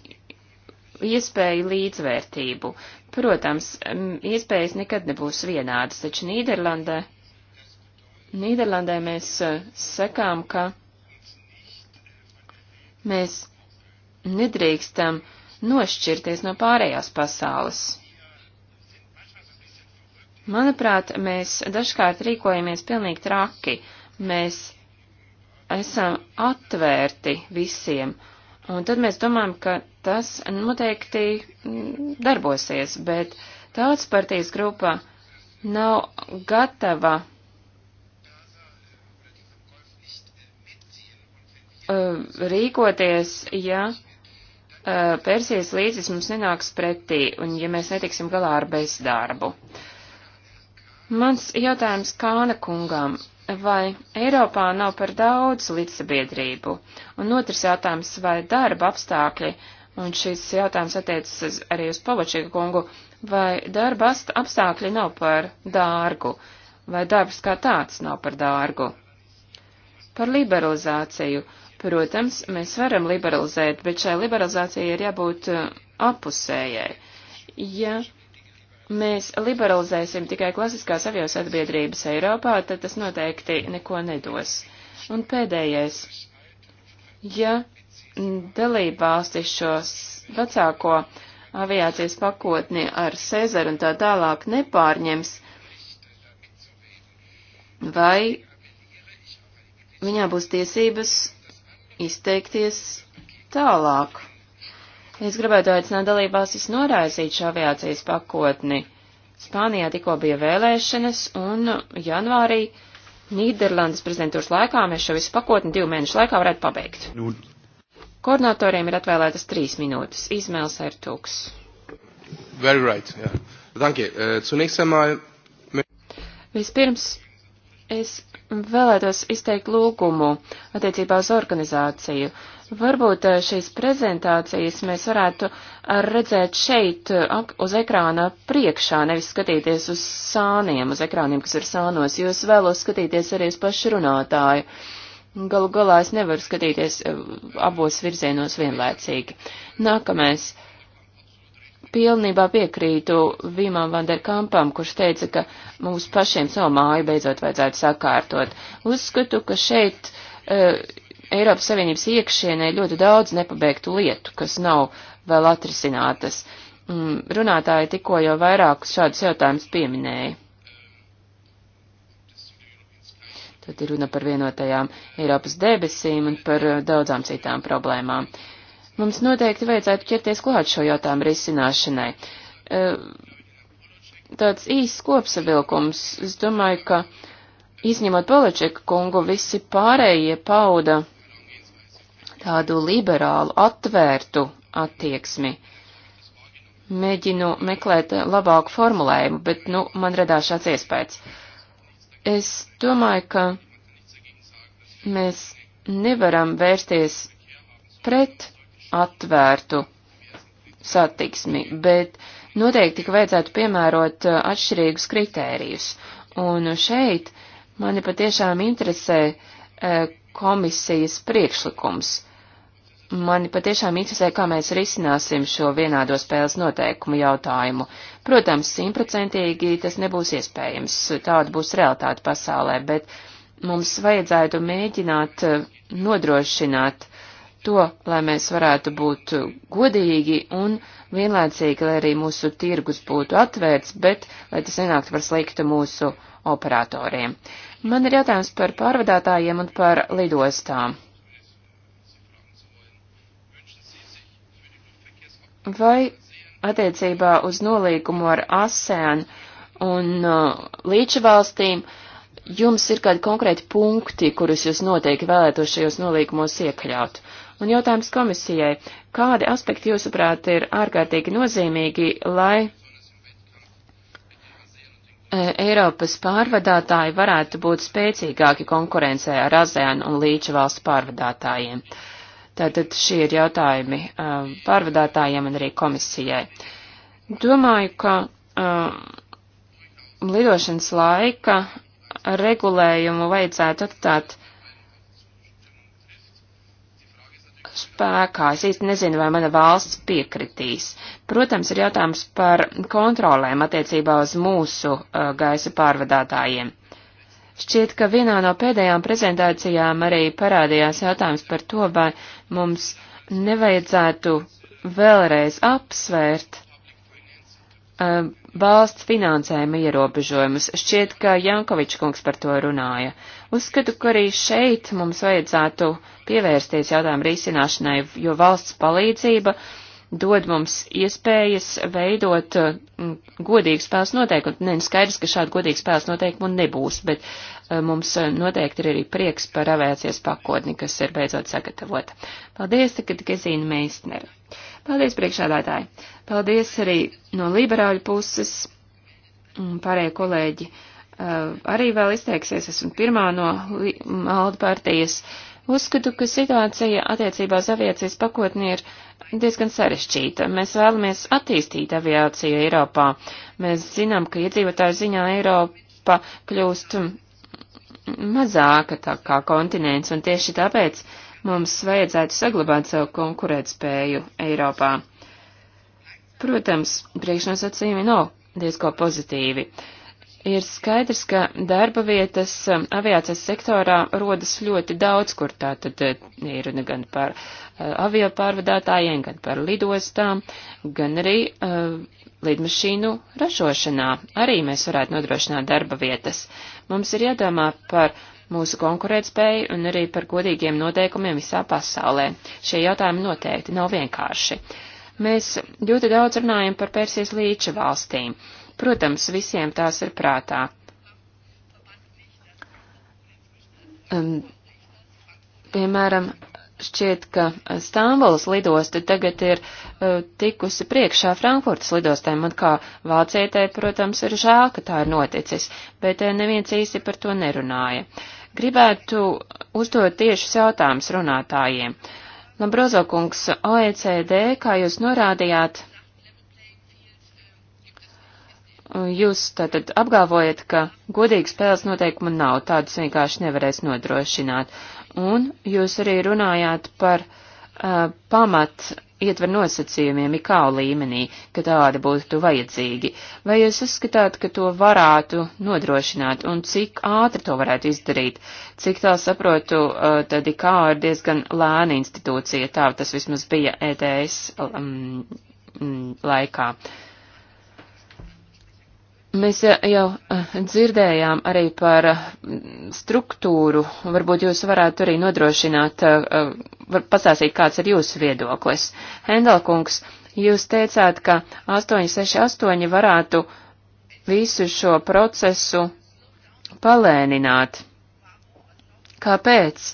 iespēju līdzvērtību. Protams, mm, iespējas nekad nebūs vienādas, taču Nīderlandē Nīderlandē mēs eh, sakām, ka mēs nedrīkstam nošķirties no pārējās pasaules. Manuprāt, mēs dažkārt rīkojamies pilnīgi traki. Mēs esam atvērti visiem, un tad mēs domājam, ka tas noteikti mm, darbosies, bet tautas partijas grupa nav gatava uh, rīkoties, ja uh, Persijas līdzis mums nenāks pretī un ja mēs netiksim galā ar bezdarbu. Mans jautājums Kāna kungam. Vai Eiropā nav par daudz līdzsabiedrību? Un otrs jautājums, vai darba apstākļi, un šis jautājums attiecas arī uz Pavačīgu kungu, vai darba apstākļi nav par dārgu, vai darbs kā tāds nav par dārgu? Par liberalizāciju. Protams, mēs varam liberalizēt, bet šai liberalizācijai ir jābūt uh, apusējai. Ja mēs liberalizēsim tikai klasiskās aviosabiedrības Eiropā, tad tas noteikti neko nedos. Un pēdējais, ja dalībvalstis šos vecāko aviācijas pakotni ar Cezaru un tā tālāk nepārņems, vai viņā būs tiesības izteikties tālāk. Es gribētu aicināt dalībvalstis noraizīt šo aviācijas pakotni. Spānijā tikko bija vēlēšanas, un janvārī Nīderlandes prezidentūras laikā mēs šo visu pakotni divu mēnešu laikā varētu pabeigt. Nu. Koordinatoriem ir atvēlētas trīs minūtes. Izmēls ir tūks. Very right, jā. Yeah. Danke. Uh, zunächst einmal. Vispirms es vēlētos izteikt lūgumu attiecībā uz organizāciju. Varbūt eh, šīs prezentācijas mēs varētu eh, redzēt šeit eh, uz ekrāna priekšā, nevis skatīties uz sāniem, uz ekrāniem, kas ir sānos, jo es vēlos skatīties arī uz pašu runātāju. Galu galā es nevaru skatīties abos virzienos vienlaicīgi. Nākamais. Uh, pilnībā piekrītu Vimam Vanderkampam, kurš teica, ka mums pašiem savu māju beidzot vajadzētu sakārtot. Uzskatu, ka šeit uh, Eiropas Savienības iekšienē ļoti daudz nepabeigtu lietu, kas nav vēl atrisinātas. Mm, runātāji tikko jau vairākus šādus jautājumus pieminēja. Tad ir runa par vienotajām Eiropas debesīm un par eh, daudzām citām problēmām. Uh, Mums noteikti vajadzētu ķerties klāt šo jautājumu risināšanai. E, tāds īsts kopsavilkums. Es domāju, ka izņemot Polečeku kungu, visi pārējie pauda tādu liberālu, atvērtu attieksmi. Mēģinu meklēt labāku formulējumu, bet, nu, man radās šāds iespējas. Es domāju, ka mēs nevaram vērsties pret atvērtu satiksmi, bet noteikti, ka vajadzētu piemērot uh, atšķirīgus kritērijus. Un šeit mani patiešām interesē uh, komisijas priekšlikums. Mani patiešām interesē, kā mēs risināsim šo vienādo spēles noteikumu jautājumu. Protams, simtprocentīgi tas nebūs iespējams, tāda būs realitāte pasaulē, bet mums vajadzētu mēģināt uh, nodrošināt to, lai mēs varētu būt godīgi un vienlaicīgi, lai arī mūsu tirgus būtu atvērts, bet lai tas nenāktu par sliktu mūsu operatoriem. Man ir jautājums par pārvadātājiem un par lidostām. Vai attiecībā uz nolīgumu ar ASEAN un uh, līča valstīm jums ir kādi konkrēti punkti, kurus jūs noteikti vēlētos šajos nolīgumos iekļaut? Un jautājums komisijai, kādi aspekti jūsuprāt ir ārkārtīgi nozīmīgi, lai e, Eiropas pārvadātāji varētu būt spēcīgāki konkurencē ar ASEAN un līča valstu pārvadātājiem. Tātad šie ir jautājumi uh, pārvadātājiem un arī komisijai. Domāju, ka uh, lidošanas laika regulējumu vajadzētu atstāt spēkā. Es īsti nezinu, vai mana valsts piekritīs. Protams, ir jautājums par kontrolēm attiecībā uz mūsu uh, gaisa pārvadātājiem. Šķiet, ka vienā no pēdējām prezentācijām arī parādījās jautājums par to, vai mums nevajadzētu vēlreiz apsvērt uh, valsts finansējuma ierobežojumus. Šķiet, ka Jankovičs kungs par to runāja. Uh, Uzskatu, ka arī šeit mums vajadzētu pievērsties jautājumu risināšanai, jo valsts palīdzība dod mums iespējas veidot mm, godīgu spēles noteikumu. Nē, nu, skaidrs, ka šādu godīgu spēles noteikumu nebūs, bet e, mums e, noteikti ir arī prieks par aviācijas pakotni, kas ir beidzot sagatavota. Paldies, tagad Gezīna Meistneri. Paldies, priekšādātāji. Paldies arī no liberāļu puses, mm, pārējie kolēģi Eh, arī vēl izteiksies, esmu pirmā no Alda partijas. Uzskatu, ka situācija attiecībā uz aviācijas pakotni ir diezgan sarešķīta. Mēs vēlamies attīstīt aviāciju Eiropā. Mēs zinām, ka iedzīvotāju ziņā Eiropa kļūst mazāka tā kā kontinents, un tieši tāpēc mums vajadzētu saglabāt savu konkurētspēju Eiropā. Protams, priekšnosacījumi nav diezko pozitīvi. Uh, Ir skaidrs, ka darba vietas um, aviācijas sektorā rodas ļoti daudz, kur tā tad eh, ir gan par eh, avio pārvadātājiem, gan par lidostām, gan arī uh, lidmašīnu ražošanā. Arī mēs varētu nodrošināt darba vietas. Mums ir jādomā par mūsu konkurētspēju un arī par godīgiem noteikumiem visā pasaulē. Šie jautājumi noteikti nav vienkārši. Mēs ļoti daudz runājam par Persijas līča valstīm. Uh, Protams, visiem tās ir prātā. Um, piemēram, šķiet, ka Stambulas lidosta tagad ir uh, tikusi priekšā Frankfurtas lidostai. Man kā vācietē, protams, ir žēl, ka tā ir noticis, bet uh, neviens īsti par to nerunāja. Gribētu uzdot tiešus jautājumus runātājiem. Lambrozo kungs, OECD, kā jūs norādījāt, Jūs tātad apgalvojat, ka godīgi spēles noteikuma nav, tādus vienkārši nevarēs nodrošināt. Un jūs arī runājāt par uh, pamat ietver nosacījumiem IKO līmenī, ka tāda būtu vajadzīgi. Vai jūs uzskatāt, ka to varētu nodrošināt un cik ātri to varētu izdarīt? Cik tā saprotu, uh, tad IKO ir diezgan lēna institūcija, tā tas vismaz bija ETS um, laikā. Uh, Mēs jau eh, dzirdējām arī par eh, struktūru, varbūt jūs varētu arī nodrošināt, eh, pastāstīt, kāds ir jūsu viedoklis. Hendelkungs, jūs teicāt, ka 868 varētu visu šo procesu palēnināt. Kāpēc?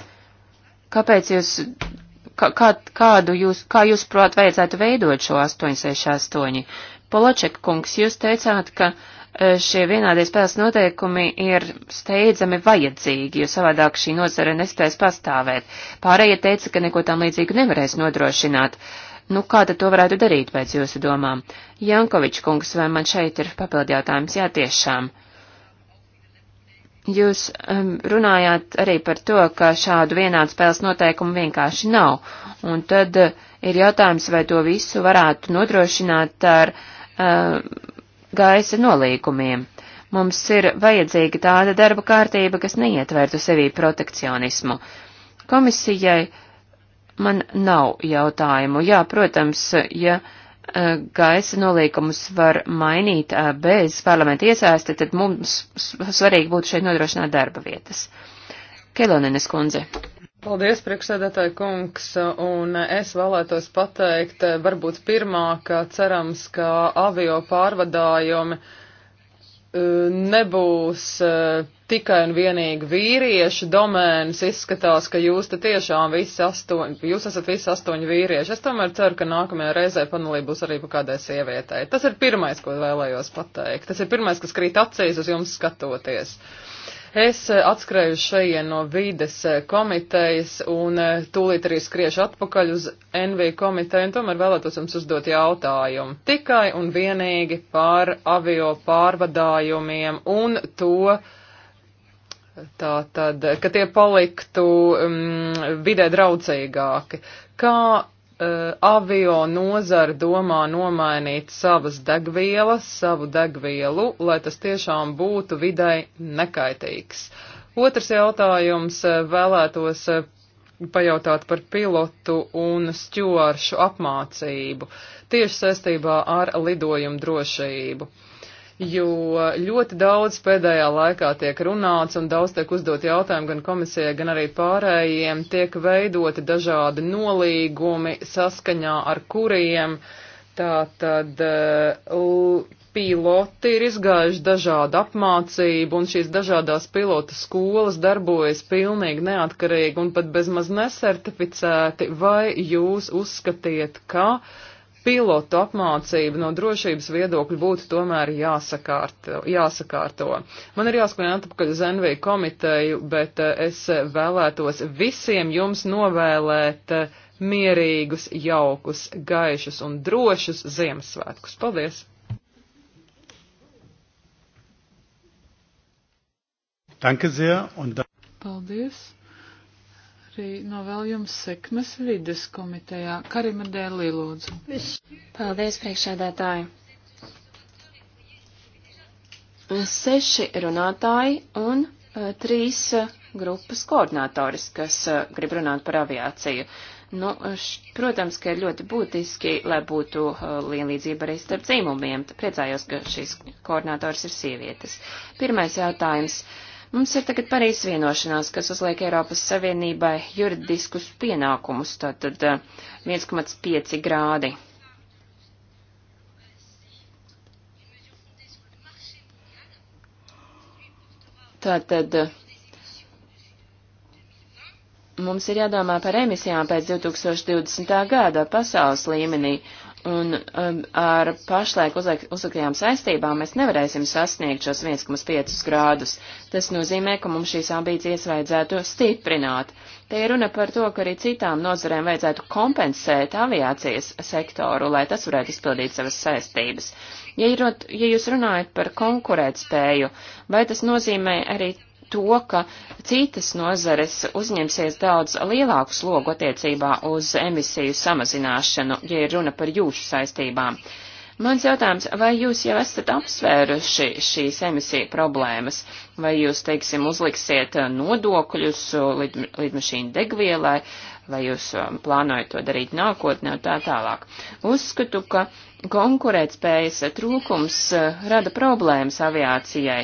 Kāpēc jūs, kā, kādu jūs, kā jūs prāt vajadzētu veidot šo 868? Poloček kungs, jūs teicāt, ka uh, Eh, šie vienādie spēles noteikumi ir steidzami vajadzīgi, jo savādāk šī nozara nespēs pastāvēt. Pārējie teica, ka neko tam līdzīgu nevarēs nodrošināt. Nu, kā tad to varētu darīt pēc jūsu domām? Jankovič kungs, vai man šeit ir papildi jautājums? Jā, tiešām. Jūs um, runājāt arī par to, ka šādu vienādu spēles noteikumu vienkārši nav. Un tad uh, ir jautājums, vai to visu varētu nodrošināt ar uh, gaisa nolīgumiem. Mums ir vajadzīga tāda darba kārtība, kas neietvērtu sevī protekcionismu. Komisijai man nav jautājumu. Jā, protams, ja e, gaisa nolīkumus var mainīt e, bez parlamenta iesaisti, tad mums svarīgi būtu šeit nodrošināt darba vietas. Kelonenes kundze. Paldies, priekšsēdētāji kungs, un es vēlētos pateikt, varbūt pirmā, ka cerams, ka avio pārvadājumi e, nebūs e, tikai un vienīgi vīriešu domēns. Izskatās, ka jūs te tiešām visi astoņi, jūs esat visi astoņi vīrieši. Es tomēr ceru, ka nākamajā reizē panelī būs arī pa kādai sievietei. Tas ir pirmais, ko vēlējos pateikt. Tas ir pirmais, kas krīt acīs uz jums skatoties. Uh, Es eh, atskrēju šajien no vīdes eh, komitejas un eh, tūlīt arī skriešu atpakaļ uz NV komiteju un tomēr vēlētos jums uzdot jautājumu tikai un vienīgi par avio pārvadājumiem un to, tā tad, ka tie paliktu um, vidē draudzīgāki. Kā Eh, avio nozara domā nomainīt savas degvielas, savu degvielu, lai tas tiešām būtu vidai nekaitīgs. Otrs jautājums eh, vēlētos eh, pajautāt par pilotu un stjoršu apmācību tieši saistībā ar lidojumu drošību jo ļoti daudz pēdējā laikā tiek runāts un daudz tiek uzdot jautājumu gan komisijai, gan arī pārējiem, tiek veidoti dažādi nolīgumi saskaņā ar kuriem tā tad eh, piloti ir izgājuši dažādu apmācību un šīs dažādās pilota skolas darbojas pilnīgi neatkarīgi un pat bezmaz nesertificēti, vai jūs uzskatiet, ka uh, pilotu apmācība no drošības viedokļa būtu tomēr jāsakārto. jāsakārto. Man ir jāskan atpakaļ uz NV komiteju, bet eh, es vēlētos visiem jums novēlēt eh, mierīgus, jaukus, gaišus un drošus Ziemassvētkus. Paldies! Danke sehr und Paldies! arī novēl jums sekmes vides komitejā. Karima Dēlī, lūdzu. Paldies, priekšēdētāji. Seši runātāji un eh, trīs eh, grupas koordinātoris, kas eh, grib runāt par aviāciju. Nu, š, protams, ka ir ļoti būtiski, lai būtu uh, vienlīdzība arī starp dzīmumiem. Priecājos, ka šīs koordinātors ir sievietes. Pirmais jautājums. Uh, Mums ir tagad Parīzes vienošanās, kas uzliek Eiropas Savienībai juridiskus pienākumus, tātad 1,5 eh, grādi. Tātad eh, mums ir jādomā par emisijām pēc 2020. gada pasaules līmenī, Un um, ar pašlaik uzliktajām saistībām mēs nevarēsim sasniegt šos 1,5 grādus. Tas nozīmē, ka mums šīs ambīcijas vajadzētu stiprināt. Te ir runa par to, ka arī citām nozarēm vajadzētu kompensēt aviācijas sektoru, lai tas varētu izpildīt savas saistības. Ja, ir, ja jūs runājat par konkurētspēju, vai tas nozīmē arī to, ka citas nozares uzņemsies daudz lielāku slogu attiecībā uz emisiju samazināšanu, ja ir runa par jūsu saistībām. Mans jautājums, vai jūs jau esat apsvēruši šīs emisiju problēmas, vai jūs, teiksim, uzliksiet nodokļus lid, lidmašīnu degvielai, vai jūs um, plānojat to darīt nākotnē un tā tālāk. Uzskatu, ka konkurētspējas trūkums uh, rada problēmas aviācijai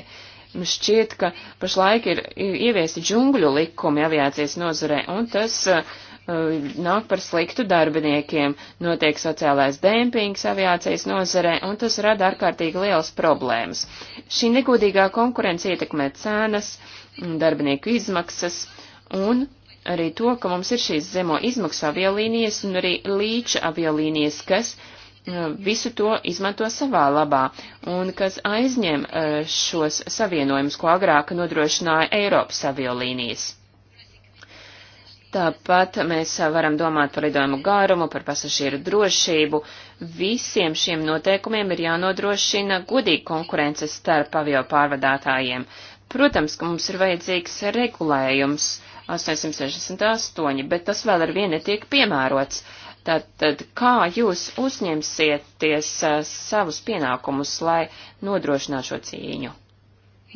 Nu, šķiet, ka pašlaik ir ieviesti džungļu likumi aviācijas nozarē, un tas uh, uh nāk par sliktu darbiniekiem, notiek sociālais dēmpings aviācijas nozarē, un tas rada ārkārtīgi lielas problēmas. Šī negodīgā konkurence ietekmē cenas, mm, darbinieku izmaksas un arī to, ka mums ir šīs zemo izmaksu aviolīnijas un arī līča aviolīnijas, kas uh, visu to izmanto savā labā un kas aizņem eh, šos savienojumus, ko agrāk nodrošināja Eiropas aviolīnijas. Tāpat mēs eh, varam domāt par lidojumu gārumu, par pasažieru drošību. Visiem šiem noteikumiem ir jānodrošina godīga konkurence starp avio pārvadātājiem. Protams, ka mums ir vajadzīgs regulējums 868, bet tas vēl ar vienu netiek piemērots. Uh, Tātad, kā jūs uzņemsieties uh, savus pienākumus, lai nodrošinātu šo cīņu?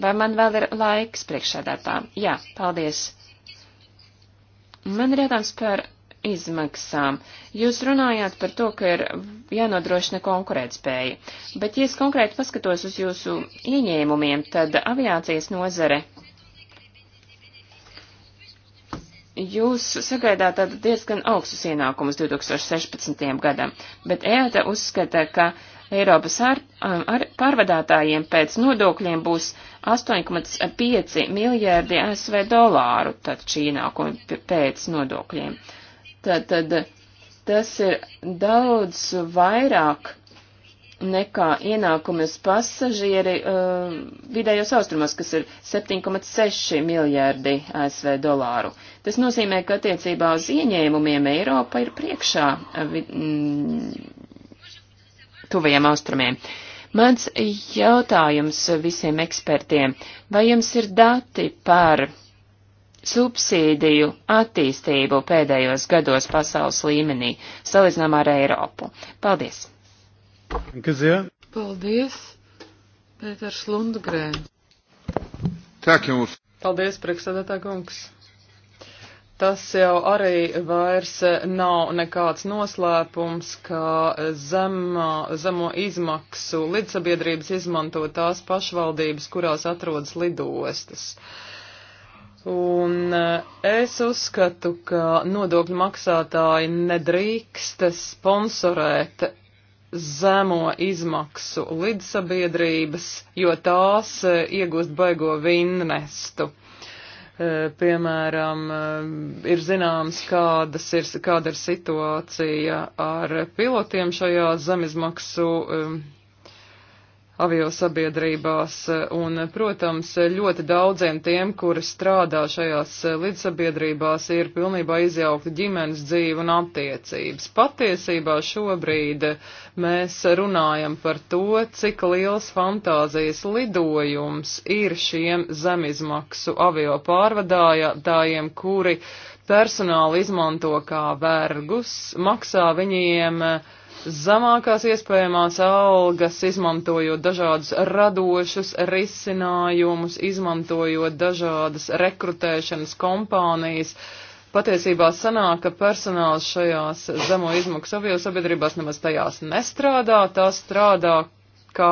Vai man vēl ir laiks priekšsēdētā? Jā, paldies. Man ir jautājums par izmaksām. Jūs runājāt par to, ka ir jānodrošina konkurētspēja, bet, ja es konkrēti paskatos uz jūsu ieņēmumiem, tad aviācijas nozare Jūs sagaidāt tātad diezgan augstus ienākumus 2016. gadam, bet EATA uzskata, ka Eiropas ar, ar pārvadātājiem pēc nodokļiem būs 8,5 miljārdi ASV dolāru, tad šī ienākuma pēc nodokļiem. Tad, tad tas ir daudz vairāk nekā ienākumi uz pasažieri uh, vidējos austrumos, kas ir 7,6 miljārdi ASV dolāru. Tas nozīmē, ka attiecībā uz ieņēmumiem Eiropa ir priekšā uh, vi, mm, tuvajiem austrumiem. Mans jautājums visiem ekspertiem, vai jums ir dati par subsīdiju attīstību pēdējos gados pasaules līmenī, salīdzinām ar Eiropu? Paldies! Paldies, Pēters Lundgrēn. Tā jums. Paldies, priekšsēdētā kungs. Tas jau arī vairs nav nekāds noslēpums, ka zemā, zemo izmaksu lidsabiedrības izmanto tās pašvaldības, kurās atrodas lidostas. Un es uzskatu, ka nodokļu maksātāji nedrīkst sponsorēt zemo izmaksu lidsabiedrības, jo tās e, iegūst baigo vinnestu. E, piemēram, e, ir zināms, kādas ir, kāda ir situācija ar pilotiem šajā zemizmaksu aviosabiedrībās, un, protams, ļoti daudziem tiem, kuri strādā šajās līdzsabiedrībās, ir pilnībā izjaukta ģimenes dzīve un attiecības. Patiesībā šobrīd mēs runājam par to, cik liels fantāzijas lidojums ir šiem zemizmaksu avio pārvadājiem, kuri personāli izmanto kā vergus, maksā viņiem uh, zemākās iespējamās algas, izmantojot dažādus radošus risinājumus, izmantojot dažādas rekrutēšanas kompānijas. Patiesībā sanāk, ka personāls šajās zemo izmaksu avio sabiedrībās nemaz tajās nestrādā, tās strādā kā,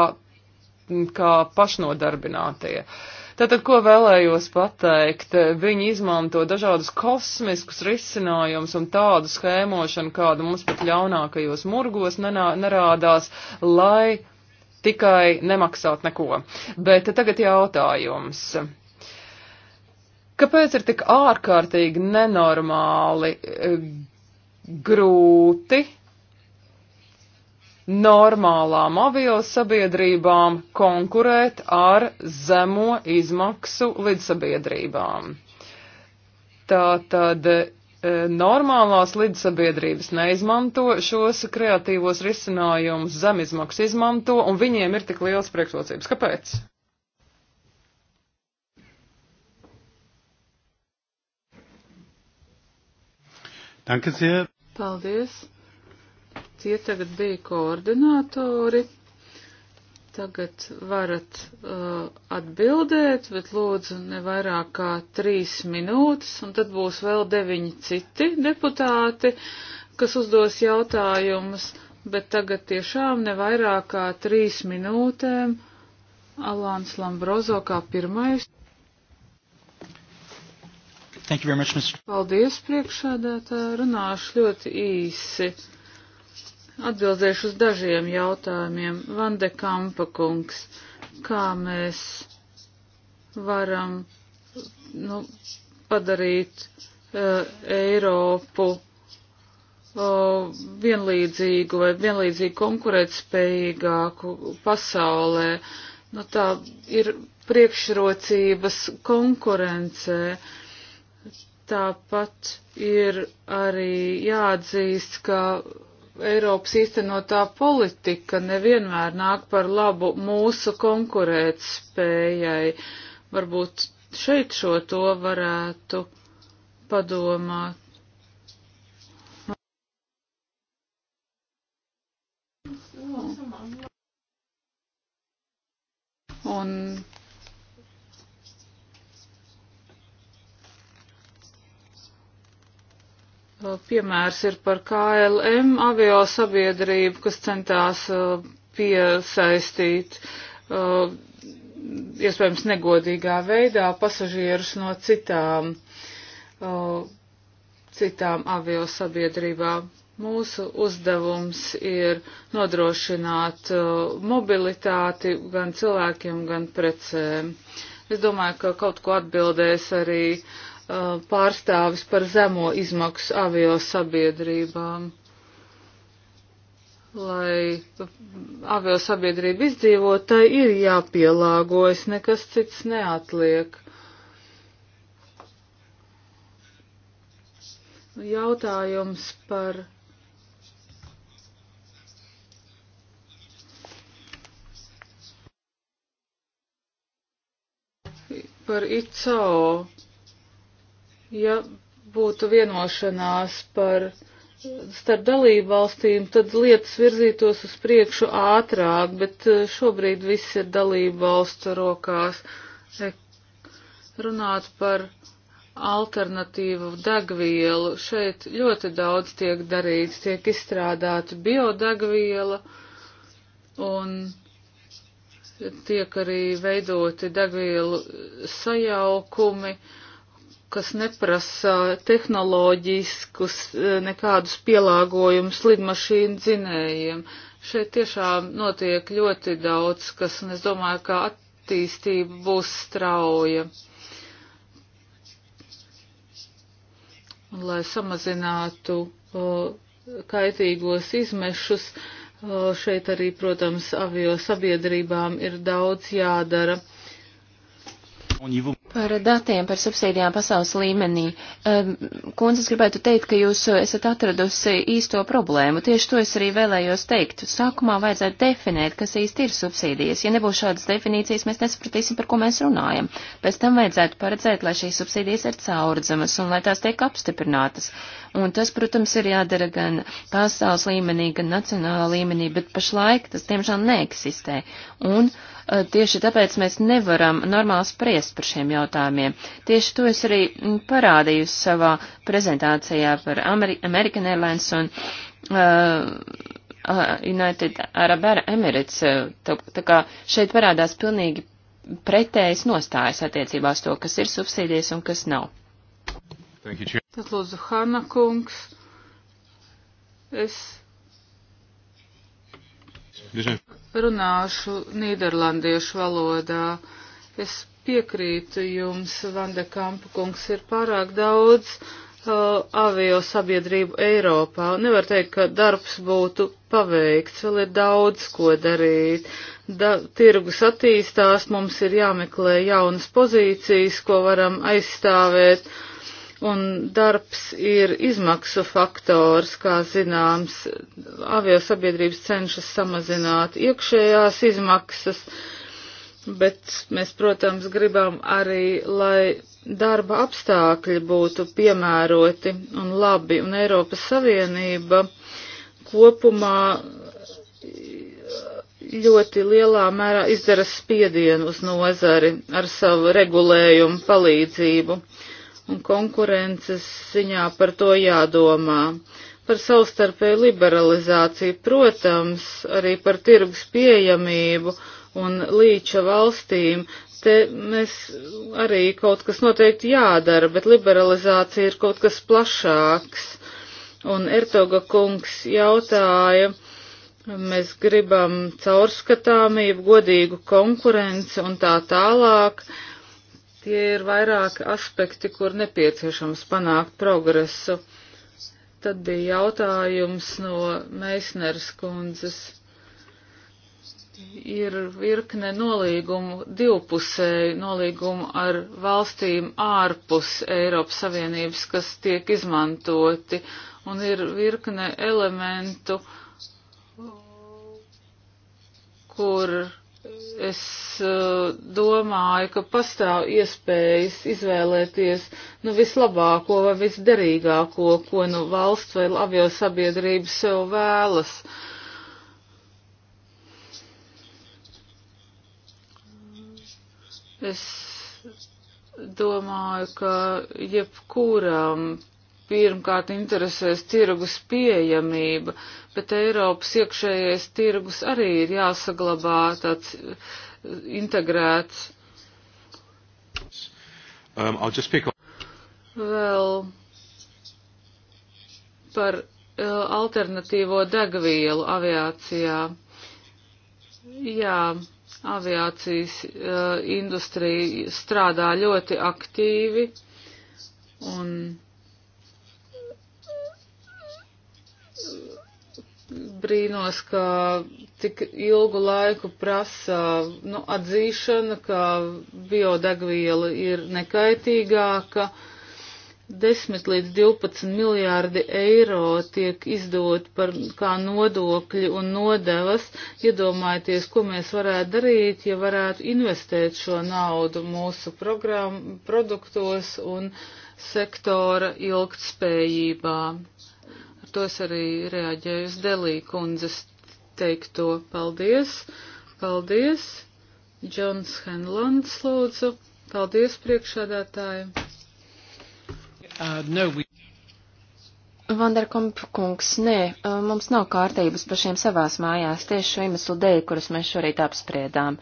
kā pašnodarbinātie. Uh, Tātad, ko vēlējos pateikt? Viņi izmanto dažādus kosmiskus risinājumus un tādu schēmošanu, kādu mums pat ļaunākajos murgos nerādās, lai tikai nemaksāt neko. Bet tagad jautājums. Kāpēc ir tik ārkārtīgi nenormāli eh, grūti normālām aviosabiedrībām konkurēt ar zemo izmaksu lidsabiedrībām. Tātad e, normālās lidsabiedrības neizmanto šos kreatīvos risinājumus, zemizmaksu izmanto, un viņiem ir tik liels priekšrocības. Kāpēc? Danke sehr. Paldies. Tie tagad bija koordinātori. Tagad varat uh, atbildēt, bet lūdzu ne vairāk kā trīs minūtes, un tad būs vēl deviņi citi deputāti, kas uzdos jautājumus, bet tagad tiešām ne vairāk kā trīs minūtēm. Alāns Lambrozo kā pirmais. Much, Paldies, priekšādātā. Runāšu ļoti īsi. Atbildēšu uz dažiem jautājumiem. Vande Kampa kungs, kā mēs varam nu, padarīt uh, Eiropu uh, vienlīdzīgu vai vienlīdzīgi konkurētspējīgāku pasaulē? Nu, tā ir priekšrocības konkurencē. Tāpat ir arī jāatzīst, ka Eiropas īstenotā politika nevienmēr nāk par labu mūsu konkurētspējai. Varbūt šeit šo to varētu padomāt. Piemērs ir par KLM avio sabiedrību, kas centās uh, piesaistīt uh, iespējams negodīgā veidā pasažierus no citām, uh, citām avio sabiedrībām. Mūsu uzdevums ir nodrošināt uh, mobilitāti gan cilvēkiem, gan precēm. Es domāju, ka kaut ko atbildēs arī uh, Uh, pārstāvis par zemo izmaksu avio sabiedrībām. Lai avio sabiedrība izdzīvot, tai ir jāpielāgojas, nekas cits neatliek. Jautājums par par ICO ja būtu vienošanās par starp dalību valstīm, tad lietas virzītos uz priekšu ātrāk, bet eh, šobrīd viss ir dalību valstu rokās. E, runāt par alternatīvu degvielu. Šeit ļoti daudz tiek darīts, tiek izstrādāta biodegviela un tiek arī veidoti degvielu sajaukumi. Uh, kas neprasa tehnoloģiskus eh, nekādus pielāgojumus lidmašīnu dzinējiem. Šeit tiešām notiek ļoti daudz, kas, un es domāju, ka attīstība būs strauja. Lai samazinātu o, eh, kaitīgos izmešus, o, eh, šeit arī, protams, avio sabiedrībām ir daudz jādara. Un, Par datiem, par subsīdijām pasaules līmenī. Kundzes gribētu teikt, ka jūs esat atradusi īsto problēmu. Tieši to es arī vēlējos teikt. Sākumā vajadzētu definēt, kas īsti ir subsīdijas. Ja nebūs šādas definīcijas, mēs nesapratīsim, par ko mēs runājam. Pēc tam vajadzētu paredzēt, lai šīs subsīdijas ir caurdzamas un lai tās tiek apstiprinātas. Un tas, protams, ir jādara gan pasaules līmenī, gan nacionālā līmenī, bet pašlaik tas, diemžēl, neeksistē. Un eh, tieši tāpēc mēs nevaram normāli spriest par šiem jautājumiem jautājumiem. Tieši to es arī mm, parādīju savā prezentācijā par Ameri American Airlines un uh, uh United Arab Emirates. Uh, tā, tā kā šeit parādās pilnīgi pretējas nostājas attiecībās to, kas ir subsīdijas un kas nav. Tad lūdzu, Hanna kungs, es runāšu nīderlandiešu valodā. Es piekrītu jums, Vandekampa kungs, ir pārāk daudz uh, avio sabiedrību Eiropā. Nevar teikt, ka darbs būtu paveikts, vēl ir daudz ko darīt. Da, tirgus attīstās, mums ir jāmeklē jaunas pozīcijas, ko varam aizstāvēt, un darbs ir izmaksu faktors, kā zināms, avio sabiedrības cenšas samazināt iekšējās izmaksas bet mēs, protams, gribam arī, lai darba apstākļi būtu piemēroti un labi, un Eiropas Savienība kopumā ļoti lielā mērā izdara spiedienu uz nozari ar savu regulējumu palīdzību, un konkurences ziņā par to jādomā par savstarpēju liberalizāciju, protams, arī par tirgus pieejamību un līča valstīm, te mēs arī kaut kas noteikti jādara, bet liberalizācija ir kaut kas plašāks. Un Ertoga kungs jautāja, mēs gribam caurskatāmību, godīgu konkurenci un tā tālāk. Tie ir vairāki aspekti, kur nepieciešams panākt progresu. Tad bija jautājums no Meisners kundzes ir virkne nolīgumu, divpusēju nolīgumu ar valstīm ārpus Eiropas Savienības, kas tiek izmantoti, un ir virkne elementu, kur es eh, domāju, ka pastāv iespējas izvēlēties nu vislabāko vai visderīgāko, ko nu valsts vai avio sabiedrība sev vēlas. Uh, Es domāju, ka jebkuram pirmkārt interesēs tirgus pieejamība, bet Eiropas iekšējais tirgus arī ir jāsaglabā tāds eh, integrēts. Um, Vēl par uh, alternatīvo degvielu aviācijā. Jā. Aviācijas uh, industrija strādā ļoti aktīvi un eh, brīnos, ka tik ilgu laiku prasa nu, atzīšana, ka biodegviela ir nekaitīgāka. Uh, 10 līdz 12 miljārdi eiro tiek izdot par kā nodokļi un nodevas. Iedomājieties, ko mēs varētu darīt, ja varētu investēt šo naudu mūsu programmu, produktos un sektora ilgtspējībā. Ar to es arī reaģēju uz Delī kundzes teikto. Paldies! Paldies! Džons Henlands lūdzu. Paldies priekšādātājiem! uh, no, we... Vanderkomp kungs, nē, uh, mums nav kārtības pašiem savās mājās tieši šo iemeslu dēļ, kurus mēs šorīt apspriedām.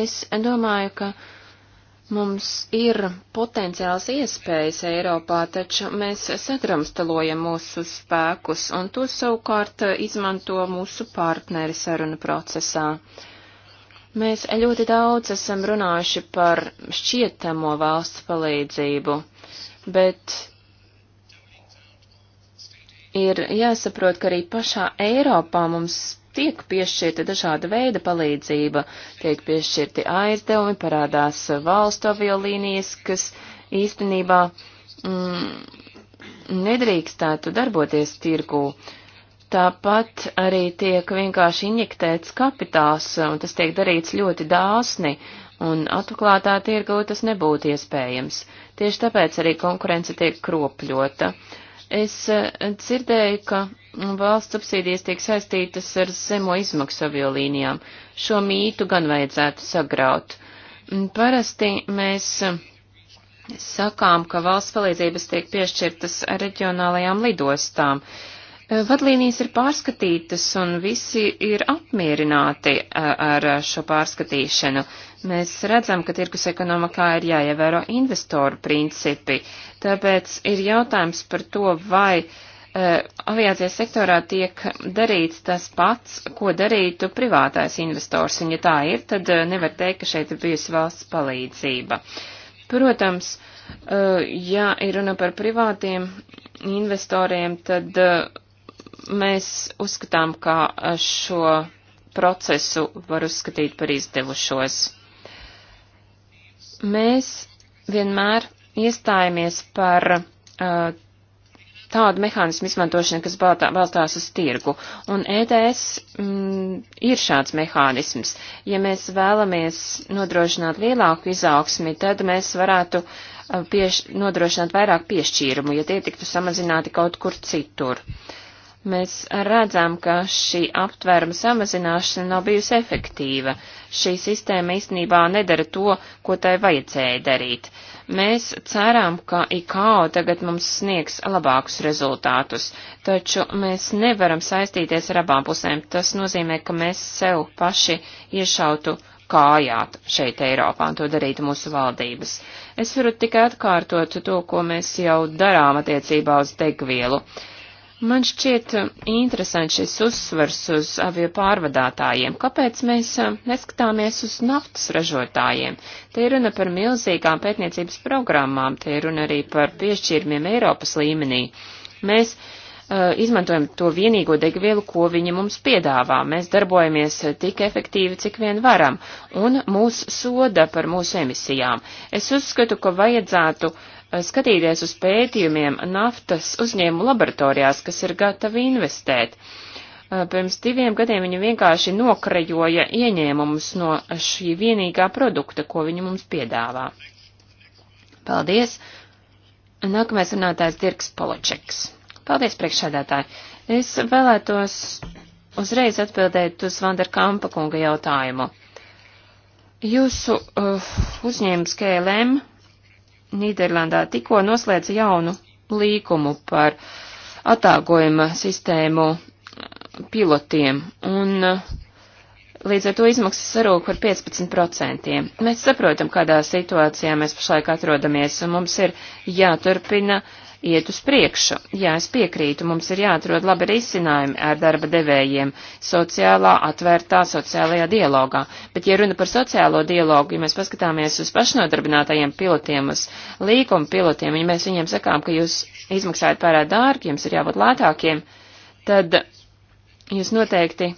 Es domāju, ka mums ir potenciāls iespējas Eiropā, taču mēs sadramstalojam mūsu spēkus, un to savukārt uh, izmanto mūsu partneri sarunu procesā. Mēs ļoti daudz esam runājuši par šķietamo valsts palīdzību bet ir jāsaprot, ka arī pašā Eiropā mums tiek piešķirta dažāda veida palīdzība, tiek piešķirti aizdevumi, parādās valstu aviolīnijas, kas īstenībā mm, nedrīkstētu darboties tirgū. Tāpat arī tiek vienkārši injektēts kapitāls, un tas tiek darīts ļoti dāsni. Uh, un atklātā tirgu tas nebūtu iespējams. Tieši tāpēc arī konkurence tiek kropļota. Es eh, dzirdēju, ka valsts subsīdijas tiek saistītas ar zemo izmaksu aviolīnijām. Šo mītu gan vajadzētu sagraut. Mm, parasti mēs eh, sakām, ka valsts palīdzības tiek piešķirtas reģionālajām lidostām. Uh, Eh, vadlīnijas ir pārskatītas un visi ir apmierināti eh, ar šo pārskatīšanu. Mēs redzam, ka tirkus ekonomikā ir jāievēro investoru principi, tāpēc ir jautājums par to, vai uh, aviācijas sektorā tiek darīts tas pats, ko darītu privātais investors, un ja tā ir, tad nevar teikt, ka šeit ir bijusi valsts palīdzība. Protams, uh, ja ir runa par privātiem investoriem, tad uh, Mēs uzskatām, ka šo procesu var uzskatīt par izdevušos. Mēs vienmēr iestājamies par uh, tādu mehānismu izmantošanu, kas baltā, balstās uz tirgu. Un ETS mm, ir šāds mehānisms. Ja mēs vēlamies nodrošināt lielāku izaugsmi, tad mēs varētu uh, pieš, nodrošināt vairāk piešķīrumu, ja tie tiktu samazināti kaut kur citur. Uh, Mēs redzam, ka šī aptvēruma samazināšana nav bijusi efektīva. Šī sistēma īstenībā nedara to, ko tai vajadzēja darīt. Mēs ceram, ka IKO tagad mums sniegs labākus rezultātus, taču mēs nevaram saistīties ar abām pusēm. Tas nozīmē, ka mēs sev paši iešautu kājāt šeit Eiropā un to darītu mūsu valdības. Es varu tikai atkārtot to, ko mēs jau darām attiecībā uz degvielu. Uh, Man šķiet eh, interesants šis uzsvars uz avio pārvadātājiem. Kāpēc mēs eh, neskatāmies uz naftas ražotājiem? Te ir runa par milzīgām pētniecības programmām, te ir runa arī par piešķīrumiem Eiropas līmenī. Mēs uh, izmantojam to vienīgo degvielu, ko viņi mums piedāvā. Mēs darbojamies tik efektīvi, cik vien varam, un mūs soda par mūsu emisijām. Es uzskatu, ka vajadzētu uh, skatīties uz pētījumiem naftas uzņēmu laboratorijās, kas ir gatavi investēt. Pirms diviem gadiem viņi vienkārši nokrajoja ieņēmumus no šī vienīgā produkta, ko viņi mums piedāvā. Paldies! Nākamais runātājs Dirks Poločeks. Paldies, priekšsēdētāji! Es vēlētos uzreiz atbildēt uz Vanderkampa kunga jautājumu. Jūsu uh, uzņēmums KLM Nīderlandā tikko noslēdza jaunu līkumu par atāgojuma sistēmu pilotiem, un uh, līdz ar to izmaksas sarūk par 15%. Mēs saprotam, kādā situācijā mēs pašlaik atrodamies, un mums ir jāturpina uh, iet uz priekšu. Jā, es piekrītu, mums ir jāatrod labi risinājumi ar darba devējiem sociālā, atvērtā, sociālajā dialogā. Bet, ja runa par sociālo dialogu, ja mēs paskatāmies uz pašnodarbinātajiem pilotiem, uz līkuma pilotiem, ja mēs viņiem sakām, ka jūs izmaksājat pārāk dārgi, jums ir jābūt lētākiem, tad jūs noteikti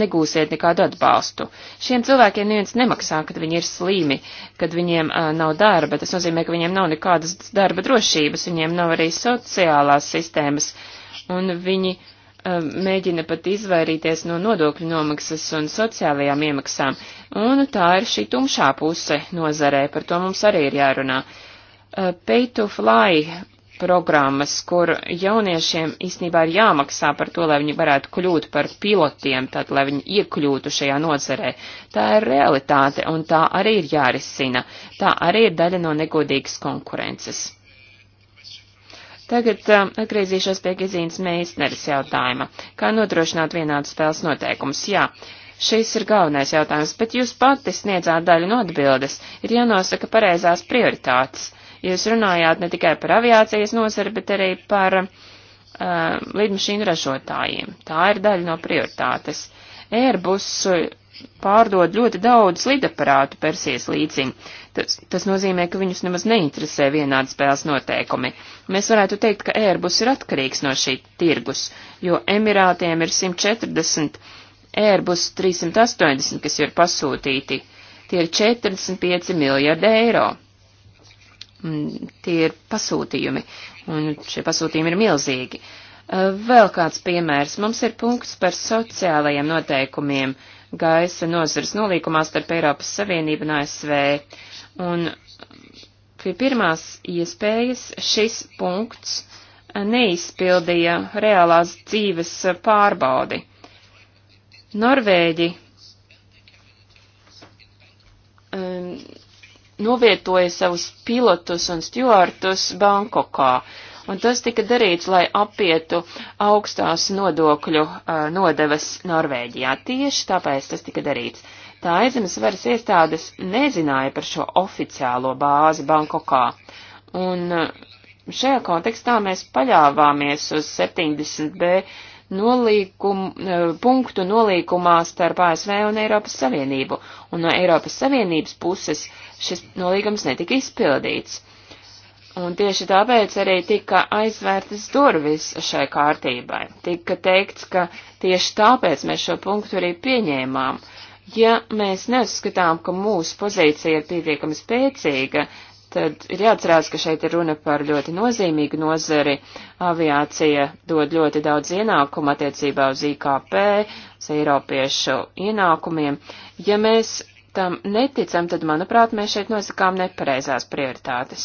negūsiet nekādu atbalstu. Šiem cilvēkiem neviens nemaksā, kad viņi ir slīmi, kad viņiem uh, nav darba. Tas nozīmē, ka viņiem nav nekādas darba drošības, viņiem nav arī sociālās sistēmas, un viņi uh, mēģina pat izvairīties no nodokļu nomaksas un sociālajām iemaksām. Un tā ir šī tumšā puse nozarē, par to mums arī ir jārunā. Uh, pay to fly programmas, kur jauniešiem īstenībā ir jāmaksā par to, lai viņi varētu kļūt par pilotiem, tad, lai viņi iekļūtu šajā nozarē. Tā ir realitāte, un tā arī ir jārisina. Tā arī ir daļa no negodīgas konkurences. Tagad uh, atgriezīšos pie Gizīnas Meisneres jautājuma. Kā nodrošināt vienādas spēles noteikumus? Jā. Šis ir galvenais jautājums, bet jūs pati sniedzāt daļu no atbildes. Ir jānosaka pareizās prioritātes. Jūs runājāt ne tikai par aviācijas nozari, bet arī par uh, lidmašīnu ražotājiem. Tā ir daļa no prioritātes. Airbus pārdod ļoti daudz lidaparātu Persijas līcim. Tas, tas nozīmē, ka viņus nemaz neinteresē vienādi spēles noteikumi. Mēs varētu teikt, ka Airbus ir atkarīgs no šī tirgus, jo Emirātiem ir 140, Airbus 380, kas ir pasūtīti. Tie ir 45 miljardi eiro. Mm, tie ir pasūtījumi, un šie pasūtījumi ir milzīgi. Uh, vēl kāds piemērs. Mums ir punkts par sociālajiem noteikumiem gaisa nozars nolīkumā starp Eiropas Savienību un ASV. Un pie pirmās iespējas šis punkts neizpildīja reālās dzīves pārbaudi. Norvēģi novietoja savus pilotus un stjuartus Bankokā. Un tas tika darīts, lai apietu augstās nodokļu uh, nodevas Norvēģijā. Tieši tāpēc tas tika darīts. Tā aizemes varas iestādes nezināja par šo oficiālo bāzi Bankokā. Un uh, šajā kontekstā mēs paļāvāmies uz 70b nolīkum, eh, punktu nolīkumā starp ASV un Eiropas Savienību, un no Eiropas Savienības puses šis nolīgums netika izpildīts. Un tieši tāpēc arī tika aizvērtas durvis šai kārtībai. Tika teikts, ka tieši tāpēc mēs šo punktu arī pieņēmām. Ja mēs neuzskatām, ka mūsu pozīcija ir pietiekami spēcīga, Tad ir jāatcerās, ka šeit ir runa par ļoti nozīmīgu nozari. Aviācija dod ļoti daudz ienākumu attiecībā uz IKP, uz Eiropiešu ienākumiem. Ja mēs tam neticam, tad, manuprāt, mēs šeit nosakām nepareizās prioritātes.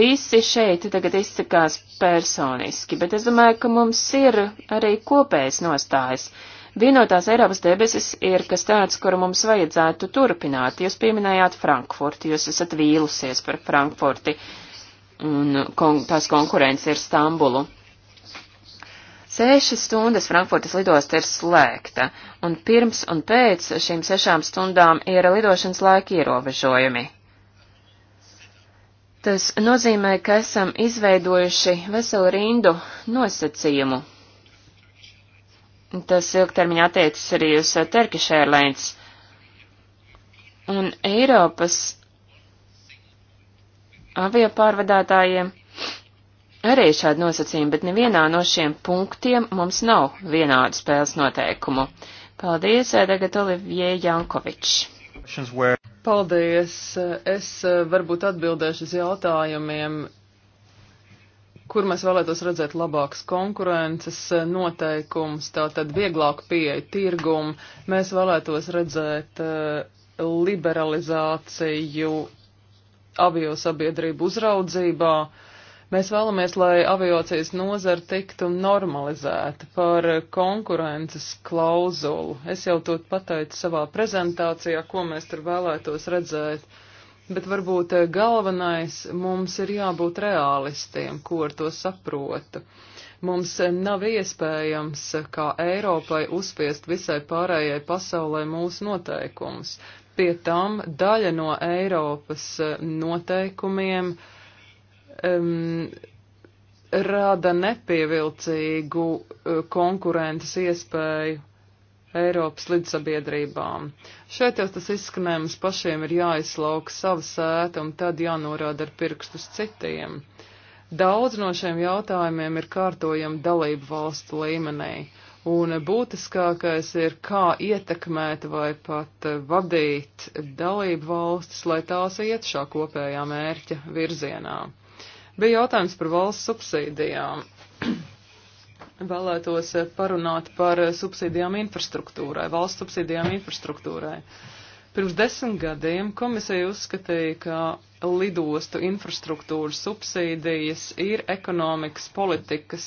Visi šeit tagad izsakās personiski, bet es domāju, ka mums ir arī kopējas nostājas. Uh, Vienotās Eiropas debesis ir kas tāds, kuru mums vajadzētu turpināt. Jūs pieminējāt Frankfurti, jūs esat vīlusies par Frankfurti, un kon tās konkurence ir Stambulu. Sešas stundas Frankfurtas lidosta ir slēgta, un pirms un pēc šīm sešām stundām ir lidošanas laika ierobežojumi. Tas nozīmē, ka esam izveidojuši veselu rindu nosacījumu, Tas ilgtermiņā attiecas arī uz uh, Turkish Airlines. Un Eiropas aviopārvadātājiem arī ir šādi nosacījumi, bet nevienā no šiem punktiem mums nav vienādu spēles noteikumu. Paldies, uh, tagad Olivier Jankovičs. Paldies. Es uh, varbūt atbildēšu uz jautājumiem, kur mēs vēlētos redzēt labākas konkurences eh, noteikums, tātad vieglāku pieeju tirgumu. Mēs vēlētos redzēt eh, liberalizāciju avio sabiedrību uzraudzībā. Mēs vēlamies, lai aviācijas nozara tiktu normalizēta par konkurences klauzulu. Es jau to pateicu savā prezentācijā, ko mēs tur vēlētos redzēt bet varbūt eh, galvenais mums ir jābūt realistiem, ko ar to saprotu. Mums eh, nav iespējams, eh, kā Eiropai, uzspiest visai pārējai pasaulē mūsu noteikumus. Pie tam daļa no Eiropas noteikumiem um, rada nepievilcīgu konkurences iespēju Eiropas lidsabiedrībām. Šeit jau tas izskanējums pašiem ir jāizlauka sava sēta un tad jānorāda ar pirkstus citiem. Daudz no šiem jautājumiem ir kārtojami dalību valstu līmenī, un būtiskākais ir, kā ietekmēt vai pat vadīt dalību valstis, lai tās iet šā kopējā mērķa virzienā. Bija jautājums par valsts subsīdijām vēlētos eh, parunāt par subsīdijām infrastruktūrai, valsts subsīdijām infrastruktūrai. Pirms desmit gadiem komisija uzskatīja, ka lidostu infrastruktūras subsīdijas ir ekonomikas politikas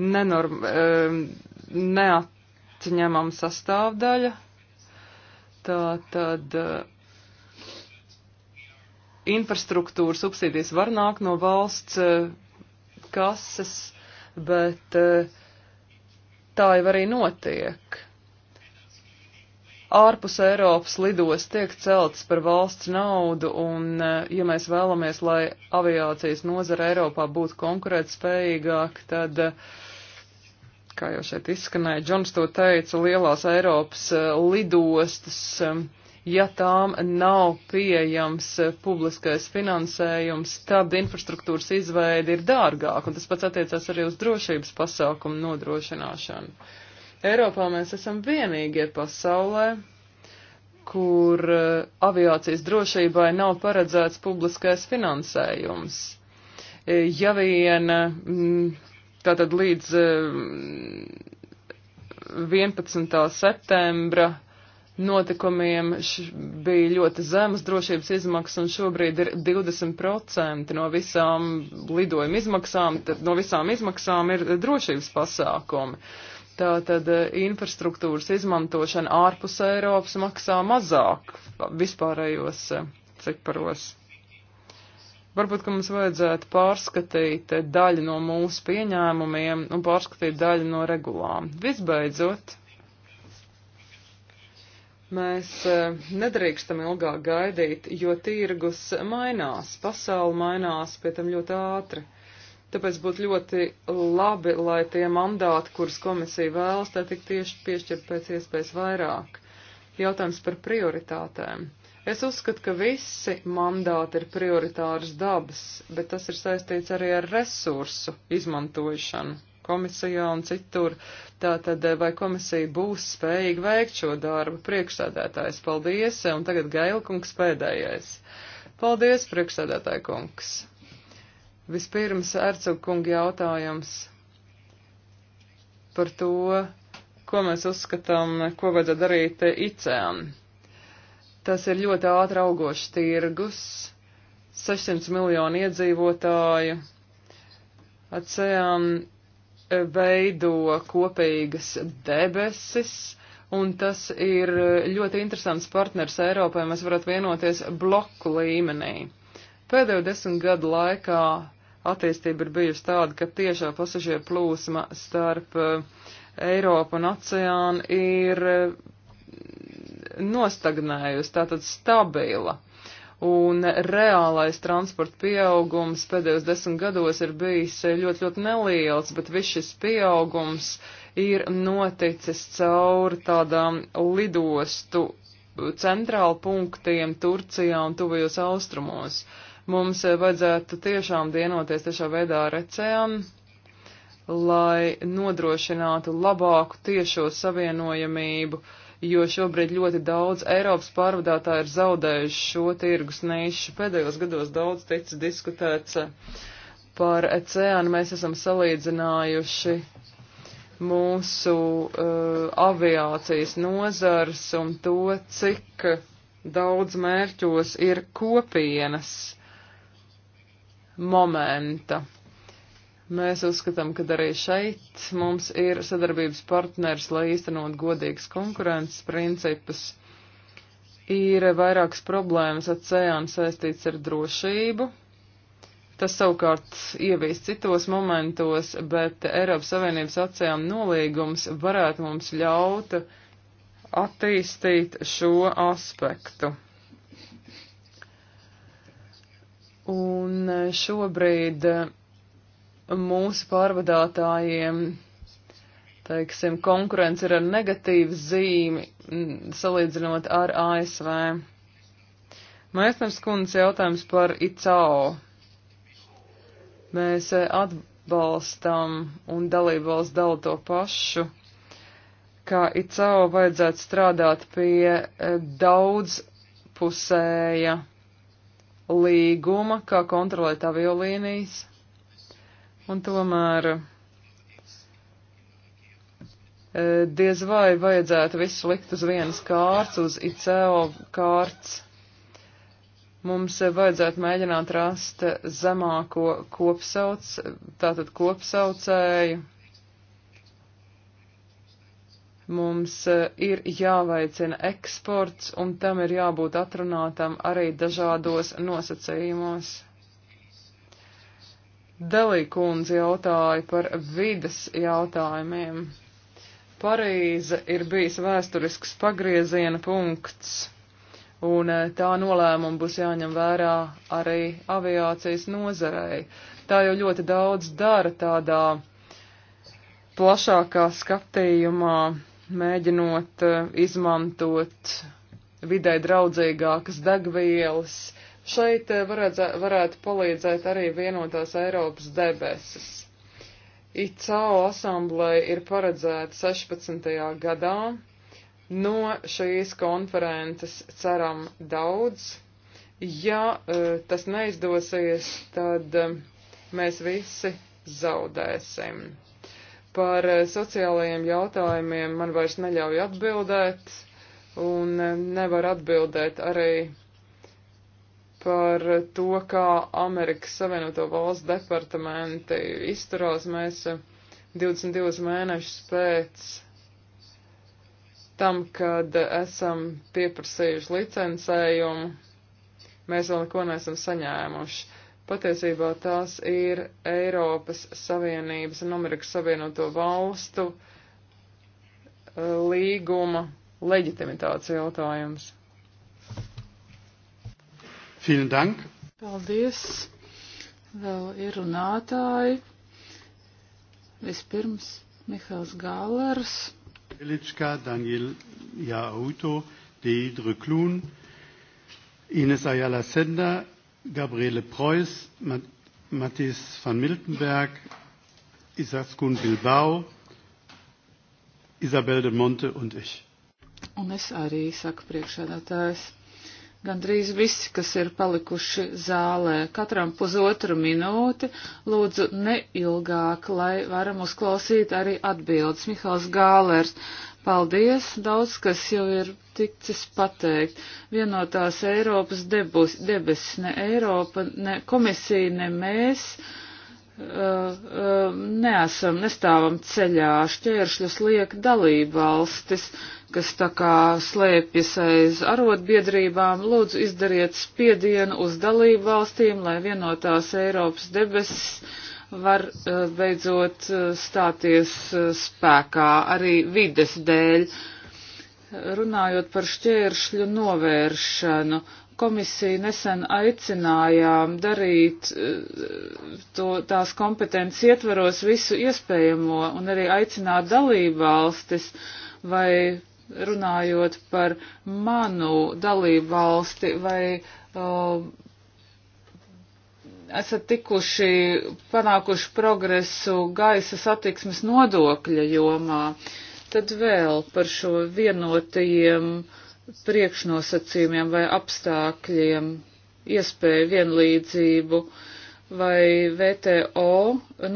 nenorm, eh, neatņemama sastāvdaļa. Tā tad eh, infrastruktūra subsīdijas var nākt no valsts kases bet eh, tā jau arī notiek. Ārpus Eiropas lidos tiek celts par valsts naudu, un, eh, ja mēs vēlamies, lai aviācijas nozara Eiropā būtu konkurētspējīgāka, tad uh, kā jau šeit izskanēja, Džons to teica, lielās Eiropas lidostas ja tām nav pieejams publiskais finansējums, tad infrastruktūras izveide ir dārgāka, un tas pats attiecās arī uz drošības pasākumu nodrošināšanu. Eiropā mēs esam vienīgie pasaulē, kur eh, aviācijas drošībai nav paredzēts publiskais finansējums. Eh, ja vien mm, tātad līdz 11. Eh, septembra notikumiem bija ļoti zemas drošības izmaksas, un šobrīd ir 20% no visām lidojuma izmaksām, no visām izmaksām ir drošības pasākumi. Tātad e, infrastruktūras izmantošana ārpus Eiropas maksā mazāk vispārējos sektoros. Varbūt, ka mums vajadzētu pārskatīt e, daļu no mūsu pieņēmumiem un pārskatīt daļu no regulām. Visbeidzot, Mēs eh, nedrīkstam ilgāk gaidīt, jo tirgus mainās, pasauli mainās pie tam ļoti ātri. Tāpēc būtu ļoti labi, lai tie mandāti, kurus komisija vēlas, tā tik tieši piešķirt pēc iespējas vairāk. Jautājums par prioritātēm. Es uzskatu, ka visi mandāti ir prioritāras dabas, bet tas ir saistīts arī ar resursu izmantošanu komisijā un citur. Tātad, eh, vai komisija būs spējīga veikt šo darbu? Priekšsēdētājs, paldies, un tagad Gailkungs pēdējais. Paldies, priekšsēdētāja kungs. Vispirms Ercugkunga jautājums par to, ko mēs uzskatām, ko vajadzētu darīt ICEM. Tas ir ļoti ātri augošs tirgus, 600 miljonu iedzīvotāju. ACEAN veido kopīgas debesis, un tas ir ļoti interesants partners Eiropai, mēs varētu vienoties bloku līmenī. Pēdējo desmit gadu laikā attīstība ir bijusi tāda, ka tiešā pasažieru plūsma starp eh, Eiropu un oceānu ir eh, nostagnējusi, tātad stabila, un reālais transporta pieaugums pēdējos desmit gados ir bijis ļoti, ļoti neliels, bet viss šis pieaugums ir noticis cauri tādām lidostu centrālu punktiem Turcijā un tuvajos austrumos. Mums vajadzētu tiešām dienoties tiešā veidā ar ECEAM, lai nodrošinātu labāku tiešo savienojamību uh, jo šobrīd ļoti daudz Eiropas pārvadātāji ir zaudējuši šo tirgus nišu. Pēdējos gados daudz ticis diskutēts eh, par ECN, mēs esam salīdzinājuši mūsu uh, aviācijas nozars un to, cik daudz mērķos ir kopienas momenta. Mēs uzskatām, ka arī šeit mums ir sadarbības partners, lai īstenot godīgas konkurences principus. Ir vairākas problēmas ar cējām saistīts ar drošību. Tas savukārt ievies citos momentos, bet Eiropas Savienības acējām nolīgums varētu mums ļaut attīstīt šo aspektu. Un šobrīd mūsu pārvadātājiem, teiksim, konkurence ir ar negatīvu zīmi, salīdzinot ar ASV. Mēsners kundze jautājums par ICAO. Mēs e, atbalstam un dalībvalsts dala to pašu, ka ICAO vajadzētu strādāt pie e, daudzpusēja līguma, kā kontrolēt aviolīnijas. Un tomēr e, diez vai vajadzētu visu likt uz vienas kārtas, uz ICO e kārtas. Mums vajadzētu mēģināt rast zemāko kopsauc, tātad kopsaucēju. Mums e, ir jāveicina eksports, un tam ir jābūt atrunātam arī dažādos nosacījumos. Delīkundze jautāja par vidas jautājumiem. Parīze ir bijis vēsturisks pagrieziena punkts, un eh, tā nolēmuma būs jāņem vērā arī aviācijas nozarei. Tā jau ļoti daudz dara tādā plašākā skatījumā, mēģinot eh, izmantot vidē draudzīgākas degvielas, Šeit eh, varētu, varētu palīdzēt arī vienotās Eiropas debesis. ICAO asamblēja ir paredzēta 16. gadā. No šīs konferences ceram daudz. Ja eh, tas neizdosies, tad eh, mēs visi zaudēsim. Par sociālajiem jautājumiem man vairs neļauj atbildēt, un nevar atbildēt arī par to, kā Amerikas Savienoto Valstu departamenti izturās. Mēs 22 eh, mēnešus pēc tam, kad esam pieprasījuši licencējumu, mēs vēl neko neesam saņēmuši. Patiesībā tās ir Eiropas Savienības un Amerikas Savienoto Valstu eh, līguma leģitimitātes jautājums. Vielen Dank. Paldies. Vēl ir runātāji. Vispirms Mihāls Gālers. Elička, Daniel Jauto, Deidre Klun, Ines Ayala Sender, Gabriele Preuß, Mat Matthias van Miltenberg, Isaskun Bilbao, Isabel de Monte und ich. Un es arī saku priekšādātājs gandrīz visi, kas ir palikuši zālē. Katram pusotru minūti, lūdzu, neilgāk, lai varam uzklausīt arī atbildes. Mihals Gālērs, paldies, daudz kas jau ir ticis pateikt. Vienotās Eiropas debus, debesis, ne Eiropa, ne komisija, ne mēs. Uh, uh, neesam, nestāvam ceļā, šķēršļus liek dalībvalstis. valstis kas tā kā slēpjas aiz arotbiedrībām, lūdzu izdariet spiedienu uz dalību valstīm, lai vienotās Eiropas debesis var eh, beidzot eh, stāties eh, spēkā arī vides dēļ. Runājot par šķēršļu novēršanu, komisiju nesen aicinājām darīt to, tās kompetences ietvaros visu iespējamo un arī aicināt dalībvalstis vai runājot par manu dalību valsti, vai uh, esat tikuši panākuši progresu gaisa satiksmes nodokļa jomā, tad vēl par šo vienotajiem priekšnosacījumiem vai apstākļiem, iespēju vienlīdzību vai VTO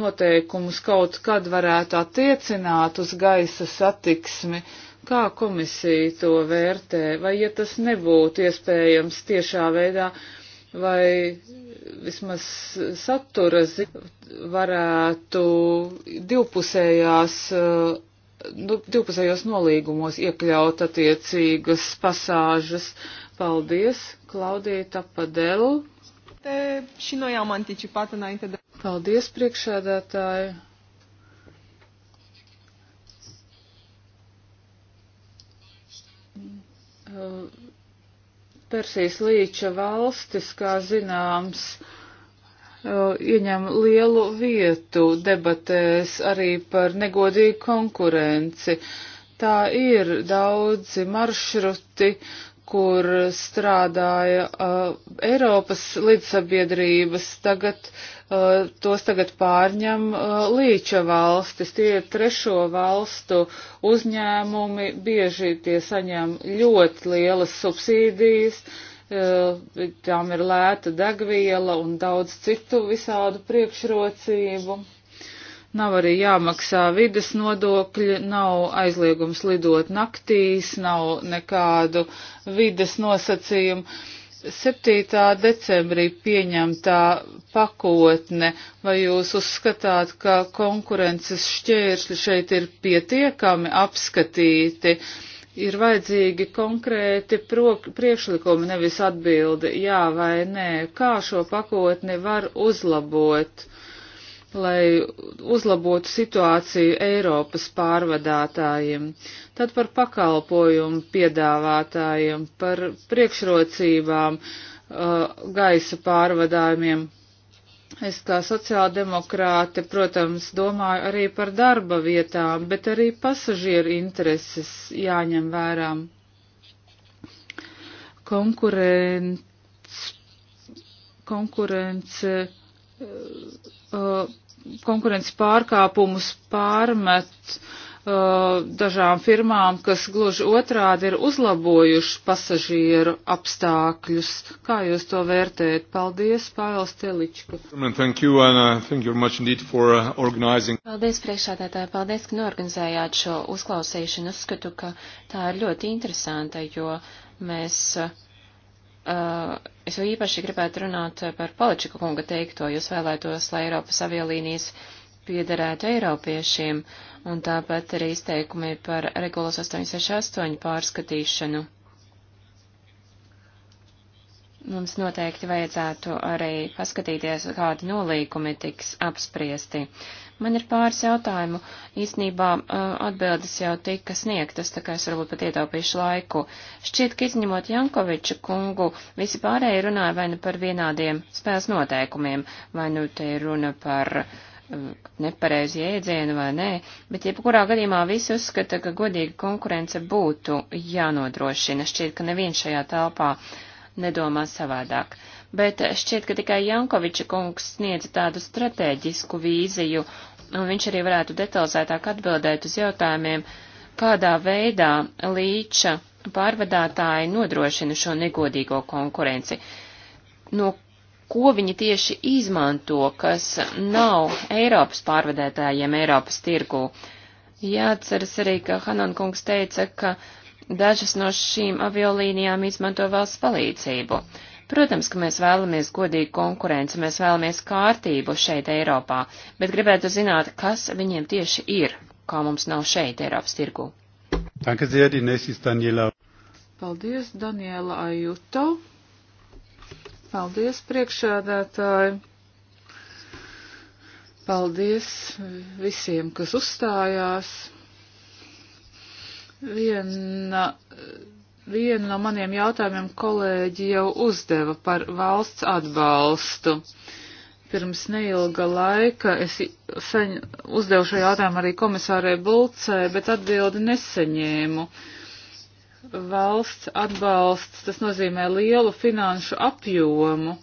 noteikumus kaut kad varētu attiecināt uz gaisa satiksmi, uh, Kā komisija to vērtē? Vai, ja tas nebūtu iespējams tiešā veidā, vai vismaz satura varētu divpusējās, eh, nu, divpusējos nolīgumos iekļaut attiecīgas pasāžas? Paldies, Klaudija Tapadelu. Te, și noi am anticipat înainte de... Paldies, priekšādātāji. Persijas līča valstis, kā zināms, ieņem lielu vietu debatēs arī par negodīgu konkurenci. Tā ir daudzi maršruti, kur strādāja uh, Eiropas līdzsabiedrības, tagad Eh, tos tagad pārņem eh, līča valstis. Tie ir trešo valstu uzņēmumi, bieži tie saņem ļoti lielas subsīdijas, eh, tām ir lēta degviela un daudz citu visādu priekšrocību. Nav arī jāmaksā vides nodokļi, nav aizliegums lidot naktīs, nav nekādu vides nosacījumu 7. decembrī pieņemtā pakotne, vai jūs uzskatāt, ka konkurences šķēršļi šeit ir pietiekami apskatīti? Ir vajadzīgi konkrēti priekšlikumi, nevis atbildi jā vai nē. Kā šo pakotni var uzlabot? lai uzlabotu situāciju Eiropas pārvadātājiem, tad par pakalpojumu piedāvātājiem, par priekšrocībām uh, gaisa pārvadājumiem. Es kā sociāldemokrāte, protams, domāju arī par darba vietām, bet arī pasažieru intereses jāņem vērām. Konkurence, konkurence uh, uh, konkurences pārkāpumus pārmet uh, dažām firmām, kas gluži otrādi ir uzlabojuši pasažieru apstākļus. Kā jūs to vērtējat? Paldies, Pāvils Teličku. Uh, uh, paldies, priekšādētāji, paldies, ka norganizējāt šo uzklausīšanu. Uzskatu, ka tā ir ļoti interesanta, jo mēs uh, Uh, es jau īpaši gribētu runāt par Paličika kunga teikto, jūs vēlētos, lai Eiropas aviolīnijas piederētu Eiropiešiem, un tāpat arī izteikumi par regulas 868 pārskatīšanu. Mums noteikti vajadzētu arī paskatīties, kādi nolīkumi tiks apspriesti. Man ir pāris jautājumu. Īsnībā atbildes jau tika sniegtas, tā kā es varbūt pat ietaupīšu laiku. Šķiet, ka izņemot Jankoviča kungu, visi pārējie runāja vai nu par vienādiem spēles noteikumiem, vai nu te ir runa par nepareizi jēdzienu vai nē, bet jebkurā gadījumā visi uzskata, ka godīga konkurence būtu jānodrošina. Šķiet, ka neviens šajā telpā nedomā savādāk. Bet šķiet, ka tikai Jankoviča kungs sniedza tādu strateģisku vīziju, un viņš arī varētu detalizētāk atbildēt uz jautājumiem, kādā veidā līča pārvadātāji nodrošina šo negodīgo konkurenci. No ko viņi tieši izmanto, kas nav Eiropas pārvadētājiem Eiropas tirgū. Jāatceras arī, ka Hanan kungs teica, ka uh, Dažas no šīm aviolīnijām izmanto valsts palīdzību. Protams, ka mēs vēlamies godīgu konkurenci, mēs vēlamies kārtību šeit Eiropā, bet gribētu zināt, kas viņiem tieši ir, kā mums nav šeit Eiropas tirgu. Paldies, Daniela Ajuto. Paldies, priekšādātāji. Paldies visiem, kas uzstājās. Viena, viena no maniem jautājumiem kolēģi jau uzdeva par valsts atbalstu. Pirms neilga laika es saņ, uzdevu šo jautājumu arī komisārai Bulcē, bet atbildi neseņēmu. Valsts atbalsts, tas nozīmē lielu finanšu apjomu,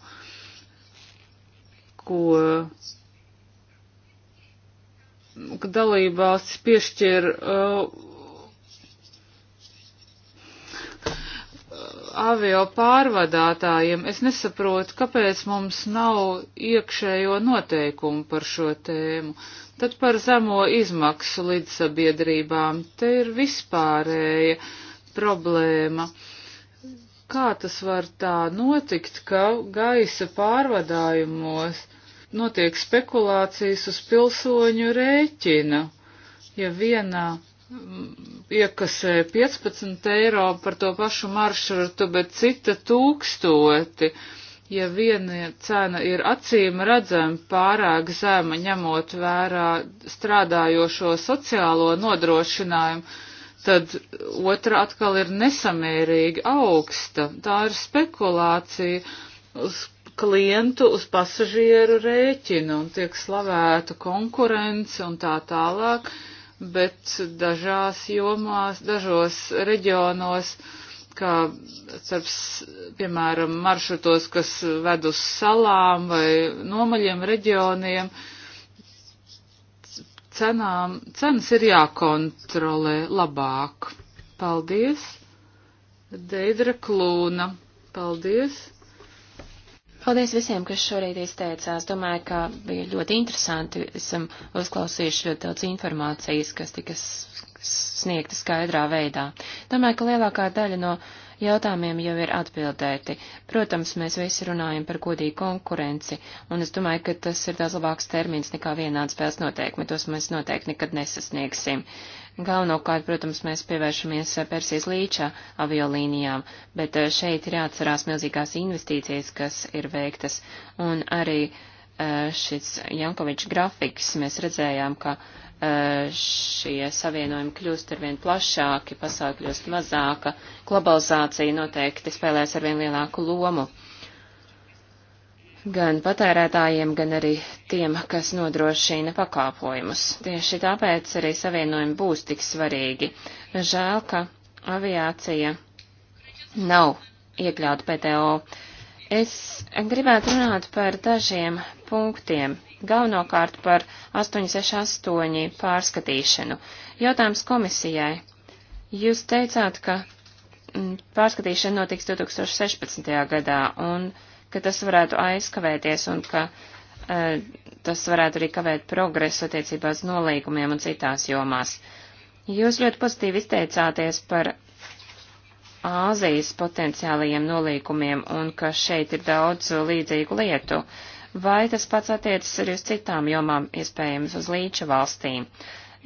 ko dalībvalstis piešķir uh, avio pārvadātājiem. Es nesaprotu, kāpēc mums nav iekšējo noteikumu par šo tēmu. Tad par zemo izmaksu līdzsabiedrībām. Te ir vispārēja problēma. Kā tas var tā notikt, ka gaisa pārvadājumos notiek spekulācijas uz pilsoņu rēķina, ja vienā iekasē 15 eiro par to pašu maršrutu, bet cita tūkstoti. Ja viena cena ir acīm redzama pārāk zema, ņemot vērā strādājošo sociālo nodrošinājumu, tad otra atkal ir nesamērīgi augsta. Tā ir spekulācija uz klientu, uz pasažieru rēķinu un tiek slavēta konkurence un tā tālāk bet dažās jomās, dažos reģionos, kā, starp, piemēram, maršrutos, kas ved uz salām vai nomaļiem reģioniem, cenām, cenas ir jākontrolē labāk. Paldies! Deidra Klūna. Paldies! Paldies visiem, kas šorīt izteicās. Domāju, ka bija ļoti interesanti. Esam uzklausījuši ļoti daudz informācijas, kas tika sniegta skaidrā veidā. Domāju, ka lielākā daļa no jautājumiem jau ir atbildēti. Protams, mēs visi runājam par godīgu konkurenci, un es domāju, ka tas ir daudz labāks termins nekā vienāds spēles noteikumi. Tos mēs noteikti nekad nesasniegsim. Uh, Galvenokārt, protams, mēs pievēršamies eh, Persijas līča aviolīnijām, bet eh, šeit ir jāatcerās milzīgās investīcijas, kas ir veiktas, un arī eh, šis Jankovičs grafiks, mēs redzējām, ka šie savienojumi kļūst arvien plašāki, pasauli kļūst mazāka, globalizācija noteikti spēlēs arvien lielāku lomu gan patērētājiem, gan arī tiem, kas nodrošina pakāpojumus. Tieši tāpēc arī savienojumi būs tik svarīgi. Žēl, ka aviācija nav iekļauta PTO. Es gribētu runāt par dažiem punktiem, galvenokārt par 868 pārskatīšanu. Jautājums komisijai. Jūs teicāt, ka mm, pārskatīšana notiks 2016. gadā, un ka tas varētu aizkavēties un ka e, tas varētu arī kavēt progresu attiecībā uz nolīgumiem un citās jomās. Jūs ļoti pozitīvi izteicāties par Āzijas potenciālajiem nolīgumiem un ka šeit ir daudz līdzīgu lietu. Vai tas pats attiecas arī uz citām jomām, iespējams, uz līča valstīm?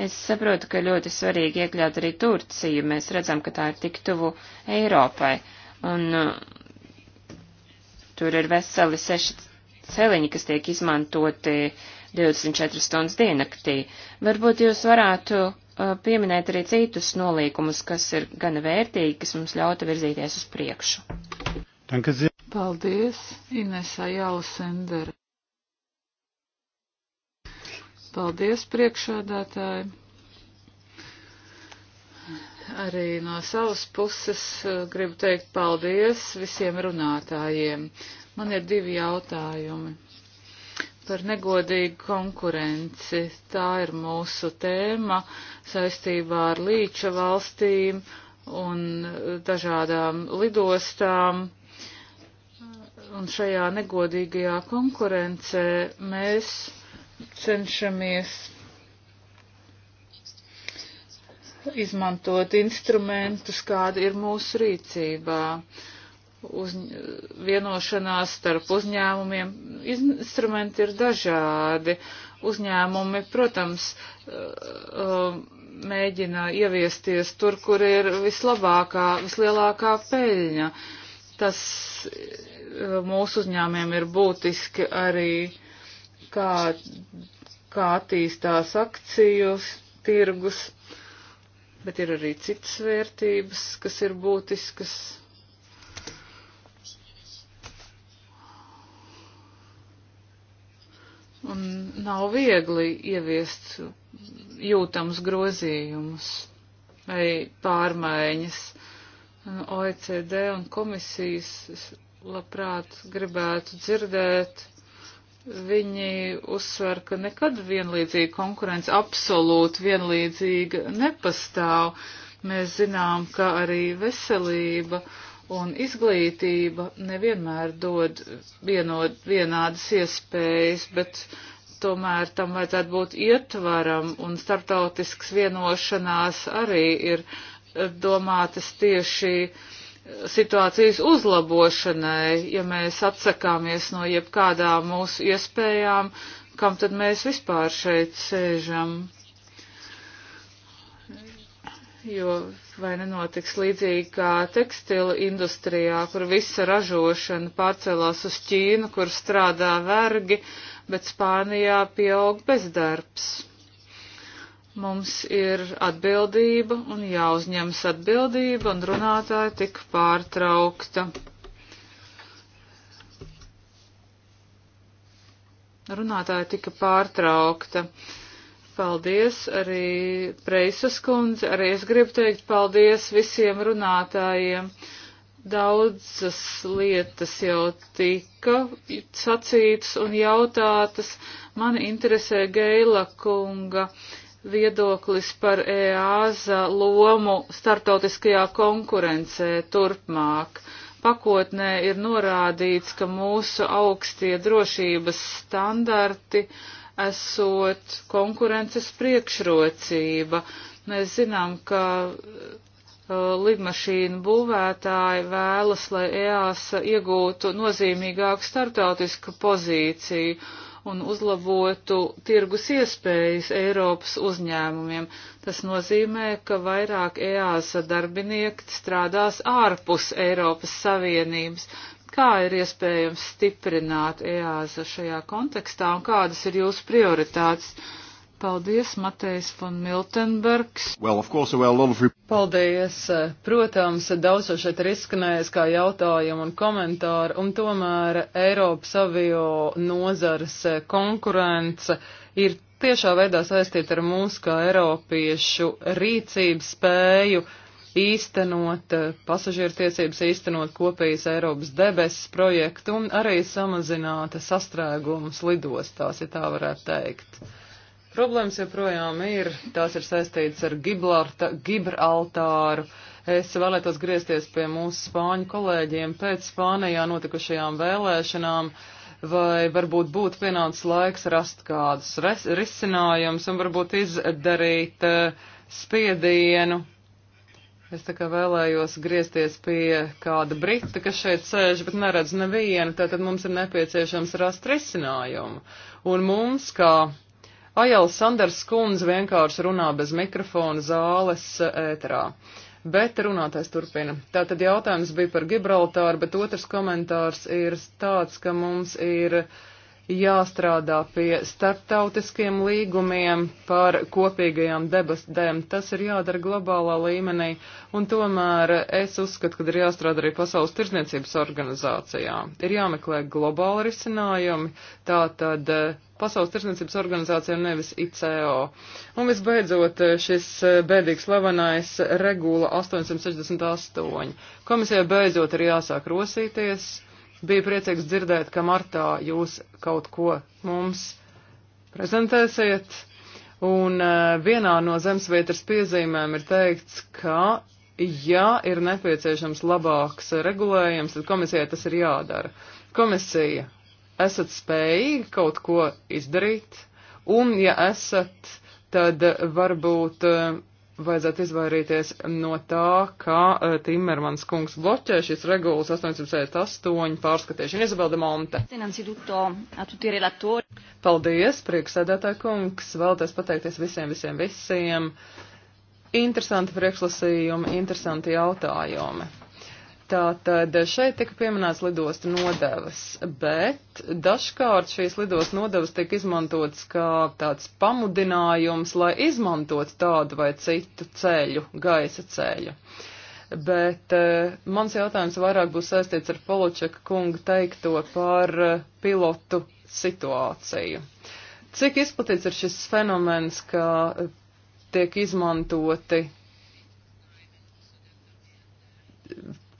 Es saprotu, ka ļoti svarīgi iekļaut arī Turciju. Mēs redzam, ka tā ir tik tuvu Eiropai. Un Tur ir veseli seši celiņi, kas tiek izmantoti 24 stundas diennaktī. Varbūt jūs varētu uh, pieminēt arī citus nolīkumus, kas ir gana vērtīgi, kas mums ļauta virzīties uz priekšu. Paldies, Inesa Jālusendere. Paldies, priekšādātāji arī no savas puses eh, gribu teikt paldies visiem runātājiem. Man ir divi jautājumi. Par negodīgu konkurenci. Tā ir mūsu tēma saistībā ar līča valstīm un dažādām lidostām. Un šajā negodīgajā konkurencē mēs cenšamies izmantot instrumentus, kādi ir mūsu rīcībā. Uz, vienošanās starp uzņēmumiem. Instrumenti ir dažādi. Uzņēmumi, protams, uh, uh, mēģina ieviesties tur, kur ir vislabākā, vislielākā peļņa. Tas uh, mūsu uzņēmiem ir būtiski arī, kā, kā attīstās akcijas, tirgus, bet ir arī citas vērtības, kas ir būtiskas. Un nav viegli ieviest jūtams grozījumus vai pārmaiņas. OECD un komisijas labprāt gribētu dzirdēt Viņi uzsver, ka nekad vienlīdzīga konkurence absolūti vienlīdzīga nepastāv. Mēs zinām, ka arī veselība un izglītība nevienmēr dod vienod, vienādas iespējas, bet tomēr tam vajadzētu būt ietvaram, un starptautisks vienošanās arī ir domātas tieši uh, situācijas uzlabošanai, ja mēs atsakāmies no jebkādām mūsu iespējām, kam tad mēs vispār šeit sēžam. Jo vai nenotiks līdzīgi kā tekstila industrijā, kur visa ražošana pārcelās uz Ķīnu, kur strādā vergi, bet Spānijā pieaug bezdarbs. Mums ir atbildība un jāuzņemas atbildība, un runātāja tika pārtraukta. Runātāja tika pārtraukta. Paldies arī Preisas kundze, arī es gribu teikt paldies visiem runātājiem. Daudzas lietas jau tika sacītas un jautātas. Mani interesē Geila kunga viedoklis par EASA lomu startautiskajā konkurencē turpmāk. Pakotnē ir norādīts, ka mūsu augstie drošības standarti esot konkurences priekšrocība. Mēs zinām, ka uh, lidmašīnu būvētāji vēlas, lai EASA iegūtu nozīmīgāku startautisku pozīciju un uzlabotu tirgus iespējas Eiropas uzņēmumiem. Tas nozīmē, ka vairāk EASA darbinieki strādās ārpus Eiropas Savienības. Kā ir iespējams stiprināt EASA šajā kontekstā un kādas ir jūsu prioritātes? Paldies, Matejs von Miltenbergs. Well, of course, well, of... Paldies. Protams, daudz jau šeit ir izskanējis kā jautājumu un komentāru, un tomēr Eiropas avio nozars konkurence ir tiešā veidā saistīta ar mūsu kā Eiropiešu rīcības spēju īstenot eh, pasažieru tiesības, īstenot kopējas Eiropas debesis projektu un arī samazināt sastrēgumus lidostās, ja tā varētu teikt. Problēmas joprojām ir, tās ir saistītas ar Gibralta, Gibraltāru. Es vēlētos griezties pie mūsu spāņu kolēģiem pēc Spānijā notikušajām vēlēšanām, vai varbūt būtu pienācis laiks rast kādus res, risinājumus un varbūt izdarīt uh, spiedienu. Es tā kā vēlējos griezties pie kāda brita, kas šeit sēž, bet neredz nevienu, tātad mums ir nepieciešams rast risinājumu. Un mums, kā Ajala Sanders kundze vienkārši runā bez mikrofona zāles e, ēterā. Bet runātais turpina. Tātad jautājums bija par Gibraltāru, bet otrs komentārs ir tāds, ka mums ir jāstrādā pie starptautiskiem līgumiem par kopīgajām debastēm. Tas ir jādara globālā līmenī, un tomēr es uzskatu, ka ir jāstrādā arī Pasaules tirzniecības organizācijā. Ir jāmeklē globāli risinājumi, tātad Pasaules tirsniecības organizācija un nevis ICO. Un visbeidzot šis eh, bēdīgs slavenais regula 868. Komisija beidzot ir jāsāk rosīties. Bija priecīgs dzirdēt, ka martā jūs kaut ko mums prezentēsiet. Un eh, vienā no zemesvietas piezīmēm ir teikts, ka, ja ir nepieciešams labāks regulējums, tad komisijai tas ir jādara. Komisija esat spējīgi kaut ko izdarīt, un ja esat, tad varbūt eh, vajadzētu izvairīties no tā, ka eh, Timermans kungs bloķē šis regulas 868 pārskatīšana. Izabelda Monte. Paldies, prieksēdētāja kungs, vēlties pateikties visiem, visiem, visiem. Interesanti priekšlasījumi, interesanti jautājumi. Tātad šeit tika pieminēts lidostu nodevas, bet dažkārt šīs lidostu nodevas tiek izmantotas kā tāds pamudinājums, lai izmantot tādu vai citu ceļu, gaisa ceļu. Bet eh, mans jautājums vairāk būs saistīts ar Poločeka kunga teikto par eh, pilotu situāciju. Cik izplatīts ir šis fenomens, ka eh, tiek izmantoti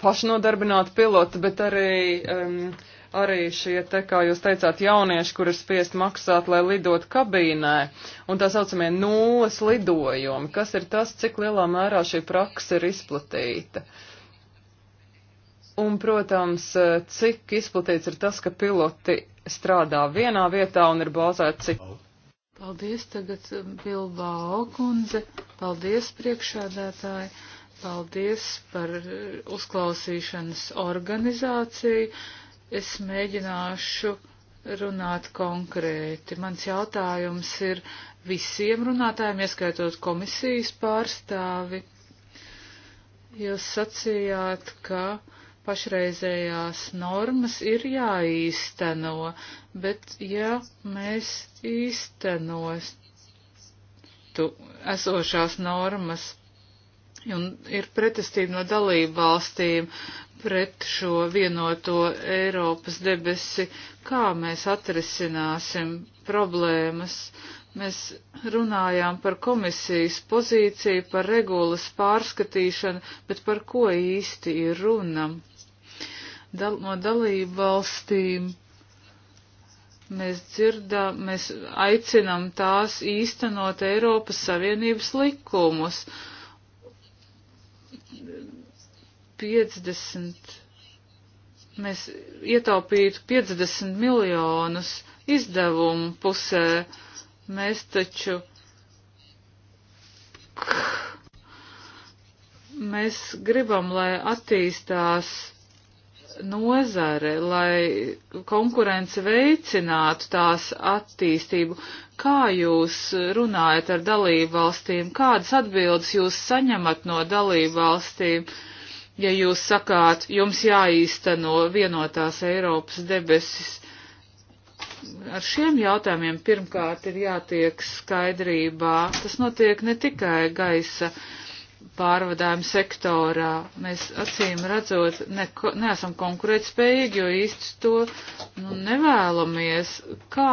pašnodarbināti piloti, bet arī, um, arī šie te, kā jūs teicāt, jaunieši, kur ir spiest maksāt, lai lidot kabīnē, un tā saucamie nulles lidojumi. Kas ir tas, cik lielā mērā šī praksa ir izplatīta? Un, protams, cik izplatīts ir tas, ka piloti strādā vienā vietā un ir bāzēti cik. Paldies tagad um, Bilbao kundze, paldies priekšādētāji. Paldies par eh, uzklausīšanas organizāciju. Es mēģināšu runāt konkrēti. Mans jautājums ir visiem runātājiem, ieskaitot komisijas pārstāvi. Jūs sacījāt, ka pašreizējās normas ir jāīsteno, bet ja mēs īstenos esošās normas un ir pretestība no dalību valstīm pret šo vienoto Eiropas debesi, kā mēs atrisināsim problēmas. Mēs runājām par komisijas pozīciju, par regulas pārskatīšanu, bet par ko īsti ir runa? Dal no dalību valstīm mēs dzirdām, mēs aicinam tās īstenot Eiropas Savienības likumus. Uh, 50, mēs ietaupītu 50 miljonus izdevumu pusē. Mēs taču, mēs gribam, lai attīstās nozare, lai konkurence veicinātu tās attīstību. Kā jūs runājat ar dalību valstīm? Kādas atbildes jūs saņemat no dalību valstīm, ja jūs sakāt, jums jāīsteno vienotās Eiropas debesis? Ar šiem jautājumiem pirmkārt ir jātiek skaidrībā. Tas notiek ne tikai gaisa pārvadājumu sektorā. Mēs acīm redzot neko, neesam konkurētspējīgi, jo īsti to nu, nevēlamies. Kā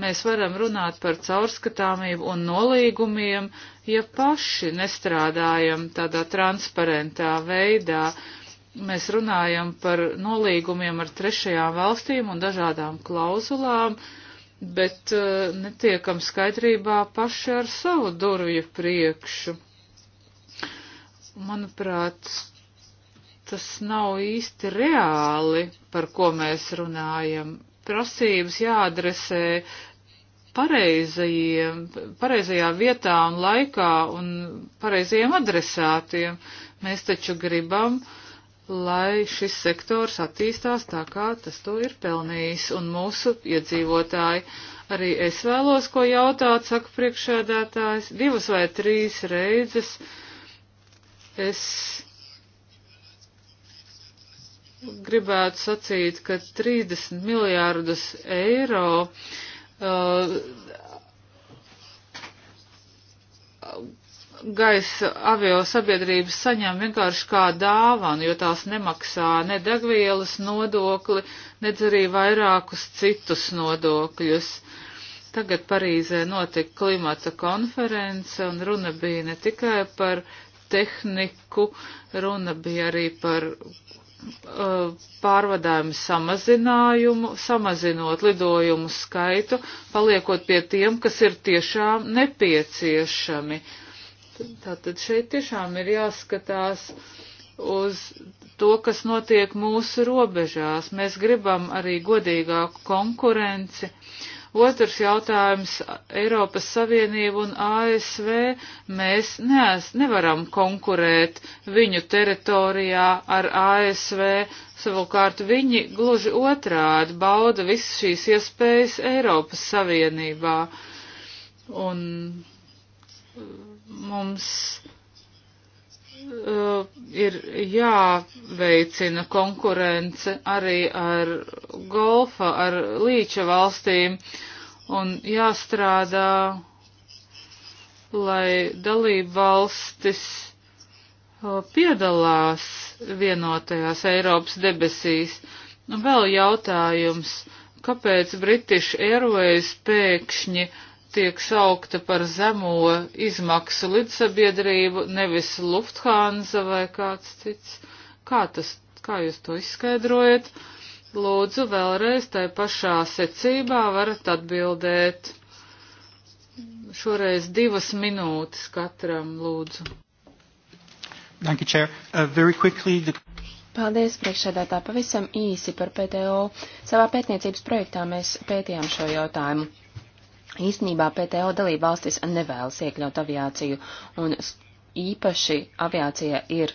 mēs varam runāt par caurskatāmību un nolīgumiem, ja paši nestrādājam tādā transparentā veidā? Mēs runājam par nolīgumiem ar trešajām valstīm un dažādām klauzulām, bet uh, netiekam skaidrībā paši ar savu durvju priekšu manuprāt, tas nav īsti reāli, par ko mēs runājam. Prasības jāadresē pareizajā vietā un laikā un pareizajiem adresātiem. Mēs taču gribam, lai šis sektors attīstās tā, kā tas to ir pelnījis, un mūsu iedzīvotāji. Arī es vēlos ko jautāt, saka priekšēdētājs, divas vai trīs reizes Es gribētu sacīt, ka 30 miljārdus eiro uh, gaisa avio sabiedrības saņem vienkārši kā dāvanu, jo tās nemaksā ne degvielas nodokli, nedz arī vairākus citus nodokļus. Tagad Parīzē notika klimata konference, un runa bija ne tikai par tehniku, runa bija arī par uh, pārvadājumu samazinājumu, samazinot lidojumu skaitu, paliekot pie tiem, kas ir tiešām nepieciešami. Tātad šeit tiešām ir jāskatās uz to, kas notiek mūsu robežās. Mēs gribam arī godīgāku konkurenci. Uh, Otrs jautājums - Eiropas Savienība un ASV. Mēs nees, nevaram konkurēt viņu teritorijā ar ASV. Savukārt viņi gluži otrādi bauda visas šīs iespējas Eiropas Savienībā. Un mm, mums ir jāveicina konkurence arī ar golfa, ar līča valstīm un jāstrādā, lai dalība valstis uh, piedalās vienotajās Eiropas debesīs. Un vēl jautājums, kāpēc British Airways pēkšņi uh, tiek saukta par zemo izmaksu lidsabiedrību, nevis Lufthansa vai kāds cits. Kā, tas, kā jūs to izskaidrojat? Lūdzu, vēlreiz tai pašā secībā varat atbildēt. Šoreiz divas minūtes katram, lūdzu. Thank you, Chair. Uh, very quickly, the... Paldies, priekšsēdētā. Pavisam īsi par PTO. Savā pētniecības projektā mēs pētījām šo jautājumu. Īstenībā PTO dalība valstis nevēlas iekļaut aviāciju, un īpaši aviācija ir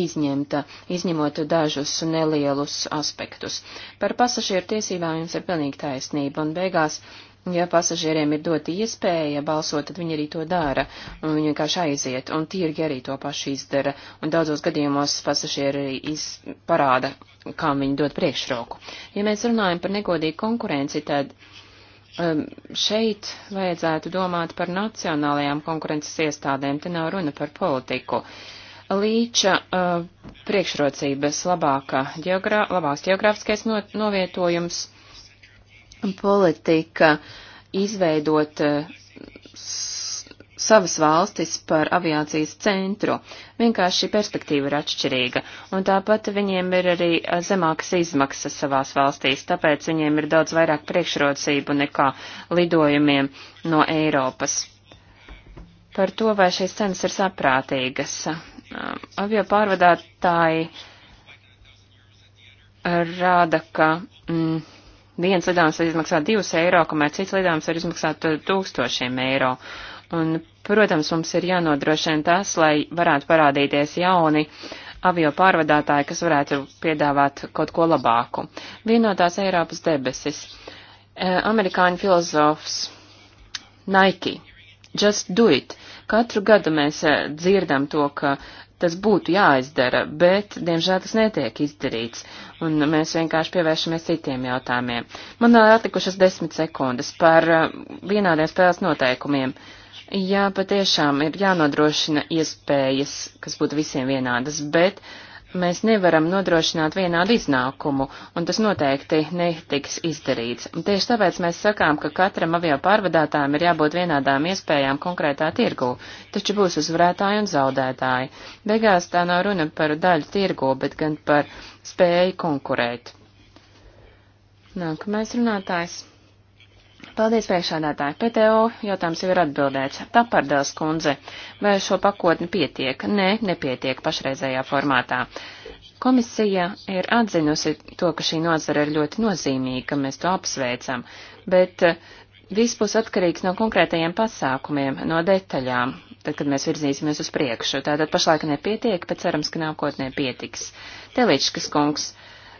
izņemta, izņemot dažus nelielus aspektus. Par pasažieru tiesībām jums ir pilnīgi taisnība, un beigās Ja pasažieriem ir dota iespēja balsot, tad viņi arī to dara, un viņi vienkārši aiziet, un tirgi arī to paši izdara, un daudzos gadījumos pasažieri arī iz, parāda, kam viņi dod priekšroku. Ja mēs runājam par negodīgu konkurenci, tad Ehm, šeit vajadzētu domāt par nacionālajām konkurences iestādēm, te nav runa par politiku. Līča uh, priekšrocības labāka, geogrā, labāks geogrāfiskais no, novietojums, politika, izveidot uh, savas valstis par aviācijas centru. Vienkārši perspektīva ir atšķirīga. Un tāpat viņiem ir arī eh, zemākas izmaksas savās valstīs, tāpēc viņiem ir daudz vairāk priekšrocību nekā lidojumiem no Eiropas. Par to, vai šīs cenas ir saprātīgas. Um, avio pārvadātāji rāda, ka mm, viens lidojums var izmaksāt 2 eiro, kamēr cits lidojums var izmaksāt tūkstošiem eiro. Un Protams, mums ir jānodrošina tas, lai varētu parādīties jauni avio pārvadātāji, kas varētu piedāvāt kaut ko labāku. Vienotās Eiropas debesis. E, amerikāņu filozofs Nike. Just do it. Katru gadu mēs e, dzirdam to, ka tas būtu jāizdara, bet, diemžēl, tas netiek izdarīts, un mēs vienkārši pievēršamies citiem jautājumiem. Man vēl atlikušas desmit sekundes par e, vienādiem spēles noteikumiem. Uh, Jā, patiešām ir jānodrošina iespējas, kas būtu visiem vienādas, bet mēs nevaram nodrošināt vienādu iznākumu, un tas noteikti netiks izdarīts. Un tieši tāpēc mēs sakām, ka katram avio pārvadātājam ir jābūt vienādām iespējām konkrētā tirgū, taču būs uzvarētāji un zaudētāji. Beigās tā nav runa par daļu tirgū, bet gan par spēju konkurēt. Nākamais runātājs. Paldies, priekšādātāji. PTO jautājums jau ir atbildēts. Tapardēls kundze, vai šo pakotni pietiek? Nē, nepietiek pašreizējā formātā. Komisija ir atzinusi to, ka šī nozara ir ļoti nozīmīga, mēs to apsveicam, bet eh, viss būs atkarīgs no konkrētajiem pasākumiem, no detaļām, tad, kad mēs virzīsimies uz priekšu. Tātad pašlaik nepietiek, bet cerams, ka nākotnē pietiks. Teličkas kungs,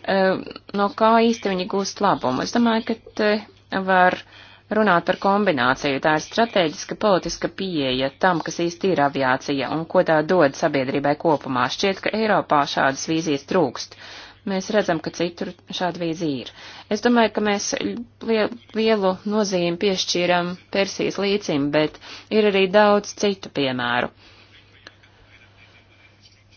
eh, no kā īsti viņi gūst labumu? Es domāju, ka te var runāt par kombināciju. Tā ir strateģiska politiska pieeja tam, kas īsti ir aviācija un ko tā dod sabiedrībai kopumā. Šķiet, ka Eiropā šādas vīzijas trūkst. Mēs redzam, ka citur šāda vīzija ir. Es domāju, ka mēs lielu nozīmi piešķīram Persijas līcim, bet ir arī daudz citu piemēru.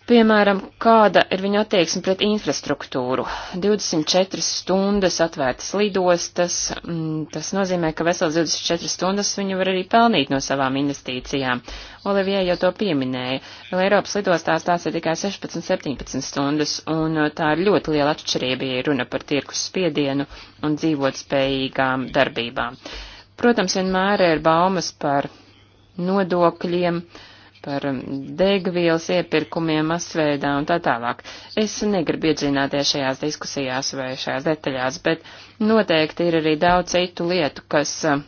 Piemēram, kāda ir viņa attieksme pret infrastruktūru? 24 stundas atvērtas lidostas, mm, tas nozīmē, ka veselas 24 stundas viņa var arī pelnīt no savām investīcijām. Olivie jau to pieminēja, vēl Eiropas lidostās tās ir tikai 16-17 stundas, un uh, tā ir ļoti liela atšķirība, ja runa par tirkus spiedienu un dzīvot spējīgām darbībām. Protams, vienmēr ir baumas par nodokļiem, uh, par um, degvielas iepirkumiem masveidā un tā tālāk. Es negribu iedzināties šajās diskusijās vai šajās detaļās, bet noteikti ir arī daudz citu lietu, kas um,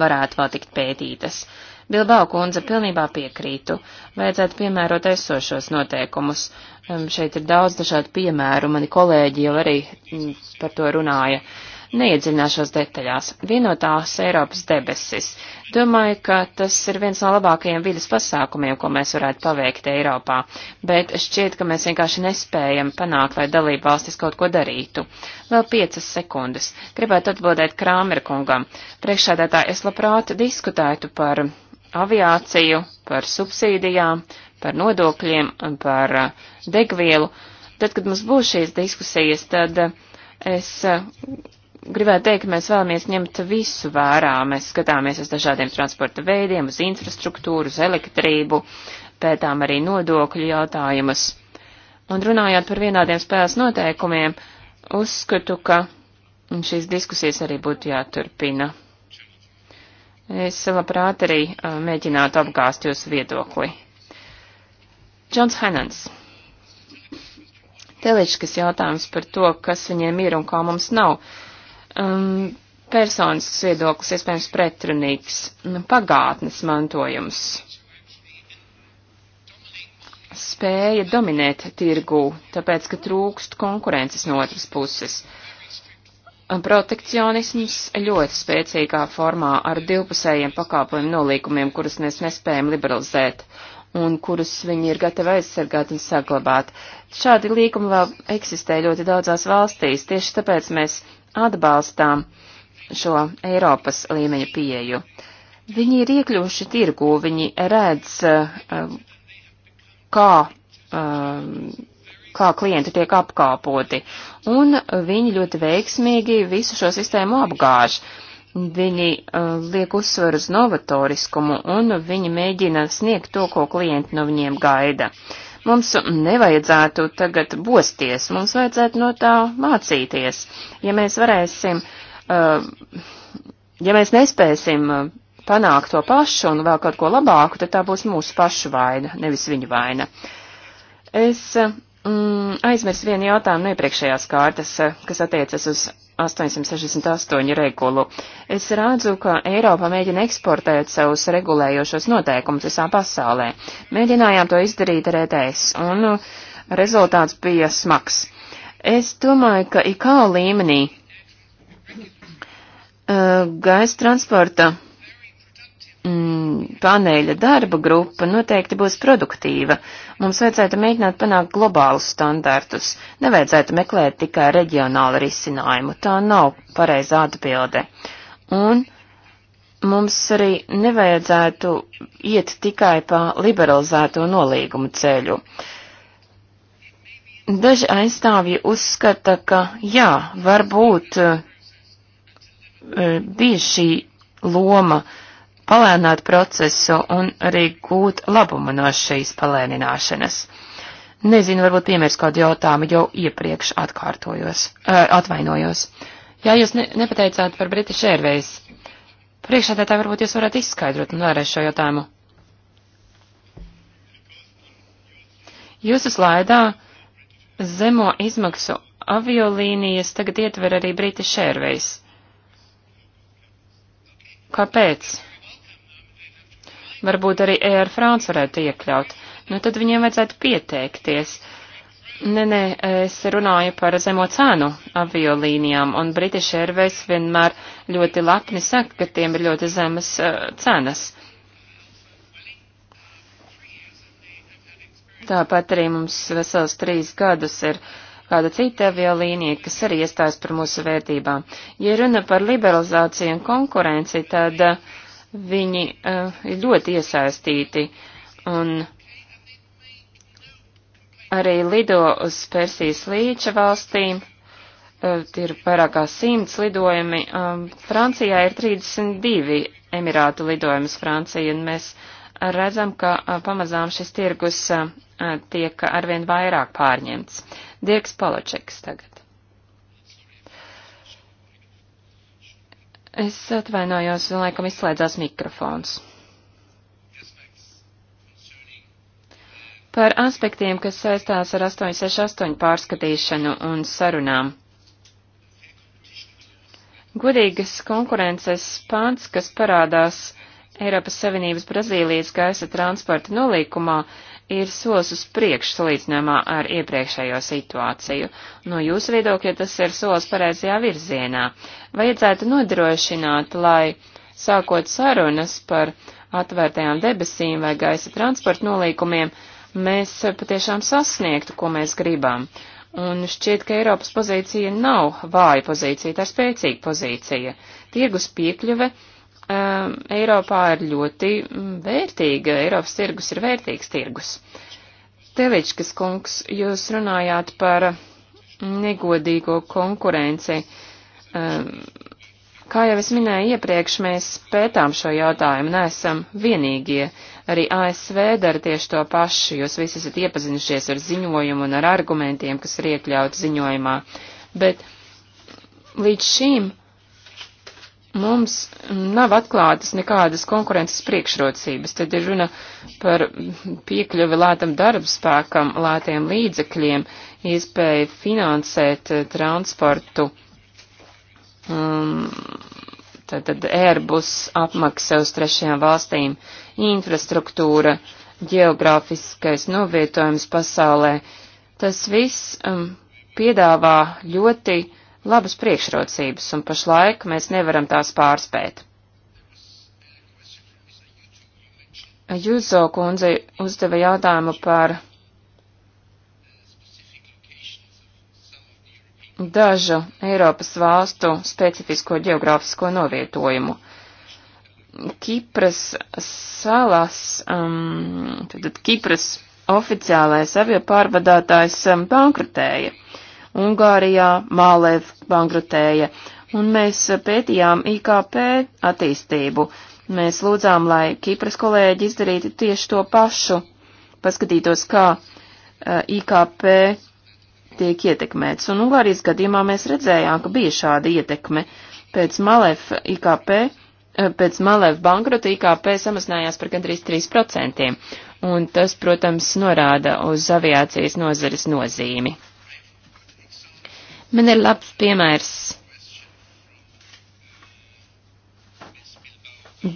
varētu vēl tikt pētītas. Bilbao kundze pilnībā piekrītu. Vajadzētu piemērot esošos noteikumus. Um, šeit ir daudz dažādu piemēru, mani kolēģi jau arī mm, par to runāja. Uh, Neiedzināšos detaļās. Vienotās Eiropas debesis. Domāju, ka tas ir viens no labākajiem vidas pasākumiem, ko mēs varētu paveikt Eiropā, bet šķiet, ka mēs vienkārši nespējam panākt, lai dalība valstis kaut ko darītu. Vēl piecas sekundes. Gribētu atbildēt Krāmerkungam. Priekšādētā es labprāt diskutētu par aviāciju, par subsīdijām, par nodokļiem, par uh, degvielu. Tad, kad mums būs šīs diskusijas, tad uh, es uh, gribētu teikt, ka mēs vēlamies ņemt visu vērā. Mēs skatāmies uz dažādiem transporta veidiem, uz infrastruktūru, uz elektrību, pētām arī nodokļu jautājumus. Un runājot par vienādiem spēles noteikumiem, uzskatu, ka šīs diskusijas arī būtu jāturpina. Es labprāt arī uh, mēģinātu apgāst jūsu viedokli. Džons Henans. Teliškas jautājums par to, kas viņiem ir un kā mums nav. Uh, um, personisks viedoklis, iespējams, pretrunīgs, nu, pagātnes mantojums, spēja dominēt tirgū, tāpēc, ka trūkst konkurences no otras puses. Protekcionisms ļoti spēcīgā formā ar divpusējiem pakāpojumu nolīkumiem, kurus mēs nespējam liberalizēt un kurus viņi ir gatavi aizsargāt un saglabāt. Šādi līkumi vēl eksistē ļoti daudzās valstīs, tieši tāpēc mēs atbalstām šo Eiropas līmeņa pieju. Viņi ir iekļuvuši tirgū, viņi redz, uh, kā, uh, kā klienti tiek apkāpoti, un viņi ļoti veiksmīgi visu šo sistēmu apgāž. Viņi uh, liek uzsveru uz novatoriskumu un viņi mēģina sniegt to, ko klienti no viņiem gaida. Uh, Mums nevajadzētu tagad bosties, mums vajadzētu no tā mācīties. Ja mēs varēsim, eh, ja mēs nespēsim eh, panākt to pašu un vēl kaut ko labāku, tad tā būs mūsu pašu vaina, nevis viņu vaina. Es mm, aizmirsu vienu jautājumu no iepriekšējās kārtas, eh, kas attiecas uz 868 regulu. Es redzu, ka Eiropa mēģina eksportēt savus regulējošos noteikumus visā pasaulē. Mēģinājām to izdarīt ar ETS, un uh, rezultāts bija smags. Es domāju, ka IKO līmenī uh, gaisa transporta mm, paneļa darba grupa noteikti būs produktīva, Mums vajadzētu mēģināt panākt globālus standartus, nevajadzētu meklēt tikai reģionālu risinājumu, tā nav pareiza atbilde. Un mums arī nevajadzētu iet tikai pa liberalizēto nolīgumu ceļu. Daži aizstāvji uzskata, ka jā, varbūt eh, bija šī loma uh, palēnināt procesu un arī gūt labumu no šīs palēnināšanas. Nezinu, varbūt piemērs kādu jautājumu jau iepriekš atkārtojos, uh, atvainojos. Jā, jūs ne, nepateicāt par British Airways. Priekšādētāji varbūt jūs varat izskaidrot un vēlreiz šo jautājumu. Jūsu slaidā zemo izmaksu aviolīnijas tagad ietver arī British Airways. Kāpēc? varbūt arī Air France varētu iekļaut. Nu, tad viņiem vajadzētu pieteikties. Nē, nē, es runāju par zemo cenu aviolīnijām, un British Airways vienmēr ļoti lepni saka, ka tiem ir ļoti zemas uh, cenas. Tāpat arī mums vesels trīs gadus ir kāda cita aviolīnija, kas arī iestājas par mūsu vērtībām. Ja runa par liberalizāciju un konkurenci, tad uh, Viņi uh, ir ļoti iesaistīti un arī lido uz Persijas līča valstīm. Uh, ir vairāk kā simts lidojumi. Um, Francijā ir 32 Emirātu lidojums Francija, un mēs redzam, ka uh, pamazām šis tirgus uh, tiek arvien vairāk pārņemts. Dirks Palačeks tagad. Es atvainojos, laikam izslēdzās mikrofons. Par aspektiem, kas saistās ar 868 pārskatīšanu un sarunām. Godīgas konkurences pants, kas parādās Eiropas Savienības Brazīlijas gaisa transporta nolīkumā, ir solis uz priekšu salīdzinājumā ar iepriekšējo situāciju. No jūsu viedokļa tas ir solis pareizajā virzienā. Vajadzētu nodrošināt, lai sākot sarunas par atvērtajām debesīm vai gaisa transporta nolīkumiem, mēs patiešām sasniegtu, ko mēs gribam. Un šķiet, ka Eiropas pozīcija nav vāja pozīcija, tā ir spēcīga pozīcija. Tirgus piekļuve um, Eiropā ir ļoti mm, vērtīga, Eiropas tirgus ir vērtīgs tirgus. Teličkas kungs, jūs runājāt par negodīgo konkurenci. Um, kā jau es minēju iepriekš, mēs pētām šo jautājumu, neesam vienīgie. Arī ASV dara tieši to pašu, jūs visi esat iepazinušies ar ziņojumu un ar argumentiem, kas ir iekļauti ziņojumā. Bet līdz šīm mums nav atklātas nekādas konkurences priekšrocības. Tad ir runa par piekļuvi lētam darbspēkam, lētiem līdzekļiem, iespēju finansēt eh, transportu, um, tad, tad Airbus apmaksa uz trešajām valstīm, infrastruktūra, geogrāfiskais novietojums pasaulē. Tas viss um, piedāvā ļoti labas priekšrocības, un pašlaik mēs nevaram tās pārspēt. Jūzo kundze uzdeva jautājumu par dažu Eiropas valstu specifisko geogrāfisko novietojumu. Kipras salas, um, tad Kipras oficiālais avio pārvadātājs um, bankrutēja. Ungārijā Mālev bankrutēja, un mēs pētījām IKP attīstību. Mēs lūdzām, lai Kipras kolēģi izdarītu tieši to pašu, paskatītos, kā IKP tiek ietekmēts. Un Ungārijas gadījumā mēs redzējām, ka bija šāda ietekme. Pēc Malev IKP, pēc Malev bankrota IKP samazinājās par gandrīz 3%. Un tas, protams, norāda uz aviācijas nozares nozīmi. Man ir labs piemērs.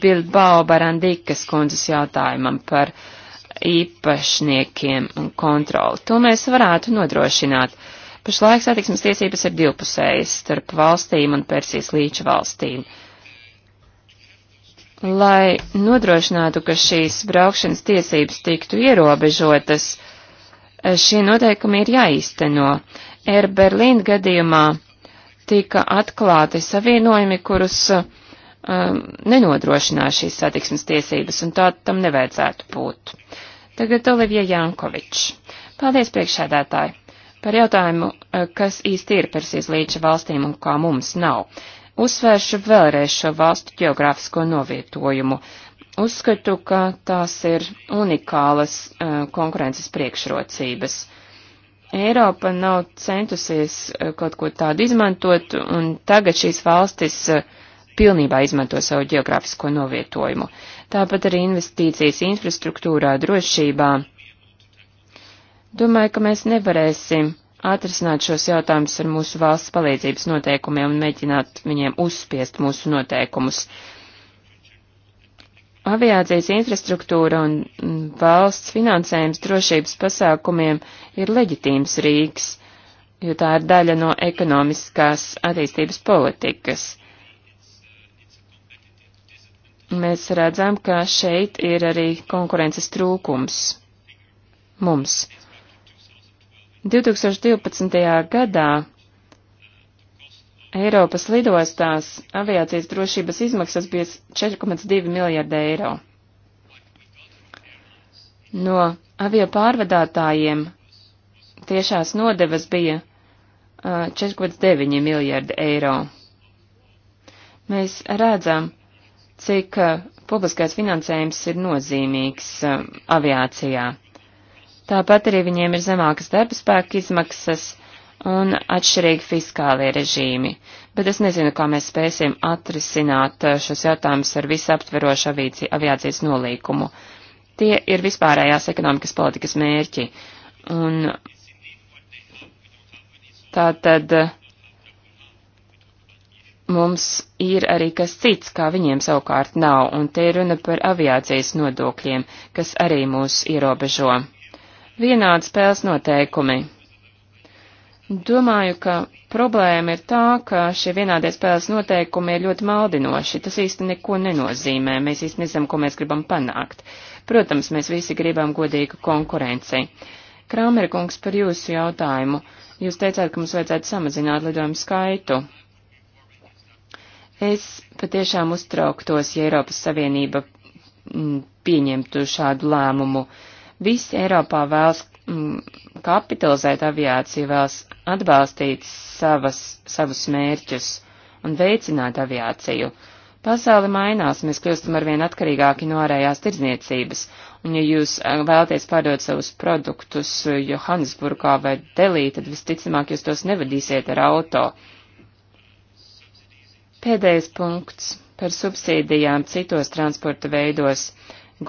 Bilbao Barandikas kundzes jautājumam par īpašniekiem un kontroli. To mēs varētu nodrošināt. Pašlaik satiksmes tiesības ir divpusējas starp valstīm un Persijas līča valstīm. Lai nodrošinātu, ka šīs braukšanas tiesības tiktu ierobežotas, šie noteikumi ir jāīsteno. Air Berlīna gadījumā tika atklāti savienojumi, kurus um, nenodrošināja šīs satiksmes tiesības, un tā tam nevajadzētu būt. Tagad Olivija Jankovičs. Paldies priekšsēdētāji par jautājumu, eh, kas īsti ir Persijas līča valstīm un kā mums nav. Uzsvēršu vēlreiz šo valstu geogrāfisko novietojumu. Uh, Uzskatu, ka tās ir unikālas uh, konkurences priekšrocības. Eiropa nav centusies eh, kaut ko tādu izmantot, un tagad šīs valstis eh, pilnībā izmanto savu geogrāfisko novietojumu. Tāpat arī investīcijas infrastruktūrā, drošībā. Domāju, ka mēs nevarēsim atrisināt šos jautājumus ar mūsu valsts palīdzības noteikumiem un mēģināt viņiem uzspiest mūsu noteikumus. Uh, aviācijas infrastruktūra un mm, valsts finansējums drošības pasākumiem ir leģitīms rīks, jo tā ir daļa no ekonomiskās attīstības politikas. Mēs redzam, ka šeit ir arī konkurences trūkums mums. 2012. gadā Eiropas lidostās aviācijas drošības izmaksas bija 4,2 miljārda eiro. No avio pārvadātājiem tiešās nodevas bija 4,9 miljārda eiro. Mēs redzam, cik publiskais finansējums ir nozīmīgs aviācijā. Tāpat arī viņiem ir zemākas darba spēka izmaksas un atšķirīgi fiskālie režīmi, bet es nezinu, kā mēs spēsim atrisināt uh, šos jautājumus ar visaptverošu avīci, aviācijas nolīkumu. Tie ir vispārējās ekonomikas politikas mērķi, un tā tad uh, mums ir arī kas cits, kā viņiem savukārt nav, un te ir runa par aviācijas nodokļiem, kas arī mūs ierobežo. Vienādi spēles noteikumi Domāju, ka problēma ir tā, ka šie vienādie spēles noteikumi ir ļoti maldinoši. Tas īsti neko nenozīmē. Mēs īsti nezinām, ko mēs gribam panākt. Protams, mēs visi gribam godīgu konkurenci. Krāmerkungs par jūsu jautājumu. Jūs teicāt, ka mums vajadzētu samazināt lidojumu skaitu. Es patiešām uztrauktos, ja Eiropas Savienība mm, pieņemtu šādu lēmumu. Visi Eiropā vēlas mm, kapitalizēt aviāciju, vēlas atbalstīt savas, savus mērķus un veicināt aviāciju. Pasaule mainās, mēs kļūstam arvien atkarīgāki no ārējās tirdzniecības, un ja jūs vēlaties pārdot savus produktus Johannesburgā vai Delī, tad visticamāk jūs tos nevadīsiet ar auto. Pēdējais punkts par subsīdijām citos transporta veidos,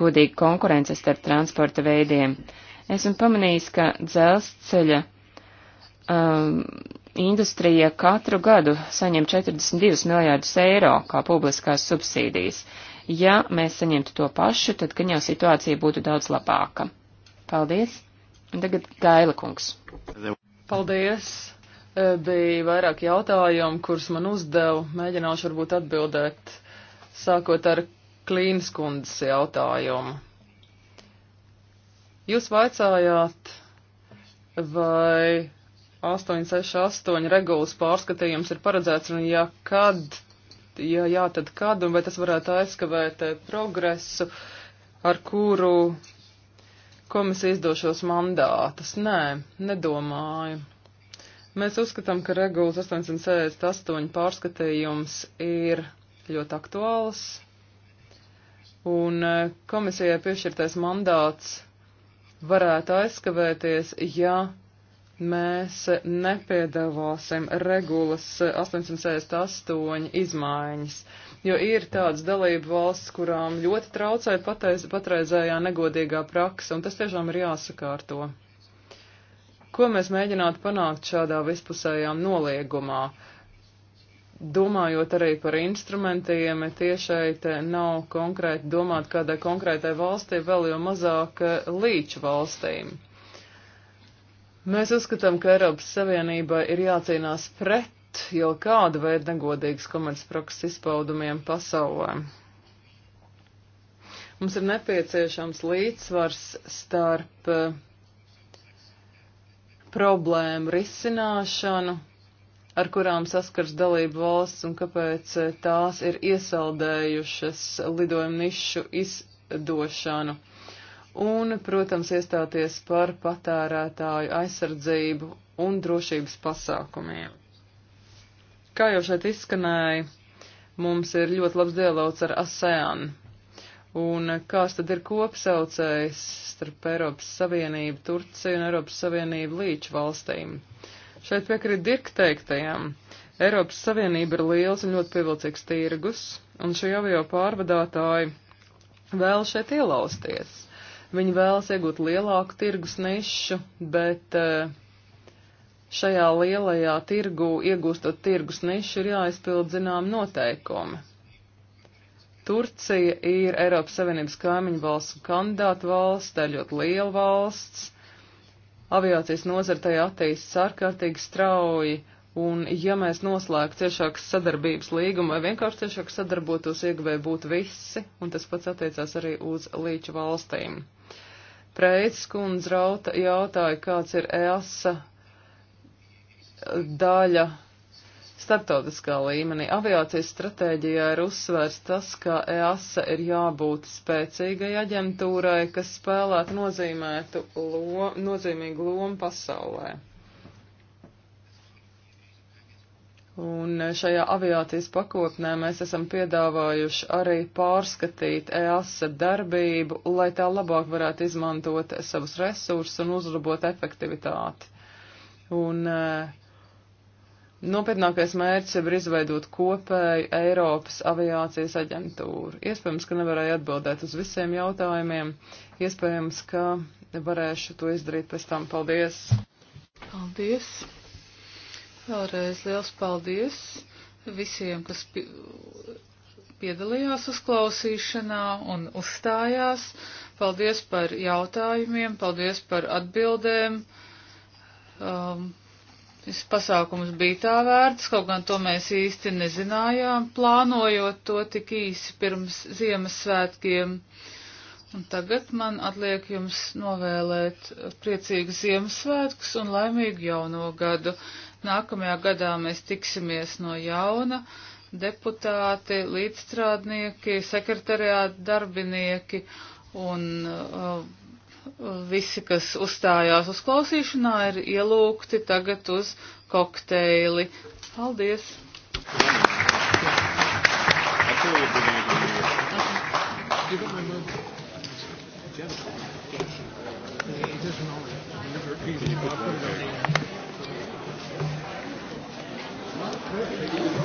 godīga konkurence starp transporta veidiem. Uh, Esmu pamanījis, ka dzelzceļa um, industrija katru gadu saņem 42 miljārdus eiro kā publiskās subsīdijas. Ja mēs saņemtu to pašu, tad gan jau situācija būtu daudz labāka. Paldies! Un tagad Gaila kungs. Paldies! E, bija vairāk jautājumu, kurus man uzdev. Mēģināšu varbūt atbildēt, sākot ar Klīnas kundas jautājumu. Jūs vaicājāt, vai 868 regulas pārskatījums ir paredzēts, un ja kad, ja jā, tad kad, un vai tas varētu aizskavēt eh, progresu, ar kuru komisija izdošos mandātus? Nē, nedomāju. Mēs uzskatām, ka regulas 868 pārskatījums ir ļoti aktuāls, un eh, komisijai piešķirtais mandāts varētu aizskavēties, ja mēs nepiedāvāsim regulas 868 izmaiņas, jo ir tādas dalību valsts, kurām ļoti traucē patreiz, patreizējā negodīgā praksa, un tas tiešām ir jāsakārto. Ko mēs mēģinātu panākt šādā vispusējām noliegumā? domājot arī par instrumentiem, tie šeit nav konkrēti domāt kādai konkrētai valstī, vēl jau mazāk eh, līču valstīm. Mēs uzskatām, ka Eiropas Savienībai ir jācīnās pret jau kāda veida negodīgas komercprakses izpaudumiem pasaulē. Mums ir nepieciešams līdzsvars starp eh, problēmu risināšanu ar kurām saskars dalību valsts un kāpēc eh, tās ir iesaldējušas lidojumu nišu izdošanu. Un, protams, iestāties par patērētāju aizsardzību un drošības pasākumiem. Kā jau šeit izskanēja, mums ir ļoti labs dialogs ar ASEAN. Un eh, kāds tad ir kopsaucējs starp Eiropas Savienību, Turciju un Eiropas Savienību līču valstīm? Šeit piekrīt Dirk teiktajam. Eiropas Savienība ir liels un ļoti pievilcīgs tirgus, un šie avio pārvadātāji vēl šeit ielausties. Viņi vēlas iegūt lielāku tirgus nišu, bet eh, šajā lielajā tirgu iegūstot tirgus nišu ir jāizpild zinām noteikumi. Turcija ir Eiropas Savienības kaimiņu valsts un kandidātu valsts, tā ir ļoti liela valsts, aviācijas nozara tajā attīstās ārkārtīgi strauji, un ja mēs noslēgtu ciešākas sadarbības līgumu vai vienkārši ciešāk sadarbotos, ieguvēji būtu visi, un tas pats attiecās arī uz līču valstīm. Preicis kundze jautāja, kāds ir EASA daļa starptautiskā līmenī. Aviācijas stratēģijā ir uzsvērts tas, ka EASA ir jābūt spēcīgai aģentūrai, kas spēlētu nozīmētu lo, nozīmīgu lomu pasaulē. Un šajā aviācijas pakotnē mēs esam piedāvājuši arī pārskatīt EASA darbību, lai tā labāk varētu izmantot savus resursus un uzlabot efektivitāti. Un uh, Nopietnākais mērķis jau ir izveidot kopēju Eiropas aviācijas aģentūru. Iespējams, ka nevarēju atbildēt uz visiem jautājumiem. Iespējams, ka varēšu to izdarīt pēc tam. Paldies! Paldies! Vēlreiz liels paldies visiem, kas piedalījās uzklausīšanā un uzstājās. Paldies par jautājumiem, paldies par atbildēm. Um, Šis pasākums bija tā vērts, kaut gan to mēs īsti nezinājām, plānojot to tik īsi pirms Ziemassvētkiem. Un tagad man atliek jums novēlēt priecīgu Ziemassvētkus un laimīgu jauno gadu. Nākamajā gadā mēs tiksimies no jauna deputāti, līdzstrādnieki, sekretariāti, darbinieki un uh, visi, kas uzstājās uz klausīšanā, ir ielūgti tagad uz kokteili. Paldies! Thank you.